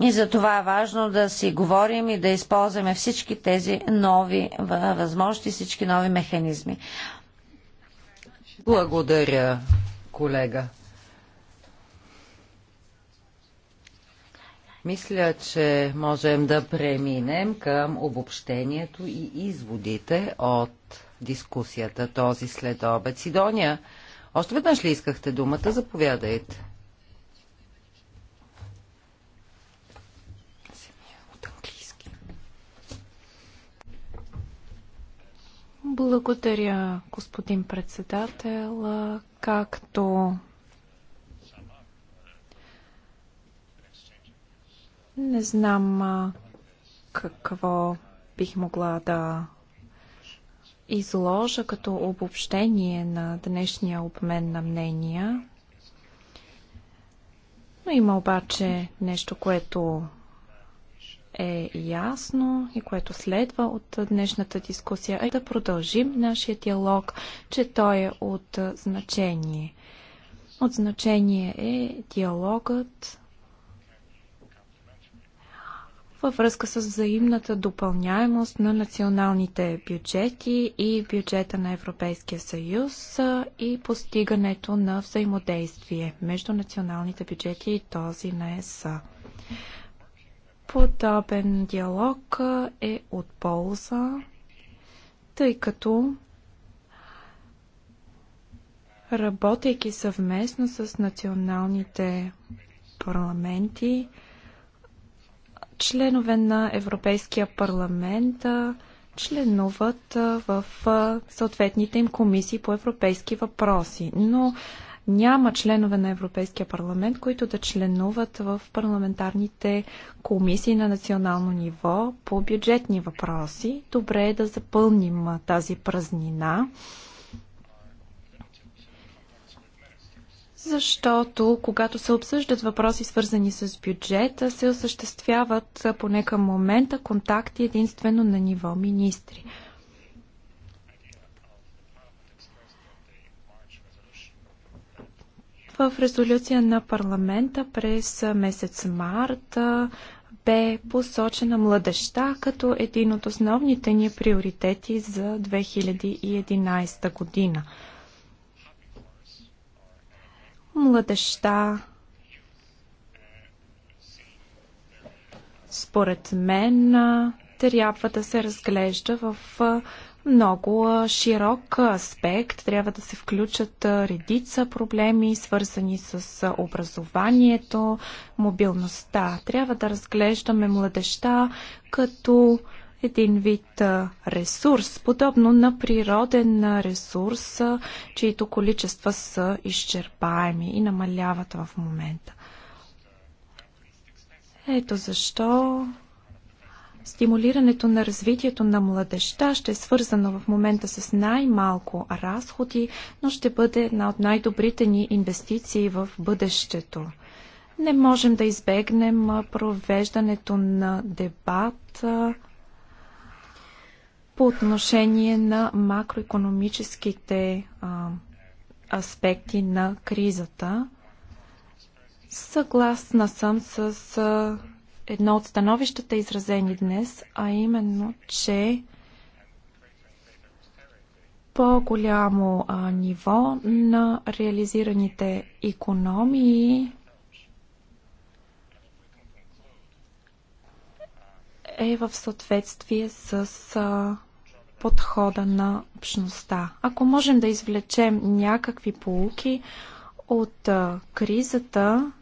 И за това е важно да си говорим и да използваме всички тези нови възможности, всички нови механизми. Благодаря, колега. Мисля, че можем да преминем към обобщението и изводите от дискусията този следобед. Сидония, още веднъж ли искахте думата? Заповядайте. Благодаря, господин председател. Както не знам какво бих могла да изложа като обобщение на днешния обмен на мнения. Но има обаче нещо, което е ясно и което следва от днешната дискусия е да продължим нашия диалог, че той е от значение. От значение е диалогът във връзка с взаимната допълняемост на националните бюджети и бюджета на Европейския съюз и постигането на взаимодействие между националните бюджети и този на ЕСА. Подобен диалог е от полза, тъй като работейки съвместно с националните парламенти, членове на Европейския парламент членуват в съответните им комисии по европейски въпроси. Но няма членове на Европейския парламент, които да членуват в парламентарните комисии на национално ниво по бюджетни въпроси. Добре е да запълним тази празнина. Защото, когато се обсъждат въпроси свързани с бюджета, се осъществяват поне към момента контакти единствено на ниво министри. В резолюция на парламента през месец март бе посочена младеща като един от основните ни приоритети за 2011 година. Младеща според мен трябва да се разглежда в много широк аспект. Трябва да се включат редица проблеми, свързани с образованието, мобилността. Трябва да разглеждаме младеща като един вид ресурс, подобно на природен ресурс, чието количества са изчерпаеми и намаляват в момента. Ето защо Стимулирането на развитието на младеща ще е свързано в момента с най-малко разходи, но ще бъде една от най-добрите ни инвестиции в бъдещето. Не можем да избегнем провеждането на дебат по отношение на макроекономическите аспекти на кризата. Съгласна съм с едно от становищата изразени днес, а именно, че по-голямо ниво на реализираните економии е в съответствие с а, подхода на общността. Ако можем да извлечем някакви полуки от а, кризата,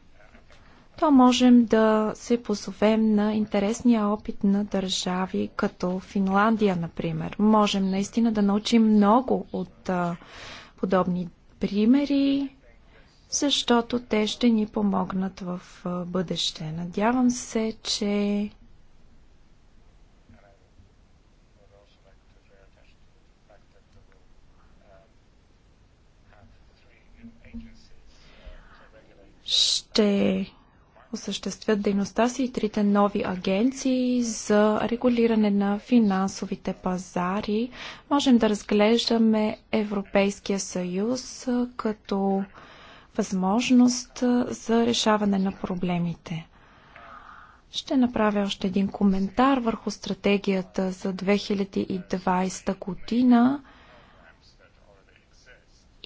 то можем да се позовем на интересния опит на държави като Финландия, например. Можем наистина да научим много от а, подобни примери, защото те ще ни помогнат в а, бъдеще. Надявам се, че ще осъществят дейността си и трите нови агенции за регулиране на финансовите пазари. Можем да разглеждаме Европейския съюз като възможност за решаване на проблемите. Ще направя още един коментар върху стратегията за 2020 година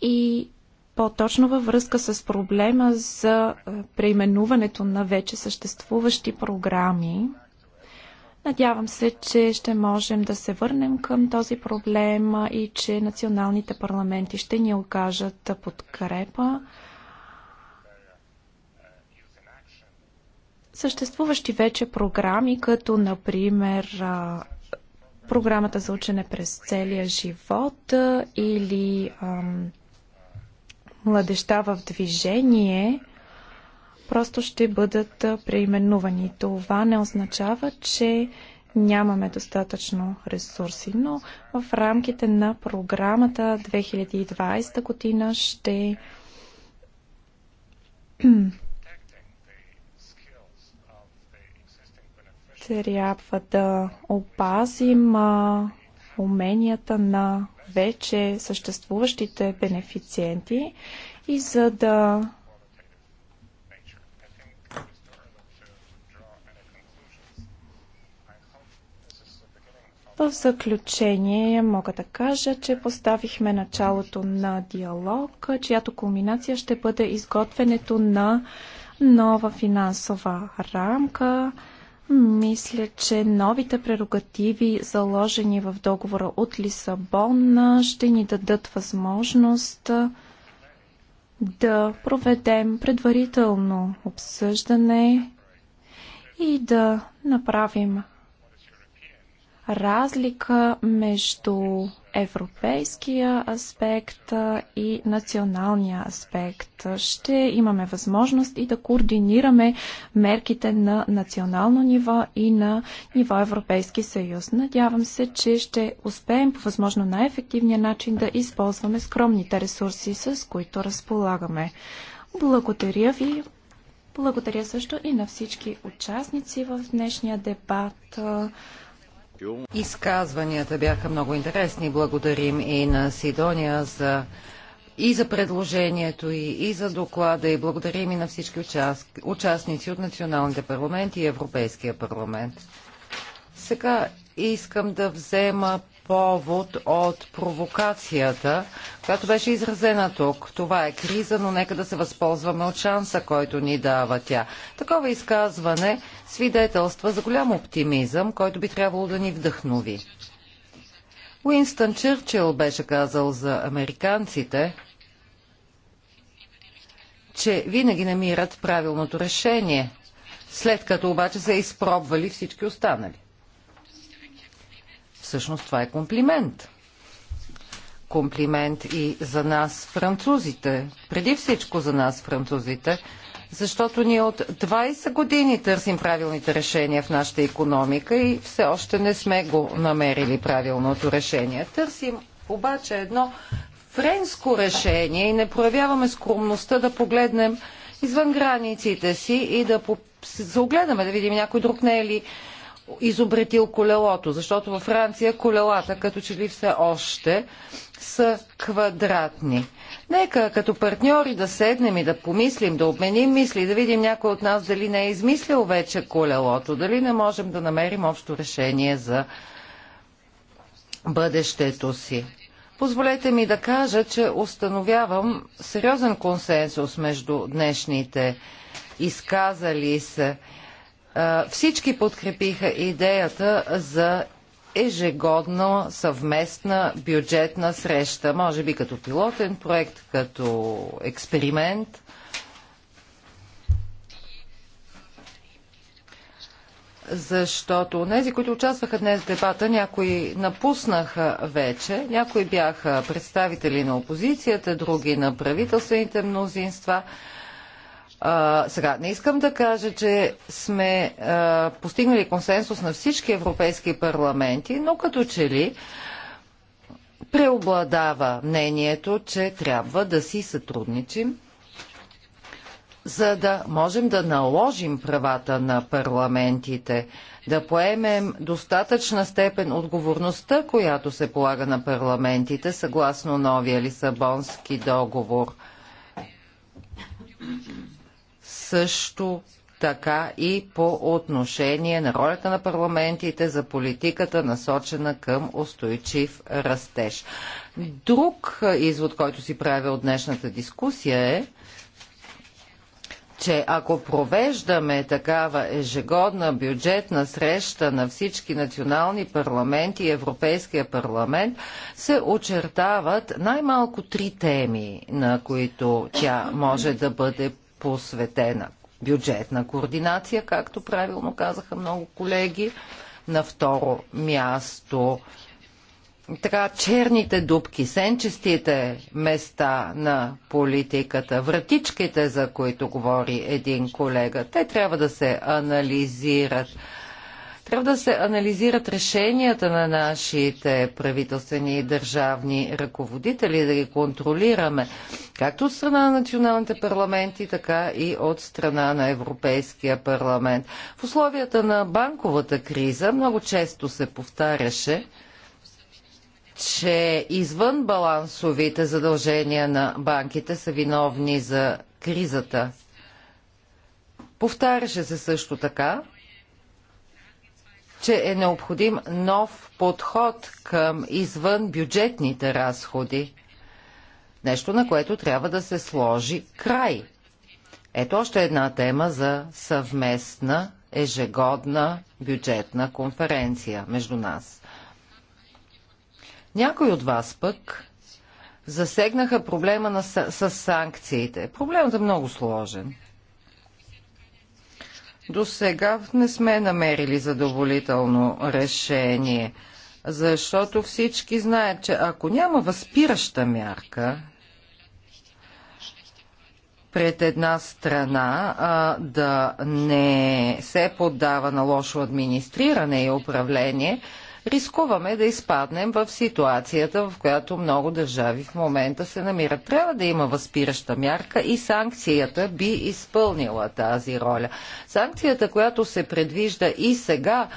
и по-точно във връзка с проблема за е, преименуването на вече съществуващи програми. Надявам се, че ще можем да се върнем към този проблем и че националните парламенти ще ни окажат подкрепа. Съществуващи вече програми, като например програмата за учене през целия живот или ам, младеща в движение просто ще бъдат преименувани. Това не означава, че нямаме достатъчно ресурси, но в рамките на програмата 2020 година ще трябва да опазим уменията на вече съществуващите бенефициенти и за да В заключение мога да кажа, че поставихме началото на диалог, чиято кулминация ще бъде изготвянето на нова финансова рамка, мисля, че новите прерогативи, заложени в договора от Лисабон, ще ни дадат възможност да проведем предварително обсъждане и да направим разлика между европейския аспект и националния аспект. Ще имаме възможност и да координираме мерките на национално ниво и на ниво Европейски съюз. Надявам се, че ще успеем по възможно най-ефективния начин да използваме скромните ресурси, с които разполагаме. Благодаря ви. Благодаря също и на всички участници в днешния дебат. Изказванията бяха много интересни. Благодарим и на Сидония за и за предложението и, и за доклада и благодарим и на всички участници от националните парламенти и Европейския парламент. Сега искам да взема повод от провокацията, която беше изразена тук. Това е криза, но нека да се възползваме от шанса, който ни дава тя. Такова изказване свидетелства за голям оптимизъм, който би трябвало да ни вдъхнови. Уинстън Чърчил беше казал за американците, че винаги намират правилното решение, след като обаче са изпробвали всички останали. Всъщност това е комплимент. Комплимент и за нас французите, преди всичко за нас французите, защото ние от 20 години търсим правилните решения в нашата економика и все още не сме го намерили правилното решение. Търсим обаче едно френско решение и не проявяваме скромността да погледнем извън границите си и да се огледаме, да видим някой друг не е ли изобретил колелото, защото във Франция колелата като че ли все още са квадратни. Нека като партньори да седнем и да помислим, да обменим мисли, да видим някой от нас дали не е измислил вече колелото, дали не можем да намерим общо решение за бъдещето си. Позволете ми да кажа, че установявам сериозен консенсус между днешните изказали се. Всички подкрепиха идеята за ежегодна съвместна бюджетна среща, може би като пилотен проект, като експеримент. защото тези, които участваха днес в дебата, някои напуснаха вече, някои бяха представители на опозицията, други на правителствените мнозинства. А, сега, не искам да кажа, че сме а, постигнали консенсус на всички европейски парламенти, но като че ли преобладава мнението, че трябва да си сътрудничим, за да можем да наложим правата на парламентите, да поемем достатъчна степен отговорността, която се полага на парламентите, съгласно новия Лисабонски договор също така и по отношение на ролята на парламентите за политиката насочена към устойчив растеж. Друг извод, който си правя от днешната дискусия е, че ако провеждаме такава ежегодна бюджетна среща на всички национални парламенти и Европейския парламент, се очертават най-малко три теми, на които тя може да бъде посветена бюджетна координация, както правилно казаха много колеги. На второ място така черните дубки, сенчестите места на политиката, вратичките, за които говори един колега, те трябва да се анализират. Трябва да се анализират решенията на нашите правителствени и държавни ръководители, да ги контролираме, както от страна на националните парламенти, така и от страна на Европейския парламент. В условията на банковата криза много често се повтаряше, че извън балансовите задължения на банките са виновни за кризата. Повтаряше се също така, че е необходим нов подход към извън бюджетните разходи. Нещо, на което трябва да се сложи край. Ето още една тема за съвместна ежегодна бюджетна конференция между нас. Някой от вас пък засегнаха проблема на, с, с санкциите. Проблемът е много сложен. До сега не сме намерили задоволително решение, защото всички знаят, че ако няма възпираща мярка, пред една страна а, да не се поддава на лошо администриране и управление, рискуваме да изпаднем в ситуацията, в която много държави в момента се намират. Трябва да има възпираща мярка и санкцията би изпълнила тази роля. Санкцията, която се предвижда и сега,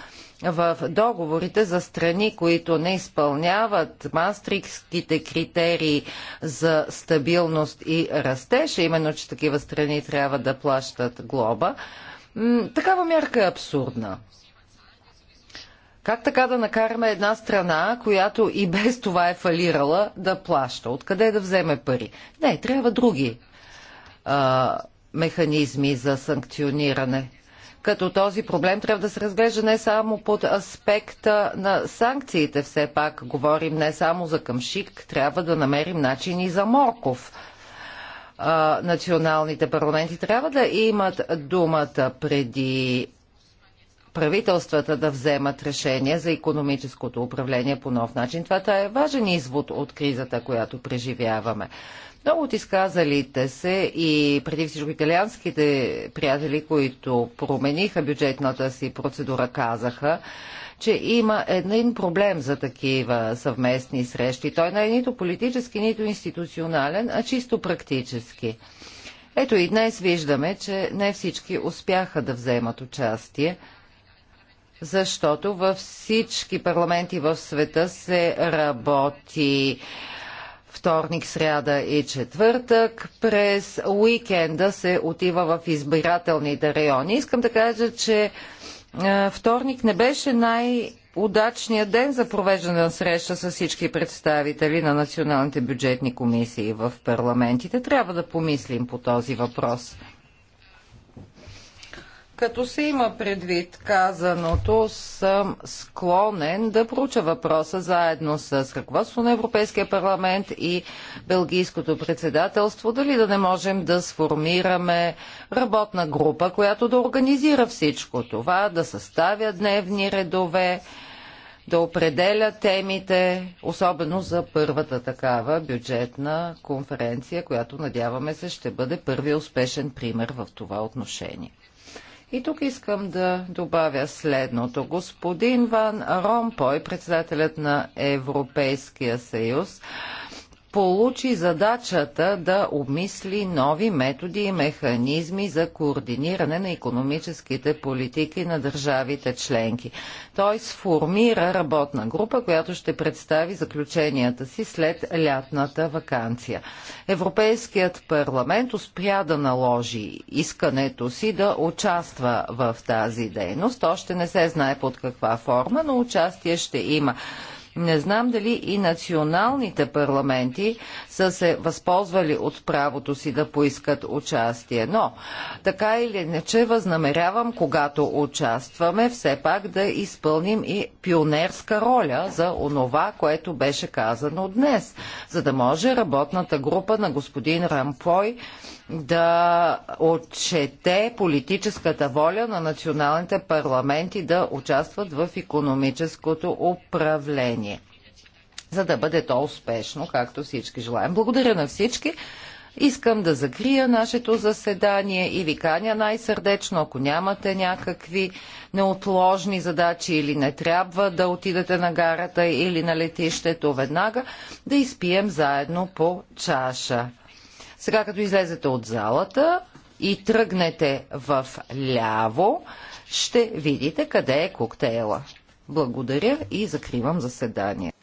в договорите за страни, които не изпълняват мастрикските критерии за стабилност и растеж, именно, че такива страни трябва да плащат глоба, такава мярка е абсурдна. Как така да накараме една страна, която и без това е фалирала, да плаща? Откъде да вземе пари? Не, трябва други а, механизми за санкциониране. Като този проблем трябва да се разглежда не само под аспекта на санкциите, все пак говорим не само за къмшик, трябва да намерим начин и за Морков националните парламенти трябва да имат думата преди правителствата да вземат решение за економическото управление по нов начин. Това е важен извод от кризата, която преживяваме. Много от изказалите се и преди всичко италианските приятели, които промениха бюджетната си процедура, казаха, че има един проблем за такива съвместни срещи. Той не е нито политически, нито институционален, а чисто практически. Ето и днес виждаме, че не всички успяха да вземат участие защото във всички парламенти в света се работи вторник, сряда и четвъртък. През уикенда се отива в избирателните райони. Искам да кажа, че е, вторник не беше най- удачният ден за провеждане на среща с всички представители на националните бюджетни комисии в парламентите. Трябва да помислим по този въпрос. Като се има предвид казаното, съм склонен да проуча въпроса заедно с ръководство на Европейския парламент и Белгийското председателство, дали да не можем да сформираме работна група, която да организира всичко това, да съставя дневни редове, да определя темите, особено за първата такава бюджетна конференция, която надяваме се ще бъде първи успешен пример в това отношение. И тук искам да добавя следното. Господин Ван Ромпой, председателят на Европейския съюз, получи задачата да обмисли нови методи и механизми за координиране на економическите политики на държавите членки. Той сформира работна група, която ще представи заключенията си след лятната вакансия. Европейският парламент успя да наложи искането си да участва в тази дейност. Още не се знае под каква форма, но участие ще има. Не знам дали и националните парламенти са се възползвали от правото си да поискат участие. Но, така или иначе, възнамерявам, когато участваме, все пак да изпълним и пионерска роля за онова, което беше казано днес, за да може работната група на господин Рампой да отчете политическата воля на националните парламенти да участват в економическото управление за да бъде то успешно, както всички желаем. Благодаря на всички. Искам да закрия нашето заседание и ви каня най-сърдечно, ако нямате някакви неотложни задачи или не трябва да отидете на гарата или на летището веднага, да изпием заедно по чаша. Сега като излезете от залата и тръгнете в ляво, ще видите къде е коктейла. Благодаря и закривам заседание.